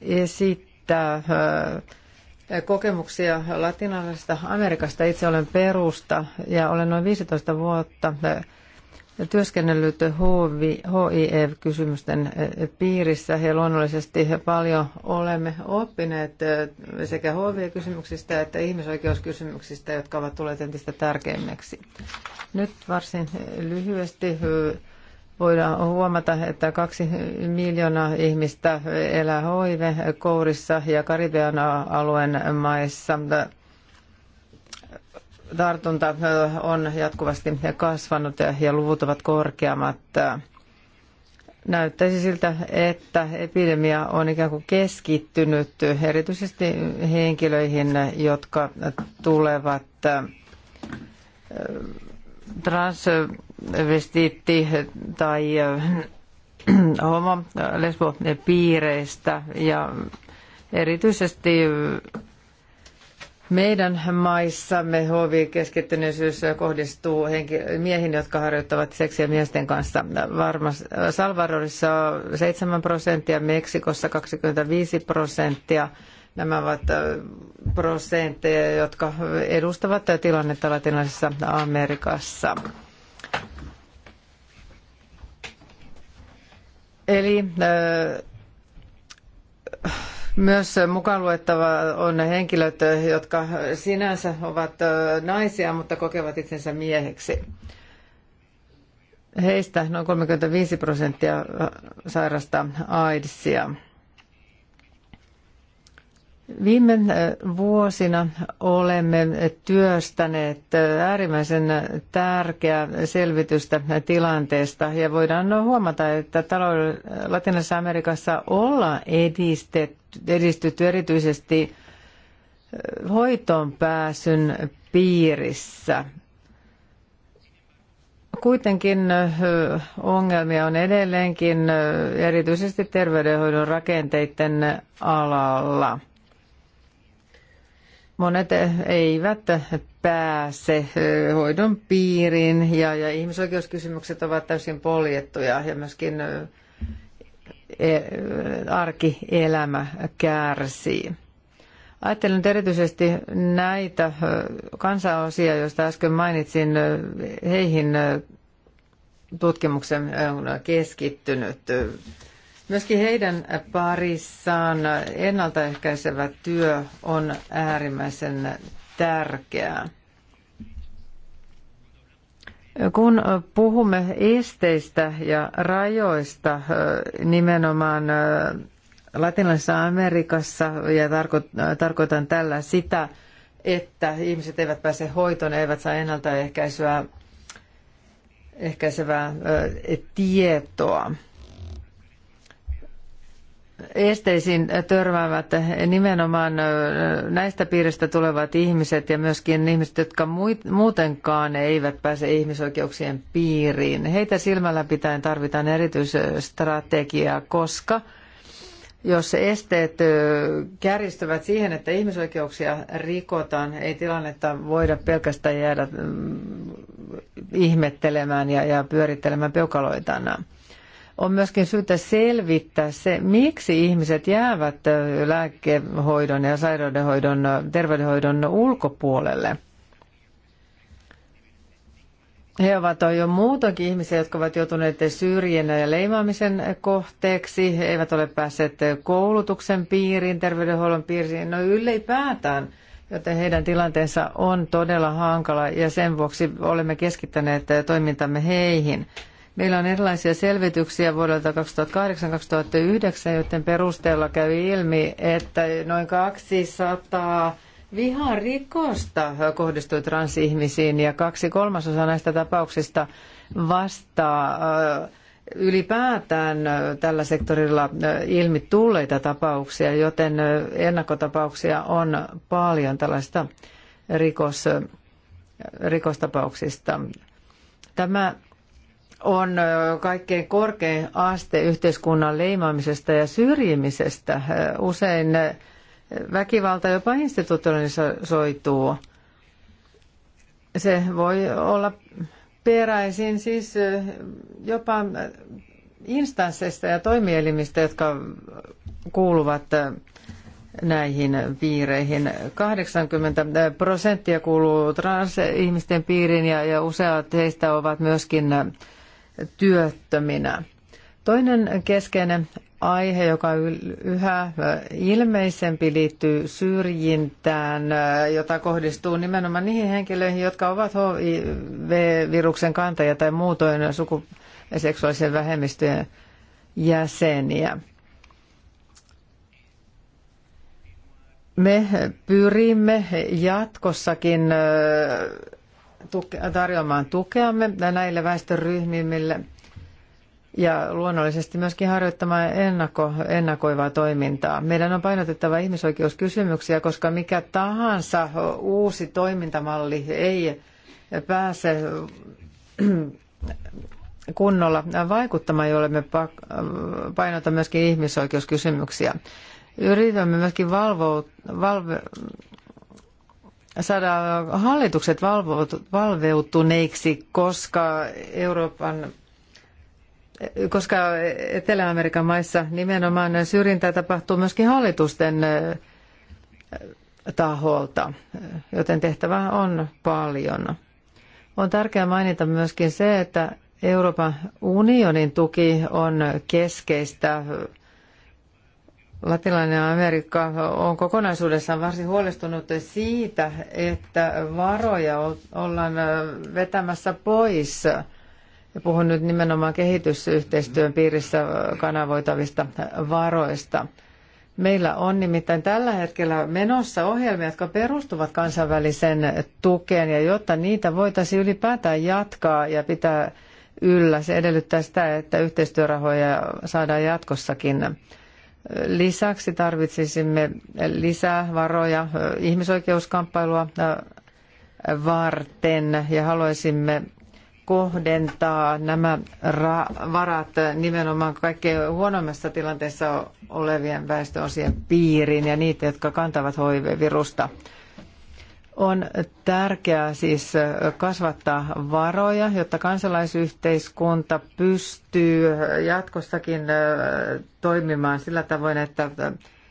esittää kokemuksia latinalaisesta Amerikasta. Itse olen Perusta ja olen noin 15 vuotta työskennellyt HIV-kysymysten e piirissä ja luonnollisesti paljon olemme oppineet sekä HIV-kysymyksistä että ihmisoikeuskysymyksistä, jotka ovat tulleet entistä tärkeimmäksi. Nyt varsin lyhyesti voidaan huomata, että kaksi miljoonaa ihmistä elää HIV-kourissa ja Karibian alueen maissa. Tartunta on jatkuvasti kasvanut ja luvut ovat korkeammat. Näyttäisi siltä, että epidemia on ikään kuin keskittynyt erityisesti henkilöihin, jotka tulevat äh, trans vestiitti tai äh, homo piireistä ja erityisesti meidän maissamme hiv keskittyneisyys kohdistuu miehiin, jotka harjoittavat seksiä miesten kanssa. varma Salvadorissa 7 prosenttia, Meksikossa 25 prosenttia. Nämä ovat äh, prosentteja, jotka edustavat tilannetta latinalaisessa Amerikassa. Eli äh, myös mukaan luettava on ne henkilöt, jotka sinänsä ovat äh, naisia, mutta kokevat itsensä mieheksi. Heistä noin 35 prosenttia sairastaa AIDSia. Viime äh, vuosina olemme työstäneet äh, äärimmäisen tärkeää selvitystä tilanteesta ja voidaan no huomata, että Latinassa Amerikassa ollaan edistetty, edistytty erityisesti äh, hoitoon pääsyn piirissä. Kuitenkin ongelmia on edelleenkin erityisesti terveydenhoidon rakenteiden alalla monet eivät pääse hoidon piiriin ja, ja ihmisoikeuskysymykset ovat täysin poljettuja ja myöskin e, arkielämä kärsii. Ajattelen nyt erityisesti näitä kansanosia, joista äsken mainitsin, heihin tutkimuksen on keskittynyt. Myöskin heidän parissaan ennaltaehkäisevä työ on äärimmäisen tärkeää. Kun puhumme esteistä ja rajoista nimenomaan Latinalaisessa Amerikassa, ja tarkoitan tällä sitä, että ihmiset eivät pääse hoitoon, eivät saa ennaltaehkäisevää tietoa esteisiin törmäävät nimenomaan näistä piiristä tulevat ihmiset ja myöskin ihmiset, jotka muutenkaan eivät pääse ihmisoikeuksien piiriin. Heitä silmällä pitäen tarvitaan erityisstrategiaa, koska jos esteet kärjistyvät siihen, että ihmisoikeuksia rikotaan, ei tilannetta voida pelkästään jäädä mm, ihmettelemään ja, pyörittelemään peukaloitaan on myöskin syytä selvittää se, miksi ihmiset jäävät lääkehoidon ja sairaudenhoidon, terveydenhoidon ulkopuolelle. He ovat jo muutakin ihmisiä, jotka ovat joutuneet syrjinnän ja leimaamisen kohteeksi, he eivät ole päässeet koulutuksen piiriin, terveydenhuollon piiriin, no ylipäätään, joten heidän tilanteensa on todella hankala ja sen vuoksi olemme keskittäneet toimintamme heihin. Meillä on erilaisia selvityksiä vuodelta 2008-2009, joiden perusteella kävi ilmi, että noin 200 viharikosta kohdistui transihmisiin ja kaksi kolmasosa näistä tapauksista vastaa ylipäätään tällä sektorilla ilmi tulleita tapauksia, joten ennakkotapauksia on paljon tällaista rikos, rikostapauksista. Tämä on kaikkein korkein aste yhteiskunnan leimaamisesta ja syrjimisestä. Usein väkivalta jopa institutionalisoituu. Se voi olla peräisin siis jopa instansseista ja toimielimistä, jotka kuuluvat näihin piireihin. 80 prosenttia kuuluu transihmisten piiriin ja, ja useat heistä ovat myöskin työttöminä. Toinen keskeinen aihe, joka yhä ilmeisempi liittyy syrjintään, jota kohdistuu nimenomaan niihin henkilöihin, jotka ovat HIV-viruksen kantajia tai muutoin suku- ja seksuaalisen vähemmistöjen jäseniä. Me pyrimme jatkossakin tarjoamaan tukeamme näille väestöryhmille ja luonnollisesti myöskin harjoittamaan ennako, ennakoivaa toimintaa. Meidän on painotettava ihmisoikeuskysymyksiä, koska mikä tahansa uusi toimintamalli ei pääse kunnolla vaikuttamaan, jolle me painotamme myöskin ihmisoikeuskysymyksiä. Yritämme myöskin valvoa, valve, saada hallitukset valveutuneiksi, koska Euroopan koska Etelä-Amerikan maissa nimenomaan syrjintää tapahtuu myöskin hallitusten taholta, joten tehtävää on paljon. On tärkeää mainita myöskin se, että Euroopan unionin tuki on keskeistä Latinalainen Amerikka on kokonaisuudessaan varsin huolestunut siitä, että varoja ollaan vetämässä pois. Ja puhun nyt nimenomaan kehitysyhteistyön piirissä kanavoitavista varoista. Meillä on nimittäin tällä hetkellä menossa ohjelmia, jotka perustuvat kansainväliseen tukeen, ja jotta niitä voitaisiin ylipäätään jatkaa ja pitää yllä, se edellyttää sitä, että yhteistyörahoja saadaan jatkossakin Lisäksi tarvitsisimme lisää varoja ihmisoikeuskamppailua varten ja haluaisimme kohdentaa nämä varat nimenomaan kaikkein huonoimmassa tilanteessa olevien väestöosien piiriin ja niitä, jotka kantavat HIV-virusta. On tärkeää siis kasvattaa varoja, jotta kansalaisyhteiskunta pystyy jatkossakin toimimaan sillä tavoin, että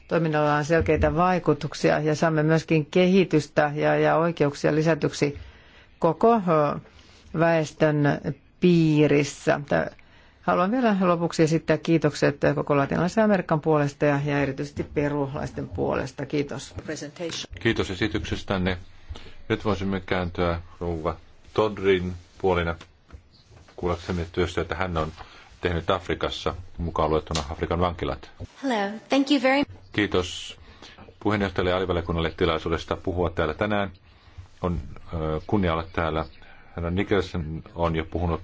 toiminnalla on selkeitä vaikutuksia ja saamme myöskin kehitystä ja, ja oikeuksia lisätyksi koko väestön piirissä. Haluan vielä lopuksi esittää kiitokset koko latinalaisen Amerikan puolesta ja, ja erityisesti perulaisten puolesta. Kiitos. Kiitos esityksestänne. Nyt voisimme kääntyä rouva Todrin puolina Kuuleksemme työstä, että hän on tehnyt Afrikassa, mukaan luettuna Afrikan vankilat. Hello. Thank you very... Kiitos puheenjohtajalle ja alivaliokunnalle tilaisuudesta puhua täällä tänään. On kunnia olla täällä. Hän Nicholson on jo puhunut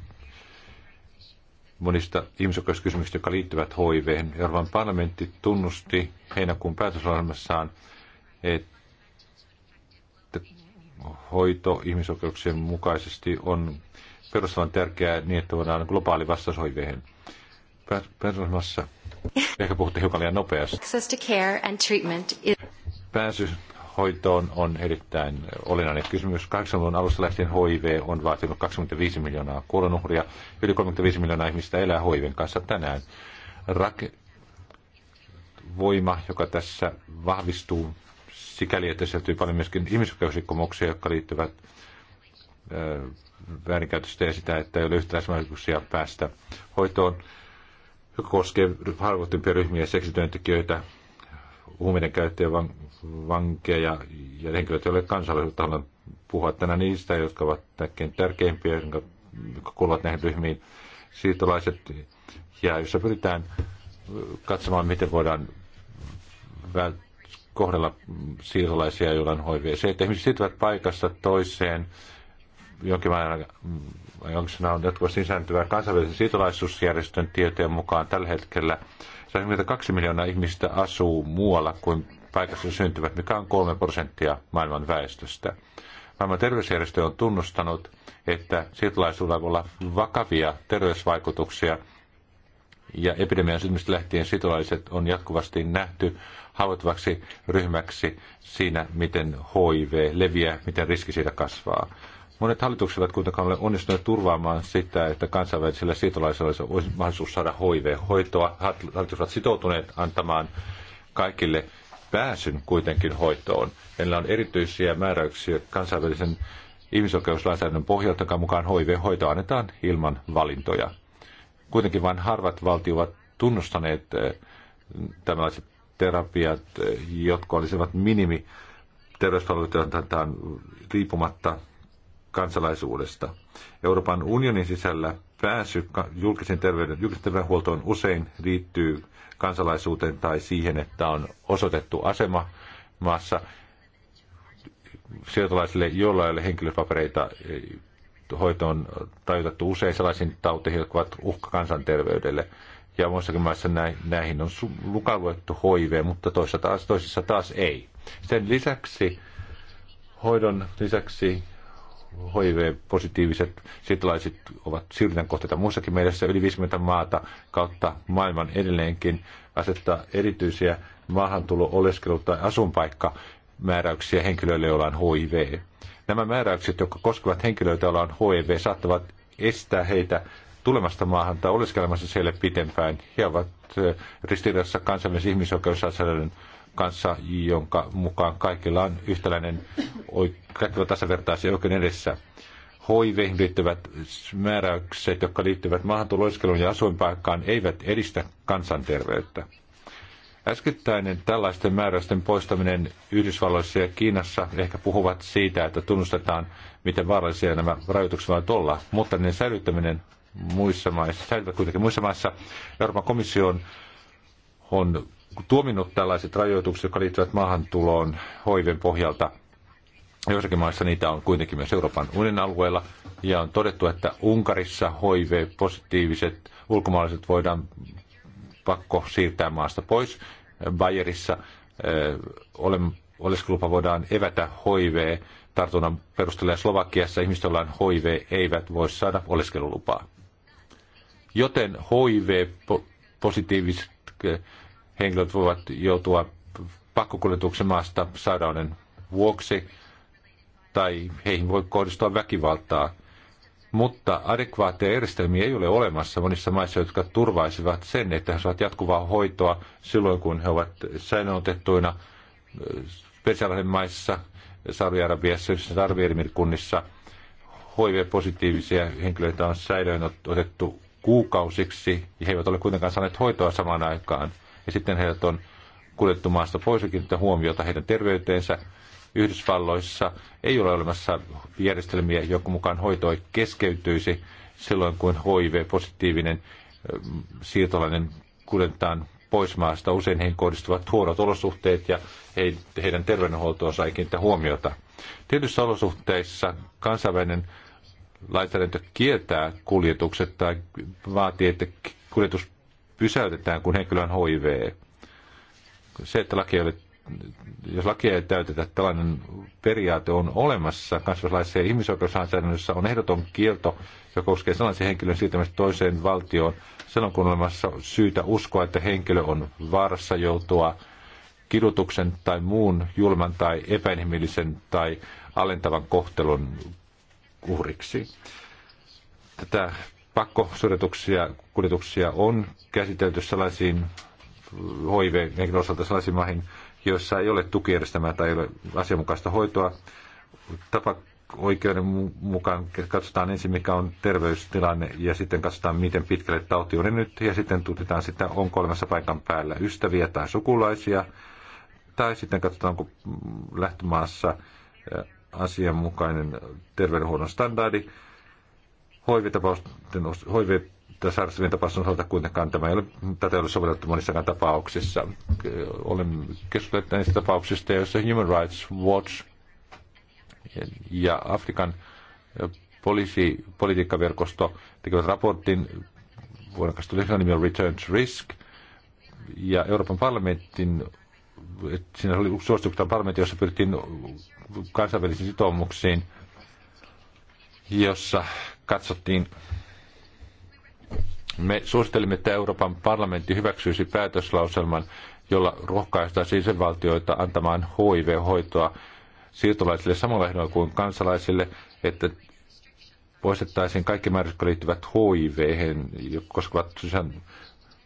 monista ihmisoikeuskysymyksistä, jotka liittyvät hiv Euroopan parlamentti tunnusti heinäkuun päätösohjelmassaan, että hoito ihmisoikeuksien mukaisesti on perustavan tärkeää niin, että voidaan niin globaali vastaus hoiveihin. Pääsymässä. Ehkä puhutte hiukan liian nopeasti. Access to care and treatment Pääsy hoitoon on erittäin olennainen kysymys. 80-luvun alusta lähtien HIV on vaatinut 25 miljoonaa kuolonuhria. Yli 35 miljoonaa ihmistä elää HIVin kanssa tänään. Rak- voima, joka tässä vahvistuu, sikäli, että sisältyy paljon myöskin ihmisoikeusrikkomuksia, jotka liittyvät väärinkäytöstä ja sitä, että ei ole yhtäläismahdollisuuksia päästä hoitoon, joka koskee harvoittimpia ryhmiä, seksityöntekijöitä, huumeiden käyttäjä, van, vankeja ja, ja henkilöitä, joille kansallisuutta haluan puhua tänään niistä, jotka ovat kaikkein tärkeimpiä, jotka kuuluvat näihin ryhmiin, siirtolaiset, ja jossa pyritään katsomaan, miten voidaan vält- kohdella siirtolaisia, joilla on HIV. Se, että ihmiset siirtyvät paikasta toiseen, jonkin jonkin on jatkuvasti sisääntyvä kansainvälisen siirtolaisuusjärjestön tietojen mukaan tällä hetkellä 142 miljoonaa ihmistä asuu muualla kuin paikassa syntyvät, mikä on 3 prosenttia maailman väestöstä. Maailman terveysjärjestö on tunnustanut, että siirtolaisuudella voi olla vakavia terveysvaikutuksia – ja epidemian syntymistä lähtien sitolaiset on jatkuvasti nähty haavoittuvaksi ryhmäksi siinä, miten HIV leviää, miten riski siitä kasvaa. Monet hallitukset ovat kuitenkaan ole onnistuneet turvaamaan sitä, että kansainvälisellä siirtolaisilla olisi mahdollisuus saada HIV-hoitoa. Hallitukset ovat sitoutuneet antamaan kaikille pääsyn kuitenkin hoitoon. Meillä on erityisiä määräyksiä kansainvälisen ihmisoikeuslainsäädännön pohjalta, joka mukaan HIV-hoito annetaan ilman valintoja. Kuitenkin vain harvat valtiot ovat tunnustaneet eh, tällaiset terapiat, eh, jotka olisivat minimi terveyspalveluiden riippumatta kansalaisuudesta. Euroopan unionin sisällä pääsy julkisen, terveyden, julkisen terveydenhuoltoon usein liittyy kansalaisuuteen tai siihen, että on osoitettu asema maassa sijoitolaisille, joilla ei ole henkilöpapereita eh, hoito on rajoitettu usein sellaisiin tauteihin, jotka ovat uhka kansanterveydelle. Ja muissakin maissa näihin on lukaluettu HIV, mutta toisissa taas, toisissa taas ei. Sen lisäksi, hoidon lisäksi HIV-positiiviset sitalaiset ovat syrjinnän kohteita muissakin mielessä. Yli 50 maata kautta maailman edelleenkin asettaa erityisiä maahantulo-, oleskelu- tai asunpaikkamääräyksiä henkilöille, joilla on HIV. Nämä määräykset, jotka koskevat henkilöitä, joilla on HIV, saattavat estää heitä tulemasta maahan tai oleskelemassa siellä pitempään. He ovat eh, ristiriidassa kansainvälisen ihmisoikeusasioiden kanssa, jonka mukaan kaikilla on yhtäläinen, kaikki ovat tasavertaisia oikeuden edessä. HIV liittyvät määräykset, jotka liittyvät maahantuloiskeluun ja asuinpaikkaan, eivät edistä kansanterveyttä. Äskettäinen tällaisten määräysten poistaminen Yhdysvalloissa ja Kiinassa ehkä puhuvat siitä, että tunnustetaan, miten vaarallisia nämä rajoitukset voivat olla, mutta niiden säilyttäminen muissa maissa, säilytät kuitenkin muissa maissa. Euroopan komissio on, on tuominnut tällaiset rajoitukset, jotka liittyvät maahantuloon hoiven pohjalta. Joissakin maissa niitä on kuitenkin myös Euroopan unionin alueella, ja on todettu, että Unkarissa HIV-positiiviset ulkomaalaiset voidaan pakko siirtää maasta pois. Bayerissa eh, oleskelupa voidaan evätä HIV tartunnan perusteella Slovakiassa ihmiset, joilla on HIV, eivät voi saada oleskelulupaa. Joten HIV-positiiviset eh, henkilöt voivat joutua pakkokuljetuksen maasta sairauden vuoksi tai heihin voi kohdistua väkivaltaa mutta adekvaatteja järjestelmiä ei ole olemassa monissa maissa, jotka turvaisivat sen, että he saavat jatkuvaa hoitoa silloin, kun he ovat säilönotettuina äh, spesiaalisen maissa, Saudi-Arabiassa, Arvierimikunnissa. HIV-positiivisia henkilöitä on säilöön otettu kuukausiksi, ja he eivät ole kuitenkaan saaneet hoitoa samaan aikaan. Ja sitten heidät on kuljettu maasta pois ja huomiota heidän terveyteensä. Yhdysvalloissa ei ole olemassa järjestelmiä, jonka mukaan hoito ei keskeytyisi silloin, kun HIV-positiivinen siirtolainen kuljetetaan pois maasta. Usein heihin kohdistuvat huonot olosuhteet ja heidän terveydenhuoltoonsa ei kiinnitä huomiota. Tietyissä olosuhteissa kansainvälinen lainsäädäntö kieltää kuljetukset tai vaatii, että kuljetus pysäytetään, kun henkilö on HIV. Se, että laki ei ole jos lakia ei täytetä, tällainen periaate on olemassa. Kansallislaissa ja ihmisoikeuslainsäädännössä on ehdoton kielto, joka koskee sellaisen henkilön siirtämistä toiseen valtioon silloin, kun on olemassa syytä uskoa, että henkilö on vaarassa joutua kidutuksen tai muun julman tai epäinhimillisen tai alentavan kohtelun uhriksi. Tätä pakkosuorituksia kuljetuksia on käsitelty sellaisiin hoiveen osalta sellaisiin maihin, joissa ei ole tukijärjestelmää tai ei ole asianmukaista hoitoa. Tapa oikeuden mukaan katsotaan ensin, mikä on terveystilanne ja sitten katsotaan, miten pitkälle tauti on nyt ja sitten tutkitaan sitä, onko olemassa paikan päällä ystäviä tai sukulaisia tai sitten katsotaan, onko lähtömaassa asianmukainen terveydenhuollon standardi. HIV-tapausten, hiv sairastavien on osalta kuitenkaan tämä ei ole, tätä ei ole sovellettu monissakaan tapauksissa. Olen keskustellut näistä tapauksista, joissa Human Rights Watch ja Afrikan poliisi, politiikkaverkosto tekevät raportin vuonna 2019 nimi Return to Risk. Ja Euroopan parlamentin, siinä oli suosituksia parlamentti, jossa pyrittiin kansainvälisiin sitoumuksiin, jossa katsottiin me suosittelimme, että Euroopan parlamentti hyväksyisi päätöslauselman, jolla rohkaistaisiin jäsenvaltioita antamaan HIV-hoitoa siirtolaisille samalla ehdolla kuin kansalaisille, että poistettaisiin kaikki määrät, jotka liittyvät hiv koskevat sisään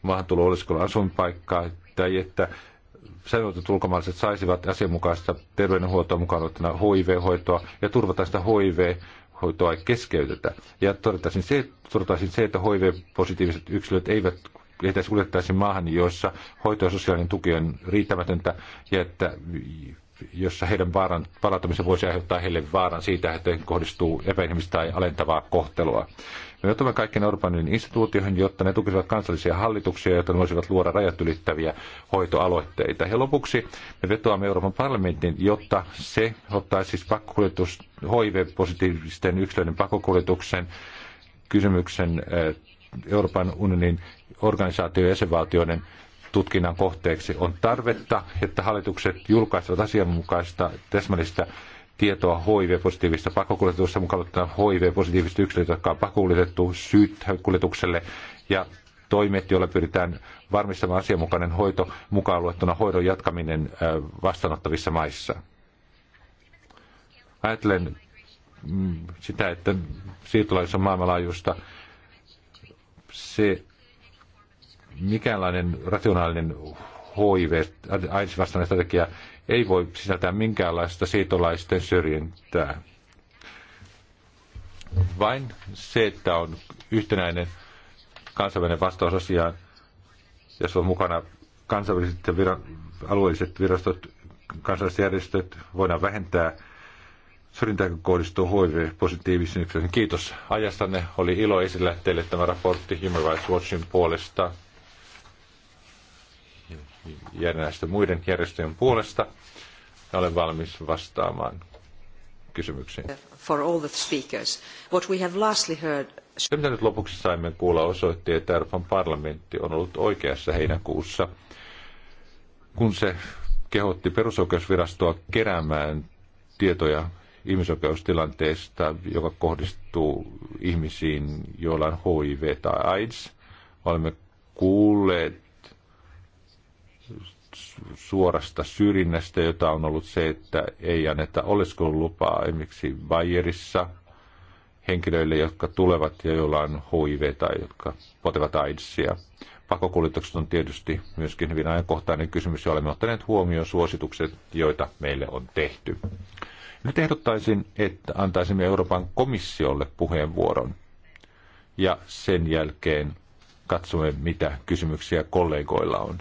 maahantulo olisikolla asuinpaikkaa, tai että säilytetyt ulkomaalaiset saisivat asianmukaista terveydenhuoltoa mukaan ottana HIV-hoitoa ja turvata sitä HIV hoitoa ei keskeytetä. Ja todettaisiin se, todettaisiin se että HIV-positiiviset yksilöt eivät heitä kuljettaisi maahan, joissa hoito- ja sosiaalinen tuki on riittämätöntä ja että jossa heidän vaaran, palautumisen voisi aiheuttaa heille vaaran siitä, että kohdistuu epäinhimistä tai alentavaa kohtelua. Me otamme kaikkien Euroopan unionin instituutioihin, jotta ne tukisivat kansallisia hallituksia, jotta ne voisivat luoda rajat ylittäviä hoitoaloitteita. Ja lopuksi me vetoamme Euroopan parlamentin, jotta se ottaisi siis pakkokuljetus, HIV-positiivisten yksilöiden pakkokuljetuksen kysymyksen eh, Euroopan unionin organisaatio- ja jäsenvaltioiden tutkinnan kohteeksi. On tarvetta, että hallitukset julkaisevat asianmukaista täsmällistä tietoa HIV-positiivista pakokuljetusta, mukaan HIV-positiivista yksilöitä, jotka on pakkokuljetettu syytkuljetukselle ja toimet, joilla pyritään varmistamaan asianmukainen hoito mukaan luettuna hoidon jatkaminen äh, vastaanottavissa maissa. Ajattelen mm, sitä, että siirtolaisuus on maailmanlaajuista. Se mikäänlainen rationaalinen HIV, äh, aids strategia ei voi sisältää minkäänlaista siitolaisten syrjintää. Vain se, että on yhtenäinen kansainvälinen vastaus asiaan, jos on mukana kansainväliset ja viran, alueelliset virastot, kansalliset järjestöt, voidaan vähentää syrjintää, kun kohdistuu HIV-positiivisen Kiitos ajastanne. Oli ilo esillä teille tämä raportti Human Rights Watchin puolesta järjestö muiden järjestöjen puolesta. Ja olen valmis vastaamaan kysymyksiin. For all the speakers. What we have lastly heard... Se, mitä nyt lopuksi saimme kuulla, osoitti, että Euroopan parlamentti on ollut oikeassa heinäkuussa, kun se kehotti perusoikeusvirastoa keräämään tietoja ihmisoikeustilanteesta, joka kohdistuu ihmisiin, joilla on HIV tai AIDS. Olemme kuulleet suorasta syrjinnästä, jota on ollut se, että ei anneta oleskelulupaa esimerkiksi Bayerissa henkilöille, jotka tulevat ja joilla on HIV tai jotka potevat AIDSia. Pakokuljetukset on tietysti myöskin hyvin ajankohtainen kysymys ja olemme ottaneet huomioon suositukset, joita meille on tehty. Nyt ehdottaisin, että antaisimme Euroopan komissiolle puheenvuoron ja sen jälkeen katsomme, mitä kysymyksiä kollegoilla on.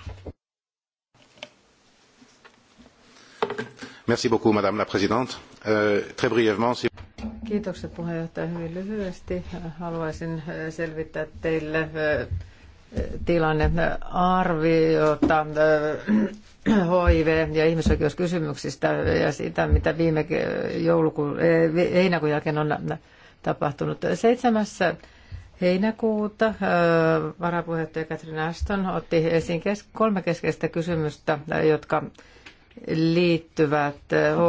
Merci euh, Très brièvement, si... Kiitokset puheenjohtaja. Hyvin lyhyesti haluaisin äh, selvittää teille äh, tilannearviota äh, HIV- ja ihmisoikeuskysymyksistä ja siitä, mitä viime joulukuun, e, heinäkuun jälkeen on tapahtunut. 7. heinäkuuta varapuheenjohtaja Katrin Aston otti esiin kolme keskeistä kysymystä, jotka liittyvät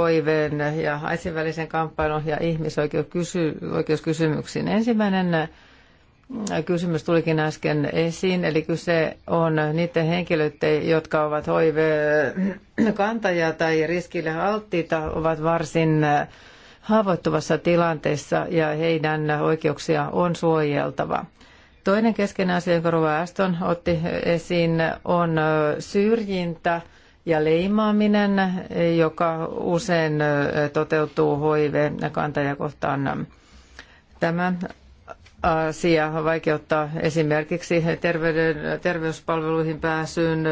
HIVn eh, ja AIDSin välisen kamppailun ja ihmisoikeuskysymyksiin. Ensimmäinen eh, kysymys tulikin äsken esiin, eli kyse on niiden henkilöiden, jotka ovat HIV-kantajia tai riskille alttiita, ovat varsin eh, haavoittuvassa tilanteessa ja heidän oikeuksia on suojeltava. Toinen keskeinen asia, jonka Rova Aston otti esiin, on syrjintä – ja leimaaminen, joka usein toteutuu hiv kantajakohtaan Tämä asia vaikeuttaa esimerkiksi terveyden, terveyspalveluihin pääsyyn,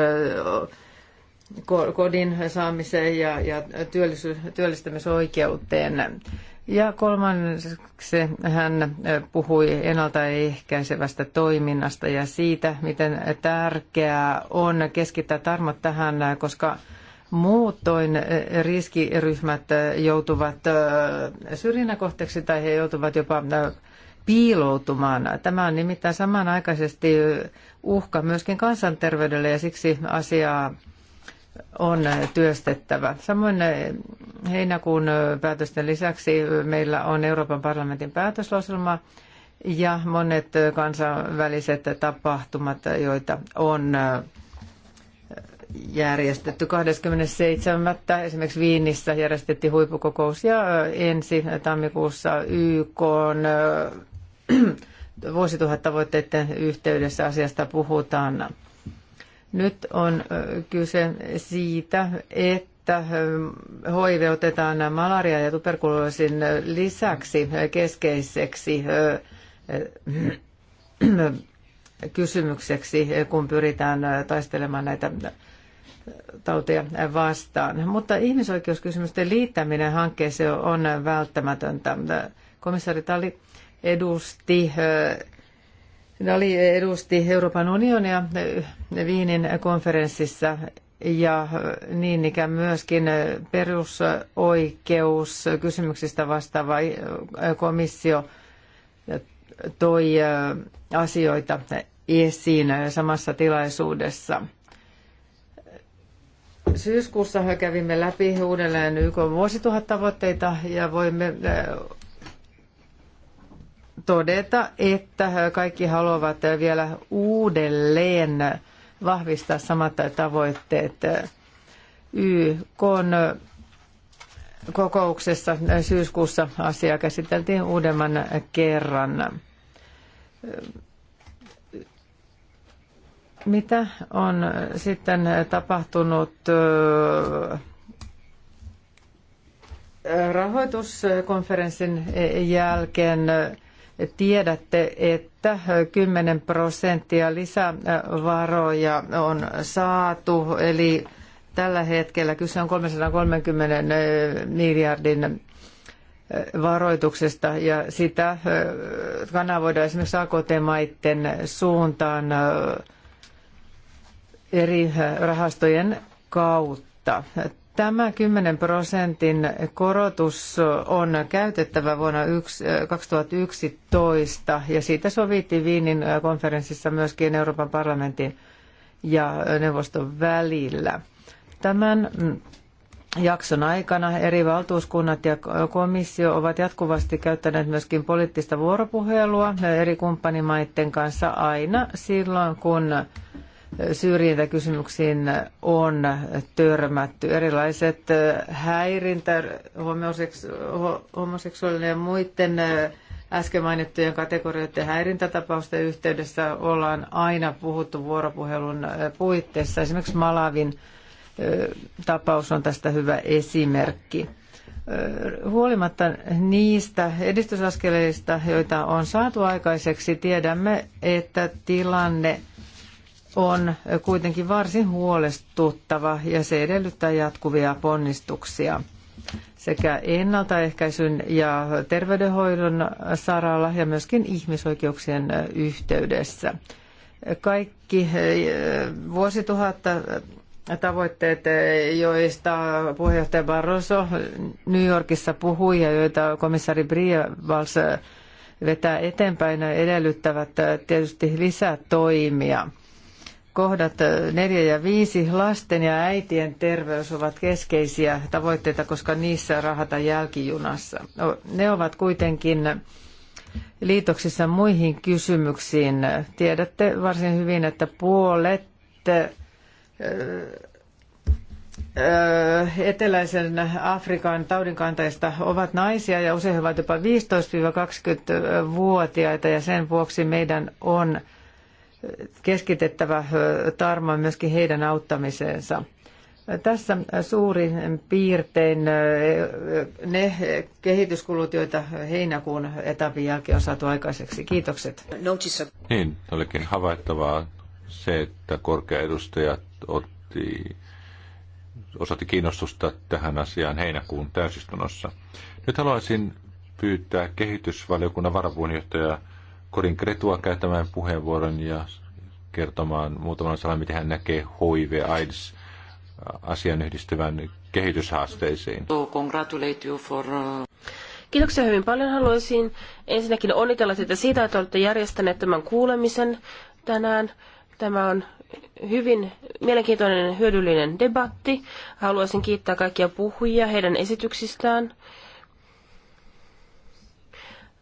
kodin saamiseen ja, ja työllistymisoikeuteen. Ja kolmanneksi hän äh, puhui ennaltaehkäisevästä toiminnasta ja siitä, miten tärkeää on keskittää tarmot tähän, koska muutoin äh, riskiryhmät äh, joutuvat syrjinnäkohteeksi tai he joutuvat jopa piiloutumaan. Tämä on nimittäin samanaikaisesti uhka myöskin kansanterveydelle ja siksi asiaa on työstettävä. Samoin eh, heinäkuun eh, päätösten lisäksi meillä on Euroopan parlamentin päätöslauselma ja monet eh, kansainväliset tapahtumat, joita on järjestetty 27. Esimerkiksi Viinissä järjestettiin huippukokous ja ensi tammikuussa YK on vuosituhattavoitteiden yhteydessä asiasta puhutaan. Nyt on kyse siitä, että HIV otetaan malaria ja tuberkuloosin lisäksi keskeiseksi kysymykseksi, kun pyritään taistelemaan näitä tauteja vastaan. Mutta ihmisoikeuskysymysten liittäminen hankkeeseen on välttämätöntä. Komissaari Tali edusti Dali edusti Euroopan unionia eh, Viinin konferenssissa ja eh, niin ikään myöskin eh, perusoikeuskysymyksistä vastaava komissio toi asioita esiin samassa tilaisuudessa. Syyskuussa kävimme läpi uudelleen YK vuosituhattavoitteita ja voimme todeta, että kaikki haluavat vielä uudelleen vahvistaa samat tavoitteet. YK kokouksessa syyskuussa asia käsiteltiin uudemman kerran. Mitä on sitten tapahtunut rahoituskonferenssin jälkeen? tiedätte, että 10 prosenttia lisävaroja on saatu, eli tällä hetkellä kyse on 330 miljardin varoituksesta ja sitä kanavoidaan esimerkiksi AKT-maiden suuntaan eri rahastojen kautta mutta Tämä 10 prosentin korotus on käytettävä vuonna 2011 ja siitä sovittiin Viinin konferenssissa myöskin Euroopan parlamentin ja neuvoston välillä. Tämän mm, jakson aikana eri valtuuskunnat ja komissio ovat jatkuvasti käyttäneet myöskin poliittista vuoropuhelua eri kumppanimaiden kanssa aina silloin, kun syrjintäkysymyksiin on törmätty. Erilaiset äh, häirintä, homoseksuaalinen ja muiden äh, äsken mainittujen kategorioiden häirintätapausten yhteydessä ollaan aina puhuttu vuoropuhelun äh, puitteissa. Esimerkiksi Malavin tapaus on tästä hyvä esimerkki. Huolimatta niistä edistysaskeleista, joita on saatu aikaiseksi, tiedämme, että tilanne – on kuitenkin varsin huolestuttava ja se edellyttää jatkuvia ponnistuksia sekä ennaltaehkäisyn ja terveydenhoidon saralla ja myöskin ihmisoikeuksien yhteydessä. Kaikki vuosituhatta tavoitteet, joista puheenjohtaja Barroso New Yorkissa puhui ja joita komissari Brievals vetää eteenpäin, edellyttävät tietysti lisätoimia. toimia kohdat 4 ja 5, lasten ja äitien terveys ovat keskeisiä tavoitteita, koska niissä rahata jälkijunassa. No, ne ovat kuitenkin liitoksissa muihin kysymyksiin. Tiedätte varsin hyvin, että puolet eteläisen Afrikan taudinkantajista ovat naisia ja usein he ovat jopa 15-20-vuotiaita ja sen vuoksi meidän on keskitettävä tarmoin myöskin heidän auttamiseensa. Tässä suurin piirtein ne kehityskulut, joita heinäkuun etapin jälkeen on saatu aikaiseksi. Kiitokset. Niin, olikin havaittavaa se, että korkea edustaja otti, osoitti kiinnostusta tähän asiaan heinäkuun täysistunnossa. Nyt haluaisin pyytää kehitysvaliokunnan varapuheenjohtajaa Korin Kretua käyttämään puheenvuoron ja kertomaan muutaman sanan, miten hän näkee HIV, AIDS, äh, asian yhdistyvän kehityshaasteisiin. Uh, Kiitoksia hyvin paljon. Haluaisin ensinnäkin onnitella teitä siitä, että olette järjestäneet tämän kuulemisen tänään. Tämä on hyvin mielenkiintoinen ja hyödyllinen debatti. Haluaisin kiittää kaikkia puhujia heidän esityksistään.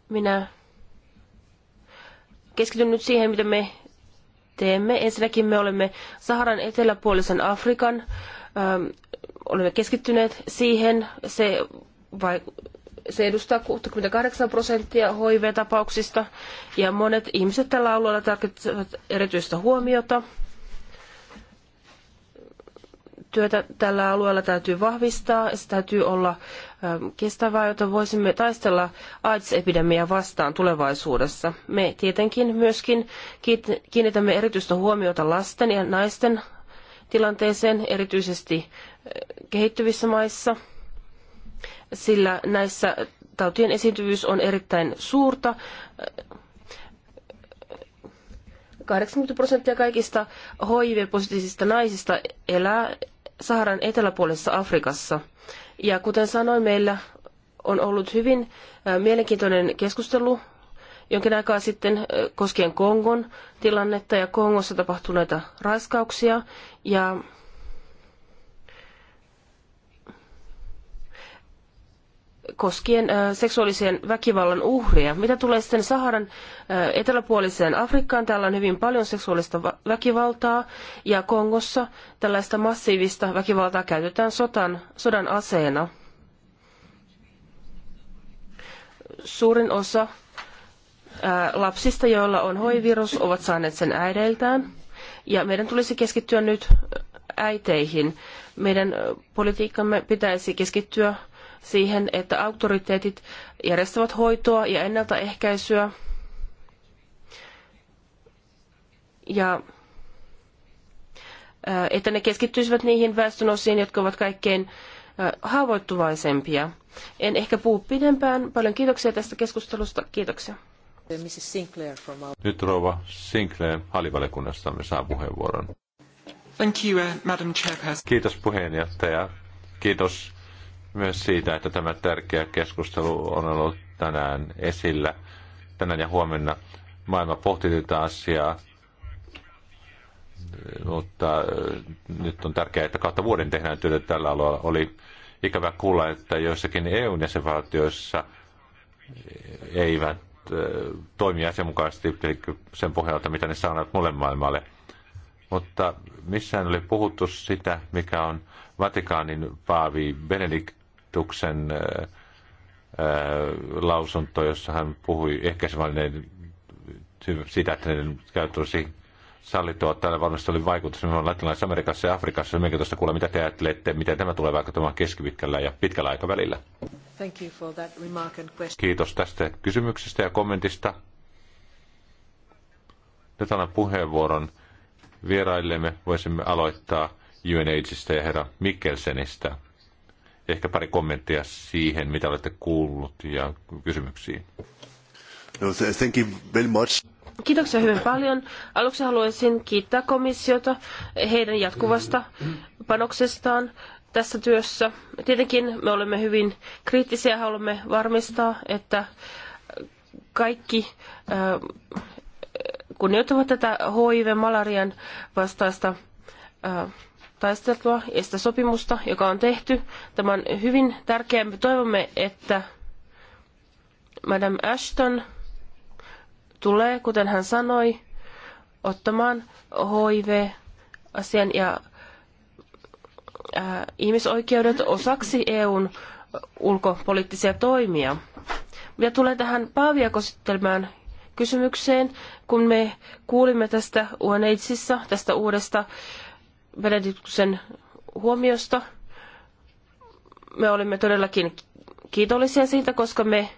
Minä keskityn nyt siihen, mitä me teemme. Ensinnäkin me olemme Saharan eteläpuolisen Afrikan, ähm, olemme keskittyneet siihen. Se, vai, se edustaa 68 prosenttia HIV-tapauksista ja monet ihmiset tällä alueella tarvitsevat erityistä huomiota. Työtä tällä alueella täytyy vahvistaa ja se täytyy olla Ähm, kestävää, jota voisimme taistella AIDS-epidemiaa vastaan tulevaisuudessa. Me tietenkin myöskin kiinnitämme erityistä huomiota lasten ja naisten tilanteeseen, erityisesti äh, kehittyvissä maissa, sillä näissä tautien esiintyvyys on erittäin suurta. 80 äh, prosenttia kaikista HIV-positiivisista naisista elää Saharan eteläpuolisessa Afrikassa – ja kuten sanoin, meillä on ollut hyvin mielenkiintoinen keskustelu jonkin aikaa sitten koskien Kongon tilannetta ja Kongossa tapahtuneita raiskauksia. Ja koskien seksuaalisen väkivallan uhria. Mitä tulee sitten Saharan eteläpuoliseen Afrikkaan, täällä on hyvin paljon seksuaalista väkivaltaa ja Kongossa tällaista massiivista väkivaltaa käytetään sotan, sodan aseena. Suurin osa lapsista, joilla on hoivirus, ovat saaneet sen äideiltään. Ja meidän tulisi keskittyä nyt äiteihin. Meidän politiikkamme pitäisi keskittyä siihen, että auktoriteetit järjestävät hoitoa ja ennaltaehkäisyä. Ja että ne keskittyisivät niihin väestönosiin, jotka ovat kaikkein haavoittuvaisempia. En ehkä puhu pidempään. Paljon kiitoksia tästä keskustelusta. Kiitoksia. Sinclair Nyt rouva Sinclair halivaliokunnastamme saa puheenvuoron. Thank you, uh, Madam Chairperson. Kiitos puheenjohtaja. Kiitos myös siitä, että tämä tärkeä keskustelu on ollut tänään esillä, tänään ja huomenna. Maailma pohti tätä asiaa, mutta äh, nyt on tärkeää, että kautta vuoden tehdään työtä tällä alueella. Oli ikävä kuulla, että joissakin EUn jäsenvaltioissa eivät äh, toimia asianmukaisesti sen pohjalta, mitä ne saaneet mulle maailmalle. Mutta missään oli puhuttu sitä, mikä on Vatikaanin paavi Benedikt hallituksen lausunto, jossa hän puhui ehkäisevällinen sitä, että ne käyttö olisi sallittua. Täällä varmasti oli vaikutus nimenomaan Latinalaisessa Amerikassa ja Afrikassa. Mielenkiintoista kuulla, mitä te ajattelette, miten tämä tulee vaikuttamaan keskipitkällä ja pitkällä aikavälillä. Thank you for that remark and question. Kiitos tästä kysymyksestä ja kommentista. Nyt annan puheenvuoron vieraillemme. Voisimme aloittaa UNAIDSista ja herra Mikkelsenistä. Ehkä pari kommenttia siihen, mitä olette kuullut ja kysymyksiin. No, thank you very much. Kiitoksia hyvin paljon. Aluksi haluaisin kiittää komissiota heidän jatkuvasta panoksestaan tässä työssä. Tietenkin me olemme hyvin kriittisiä ja haluamme varmistaa, että kaikki kunnioittavat tätä HIV-malarian vastaista taisteltua ja sitä sopimusta, joka on tehty. Tämä on hyvin tärkeää. Me toivomme, että Madame Ashton tulee, kuten hän sanoi, ottamaan HIV-asian ja ihmisoikeudet osaksi EUn ulkopoliittisia toimia. Mitä tulee tähän Paavia kosittelemään kysymykseen, kun me kuulimme tästä UNHCissa, tästä uudesta Benediktuksen huomiosta. Me olimme todellakin kiitollisia siitä, koska me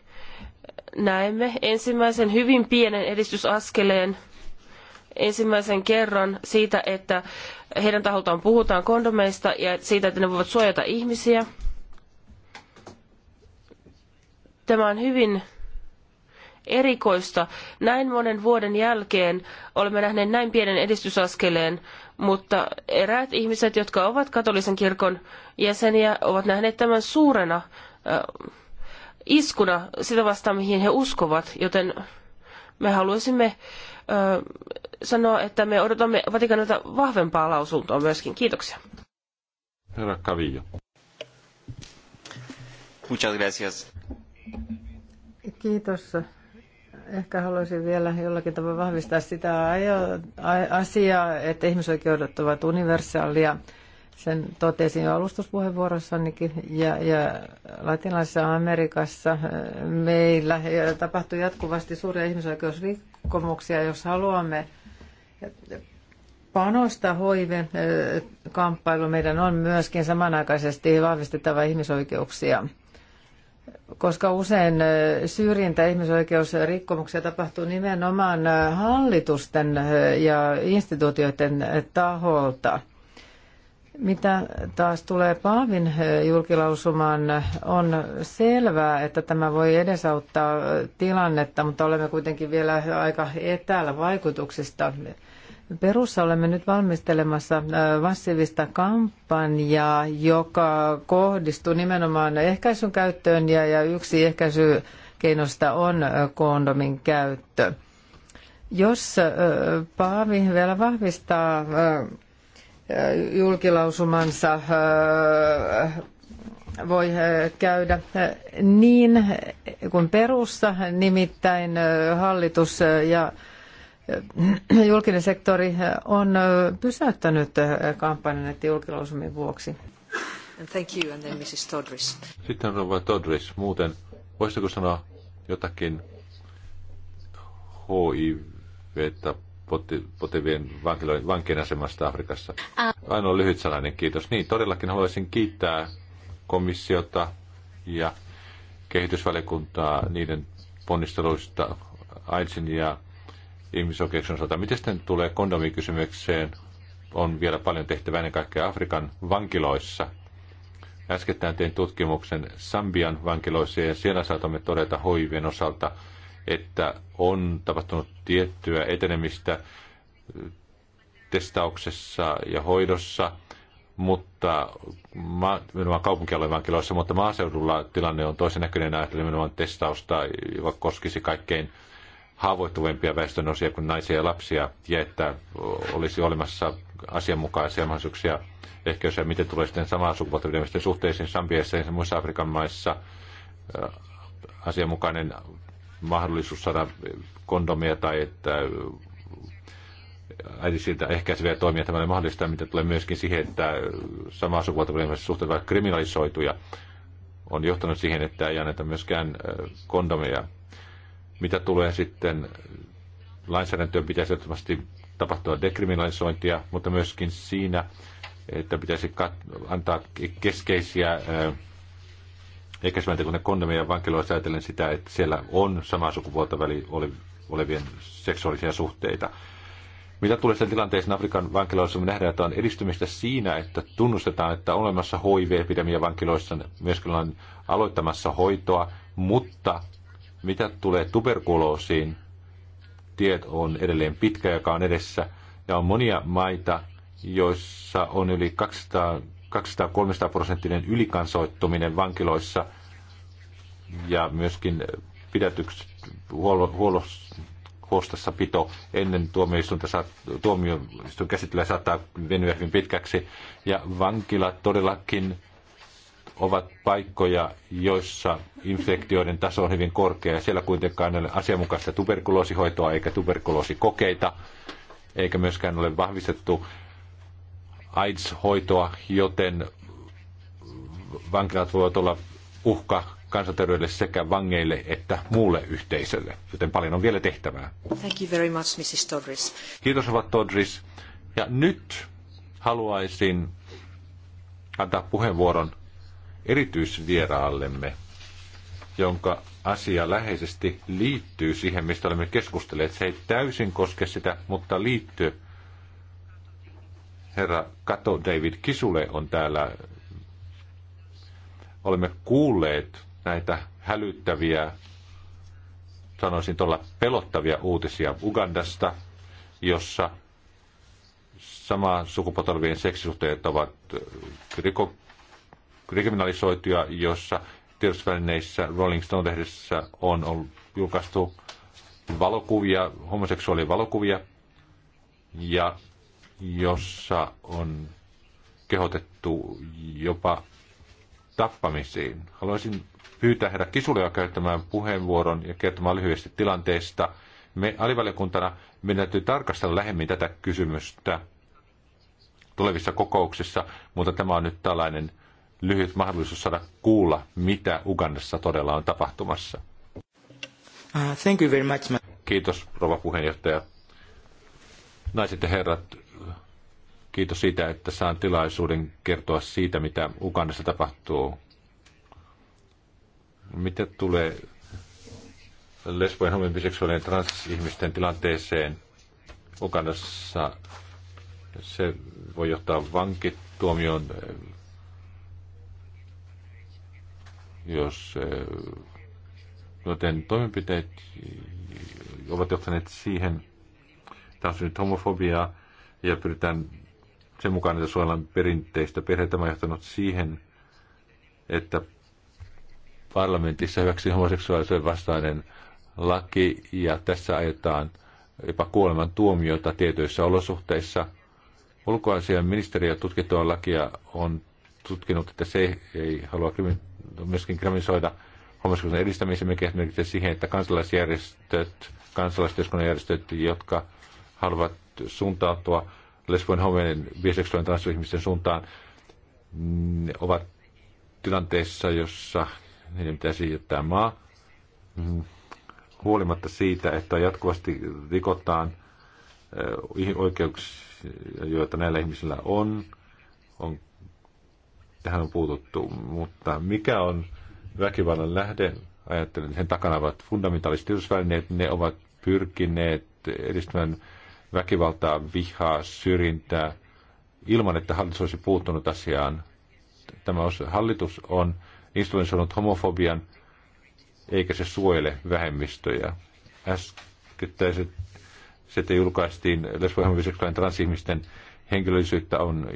näemme ensimmäisen hyvin pienen edistysaskeleen ensimmäisen kerran siitä, että heidän taholtaan puhutaan kondomeista ja siitä, että ne voivat suojata ihmisiä. Tämä on hyvin erikoista. Näin monen vuoden jälkeen olemme nähneet näin pienen edistysaskeleen, mutta eräät ihmiset, jotka ovat katolisen kirkon jäseniä, ovat nähneet tämän suurena iskuna sitä vastaan, mihin he uskovat, joten me haluaisimme sanoa, että me odotamme Vatikanilta vahvempaa lausuntoa myöskin. Kiitoksia. Herra Muchas gracias. Kiitos Ehkä haluaisin vielä jollakin tavalla vahvistaa sitä asiaa, että ihmisoikeudet ovat universaalia. Sen totesin jo alustuspuheenvuorossannikin Ja, ja Latinalaisessa Amerikassa äh, meillä tapahtuu jatkuvasti suuria ihmisoikeusrikkomuksia, jos haluamme panosta hoive äh, kamppailu. Meidän on myöskin samanaikaisesti vahvistettava ihmisoikeuksia koska usein syrjintä ihmisoikeusrikkomuksia tapahtuu nimenomaan hallitusten ja instituutioiden taholta. Mitä taas tulee Paavin julkilausumaan, on selvää, että tämä voi edesauttaa tilannetta, mutta olemme kuitenkin vielä aika etäällä vaikutuksista Perussa olemme nyt valmistelemassa äh, massiivista kampanjaa, joka kohdistuu nimenomaan ehkäisyn käyttöön ja, ja yksi ehkäisykeinosta on äh, kondomin käyttö. Jos äh, Paavi vielä vahvistaa julkilausumansa, voi käydä niin kuin perussa, nimittäin hallitus ja julkinen sektori on pysäyttänyt kampanjan että julkilausumien vuoksi. And thank you, and then Mrs. Todris. Sitten rouva Todris, muuten voisitko sanoa jotakin HIV potevien vankien asemasta Afrikassa? Ah. Ainoa lyhyt sananen, kiitos. Niin, todellakin haluaisin kiittää komissiota ja kehitysvaliokuntaa niiden ponnisteluista AIDSin ja ihmisoikeuksien osalta. Miten sitten tulee kondomikysymykseen? On vielä paljon tehtävää ennen kaikkea Afrikan vankiloissa. Äskettäin tein tutkimuksen Sambian vankiloissa ja siellä saatamme todeta hoivien osalta, että on tapahtunut tiettyä etenemistä testauksessa ja hoidossa, mutta nimenomaan kaupunkialueen vankiloissa, mutta maaseudulla tilanne on toisen näköinen ajatellen nimenomaan testausta, joka koskisi kaikkein haavoittuvimpia väestönosia kuin naisia ja lapsia, ja että olisi olemassa asianmukaisia mahdollisuuksia ehkä jos ja miten tulee sitten samaa sukupuolta ylemmisten suhteisiin Sambiassa ja muissa Afrikan maissa asianmukainen mahdollisuus saada kondomia tai että äidisiltä ehkäiseviä toimia tämä oli mahdollista, mitä tulee myöskin siihen, että samaa sukupuolta ylemmisten suhteet ovat kriminalisoituja, on johtanut siihen, että ei anneta myöskään kondomeja mitä tulee sitten lainsäädäntöön, pitäisi ehdottomasti tapahtua dekriminalisointia, mutta myöskin siinä, että pitäisi antaa keskeisiä eikä se kun ne kondomeja vankiloissa ajatellen sitä, että siellä on samaa sukupuolta väli olevien seksuaalisia suhteita. Mitä tulee sen tilanteeseen Afrikan vankiloissa, me nähdään, että on edistymistä siinä, että tunnustetaan, että on olemassa HIV-epidemia vankiloissa, myöskin ollaan aloittamassa hoitoa, mutta mitä tulee tuberkuloosiin, tiet on edelleen pitkä, joka on edessä, ja on monia maita, joissa on yli 200-300 prosenttinen ylikansoittuminen vankiloissa ja myöskin pidätykset, huolo, pito ennen tuomioistuinta saat, tuomioistuin käsittelyä saattaa venyä hyvin pitkäksi. Ja vankilat todellakin ovat paikkoja, joissa infektioiden taso on hyvin korkea. Siellä kuitenkaan ei ole asianmukaista tuberkuloosihoitoa eikä tuberkuloosikokeita, eikä myöskään ole vahvistettu AIDS-hoitoa, joten vankilat voivat olla uhka kansanterveydelle sekä vangeille että muulle yhteisölle, joten paljon on vielä tehtävää. Thank you very much, Mrs. Todris. Kiitos, ovat Todris. Ja nyt haluaisin antaa puheenvuoron erityisvieraallemme, jonka asia läheisesti liittyy siihen, mistä olemme keskustelleet. Se ei täysin koske sitä, mutta liittyy. Herra Kato David Kisule on täällä. Olemme kuulleet näitä hälyttäviä, sanoisin tuolla pelottavia uutisia Ugandasta, jossa samaa sukupolvien seksisuhteet ovat riko, kriminalisoituja, jossa tiedotusvälineissä Rolling Stone-lehdessä on ollut, julkaistu valokuvia, homoseksuaalien valokuvia, ja jossa on kehotettu jopa tappamisiin. Haluaisin pyytää herra Kisulia käyttämään puheenvuoron ja kertomaan lyhyesti tilanteesta. Me alivaliokuntana meidän täytyy tarkastella lähemmin tätä kysymystä tulevissa kokouksissa, mutta tämä on nyt tällainen lyhyt mahdollisuus saada kuulla, mitä Ugandassa todella on tapahtumassa. Uh, thank you very much. Kiitos, rouva puheenjohtaja. Naiset ja herrat, kiitos siitä, että saan tilaisuuden kertoa siitä, mitä Ugandassa tapahtuu. Mitä tulee lesbojen, homojen, biseksuaalien ja transihmisten tilanteeseen Ugandassa, se voi johtaa vankituomioon jos, joten toimenpiteet ovat johtaneet siihen, on nyt homofobiaa, ja pyritään sen mukaan, että suojellaan perinteistä perheitä, on johtanut siihen, että parlamentissa hyväksyi homoseksuaalisuuden vastainen laki, ja tässä ajetaan jopa kuoleman tuomiota tietyissä olosuhteissa. Ulkoasian ministeriö tutkittua lakia on tutkinut, että se ei halua myöskin kriminalisoida homoseksuaalisuuden edistämisen, mikä merkitsee siihen, että kansalaisjärjestöt, kansalaisyhteiskunnan järjestöt, jotka haluavat suuntautua lesbojen, homojen, biseksuaalien, transihmisten suuntaan, mm, ovat tilanteessa, jossa heidän pitäisi jättää maa. Mm. Huolimatta siitä, että jatkuvasti rikotaan oikeuksia, joita näillä ihmisillä on, on tähän on puututtu, mutta mikä on väkivallan lähde? Ajattelen, sen takana ovat fundamentaaliset tiedotusvälineet, ne ovat pyrkineet edistämään väkivaltaa, vihaa, syrjintää, ilman että hallitus olisi puuttunut asiaan. Tämä hallitus on instrumentoinut homofobian, eikä se suojele vähemmistöjä. Äskettäiset se, että julkaistiin lesbohomoseksuaalien transihmisten henkilöllisyyttä on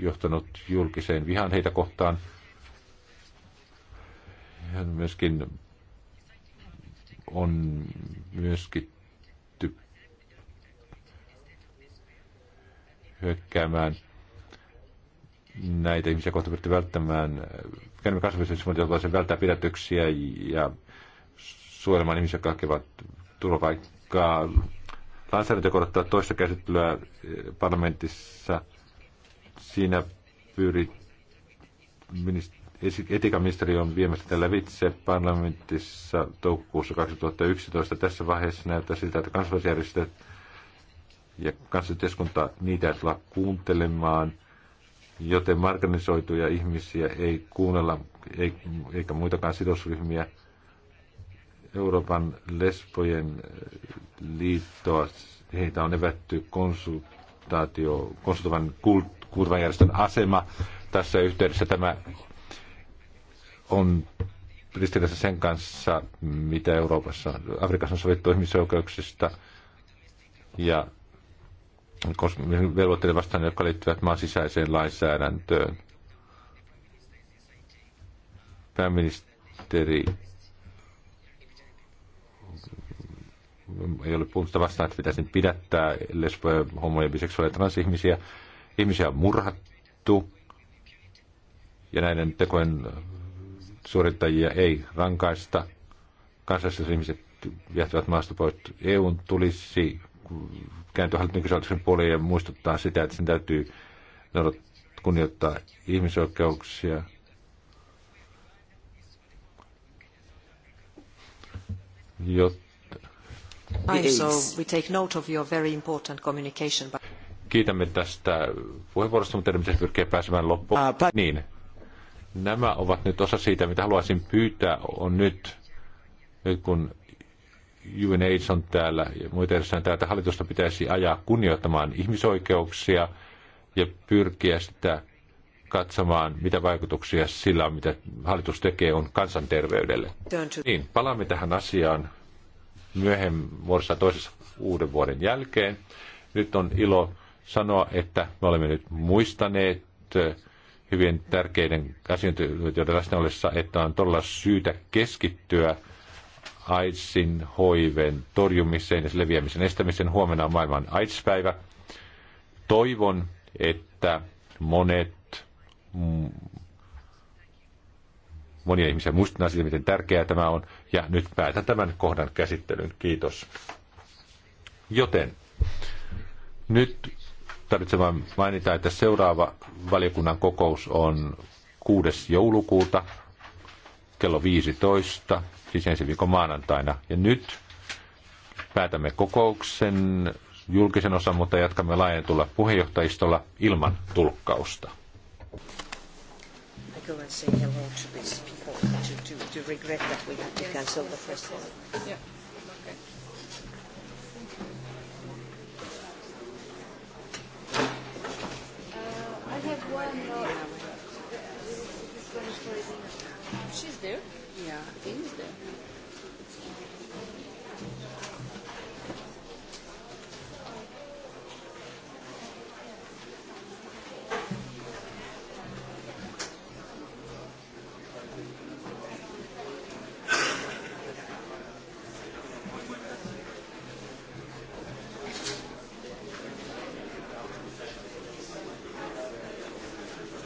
johtanut julkiseen vihan heitä kohtaan. Hän myöskin on myöskin hyökkäämään näitä ihmisiä kohta pyritty välttämään, käymme kansainvälisen välttää pidätyksiä ja suojelemaan ihmisiä, jotka hakevat turvapaikkaa lainsäädäntö korottaa toista käsittelyä eh, parlamentissa. Siinä etiikan ministeri on viemässä tällä vitse parlamentissa toukokuussa 2011. Tässä vaiheessa näyttää siltä, että kansalaisjärjestöt ja kansalaisyhteiskunta niitä ei tulla kuuntelemaan, joten marginalisoituja ihmisiä ei kuunnella, eikä muitakaan sidosryhmiä – Euroopan lesbojen äh, liittoa. Heitä on evätty konsultaatio, konsultoivan kuuluvan järjestön asema. Tässä yhteydessä tämä on ristiriidassa sen kanssa, mitä Euroopassa, Afrikassa on sovittu ihmisoikeuksista ja velvoitteiden vastaan, jotka liittyvät maan sisäiseen lainsäädäntöön. Pääministeri ei ole puhunut vastaan, että pitäisi pidättää lesboja, homoja, biseksuaaleja, transihmisiä. Ihmisiä on murhattu ja näiden tekojen suorittajia ei rankaista. Kansalliset ihmiset jähtävät maasta pois. EUn tulisi kääntyä hallituksen puoleen ja muistuttaa sitä, että sen täytyy kunnioittaa ihmisoikeuksia. Jotta Kiitämme tästä puheenvuorosta, mutta edelleen pyrkiä pääsemään loppuun. Ah, niin. Nämä ovat nyt osa siitä, mitä haluaisin pyytää, on nyt, nyt kun UNH on täällä ja muita edessään että hallitusta pitäisi ajaa kunnioittamaan ihmisoikeuksia ja pyrkiä sitä katsomaan, mitä vaikutuksia sillä on, mitä hallitus tekee, on kansanterveydelle. Niin, palaamme tähän asiaan myöhemmin vuodessa toisessa uuden vuoden jälkeen. Nyt on ilo sanoa, että me olemme nyt muistaneet äh, hyvin tärkeiden asiantuntijoiden läsnä ollessa, että on todella syytä keskittyä AIDSin, hoiven torjumiseen ja leviämisen estämiseen. Huomenna on maailman AIDS-päivä. Toivon, että monet Monia ihmisiä muistetaan siitä, miten tärkeää tämä on. Ja nyt päätän tämän kohdan käsittelyn. Kiitos. Joten nyt tarvitsee vain mainita, että seuraava valiokunnan kokous on 6. joulukuuta kello 15, siis ensi viikon maanantaina. Ja nyt päätämme kokouksen julkisen osan, mutta jatkamme laajentulla puheenjohtajistolla ilman tulkkausta. I go and say hello to these people regret that we have to cancel the first one. Yeah. Uh, I have one. Uh, She's there. Yeah, think is there.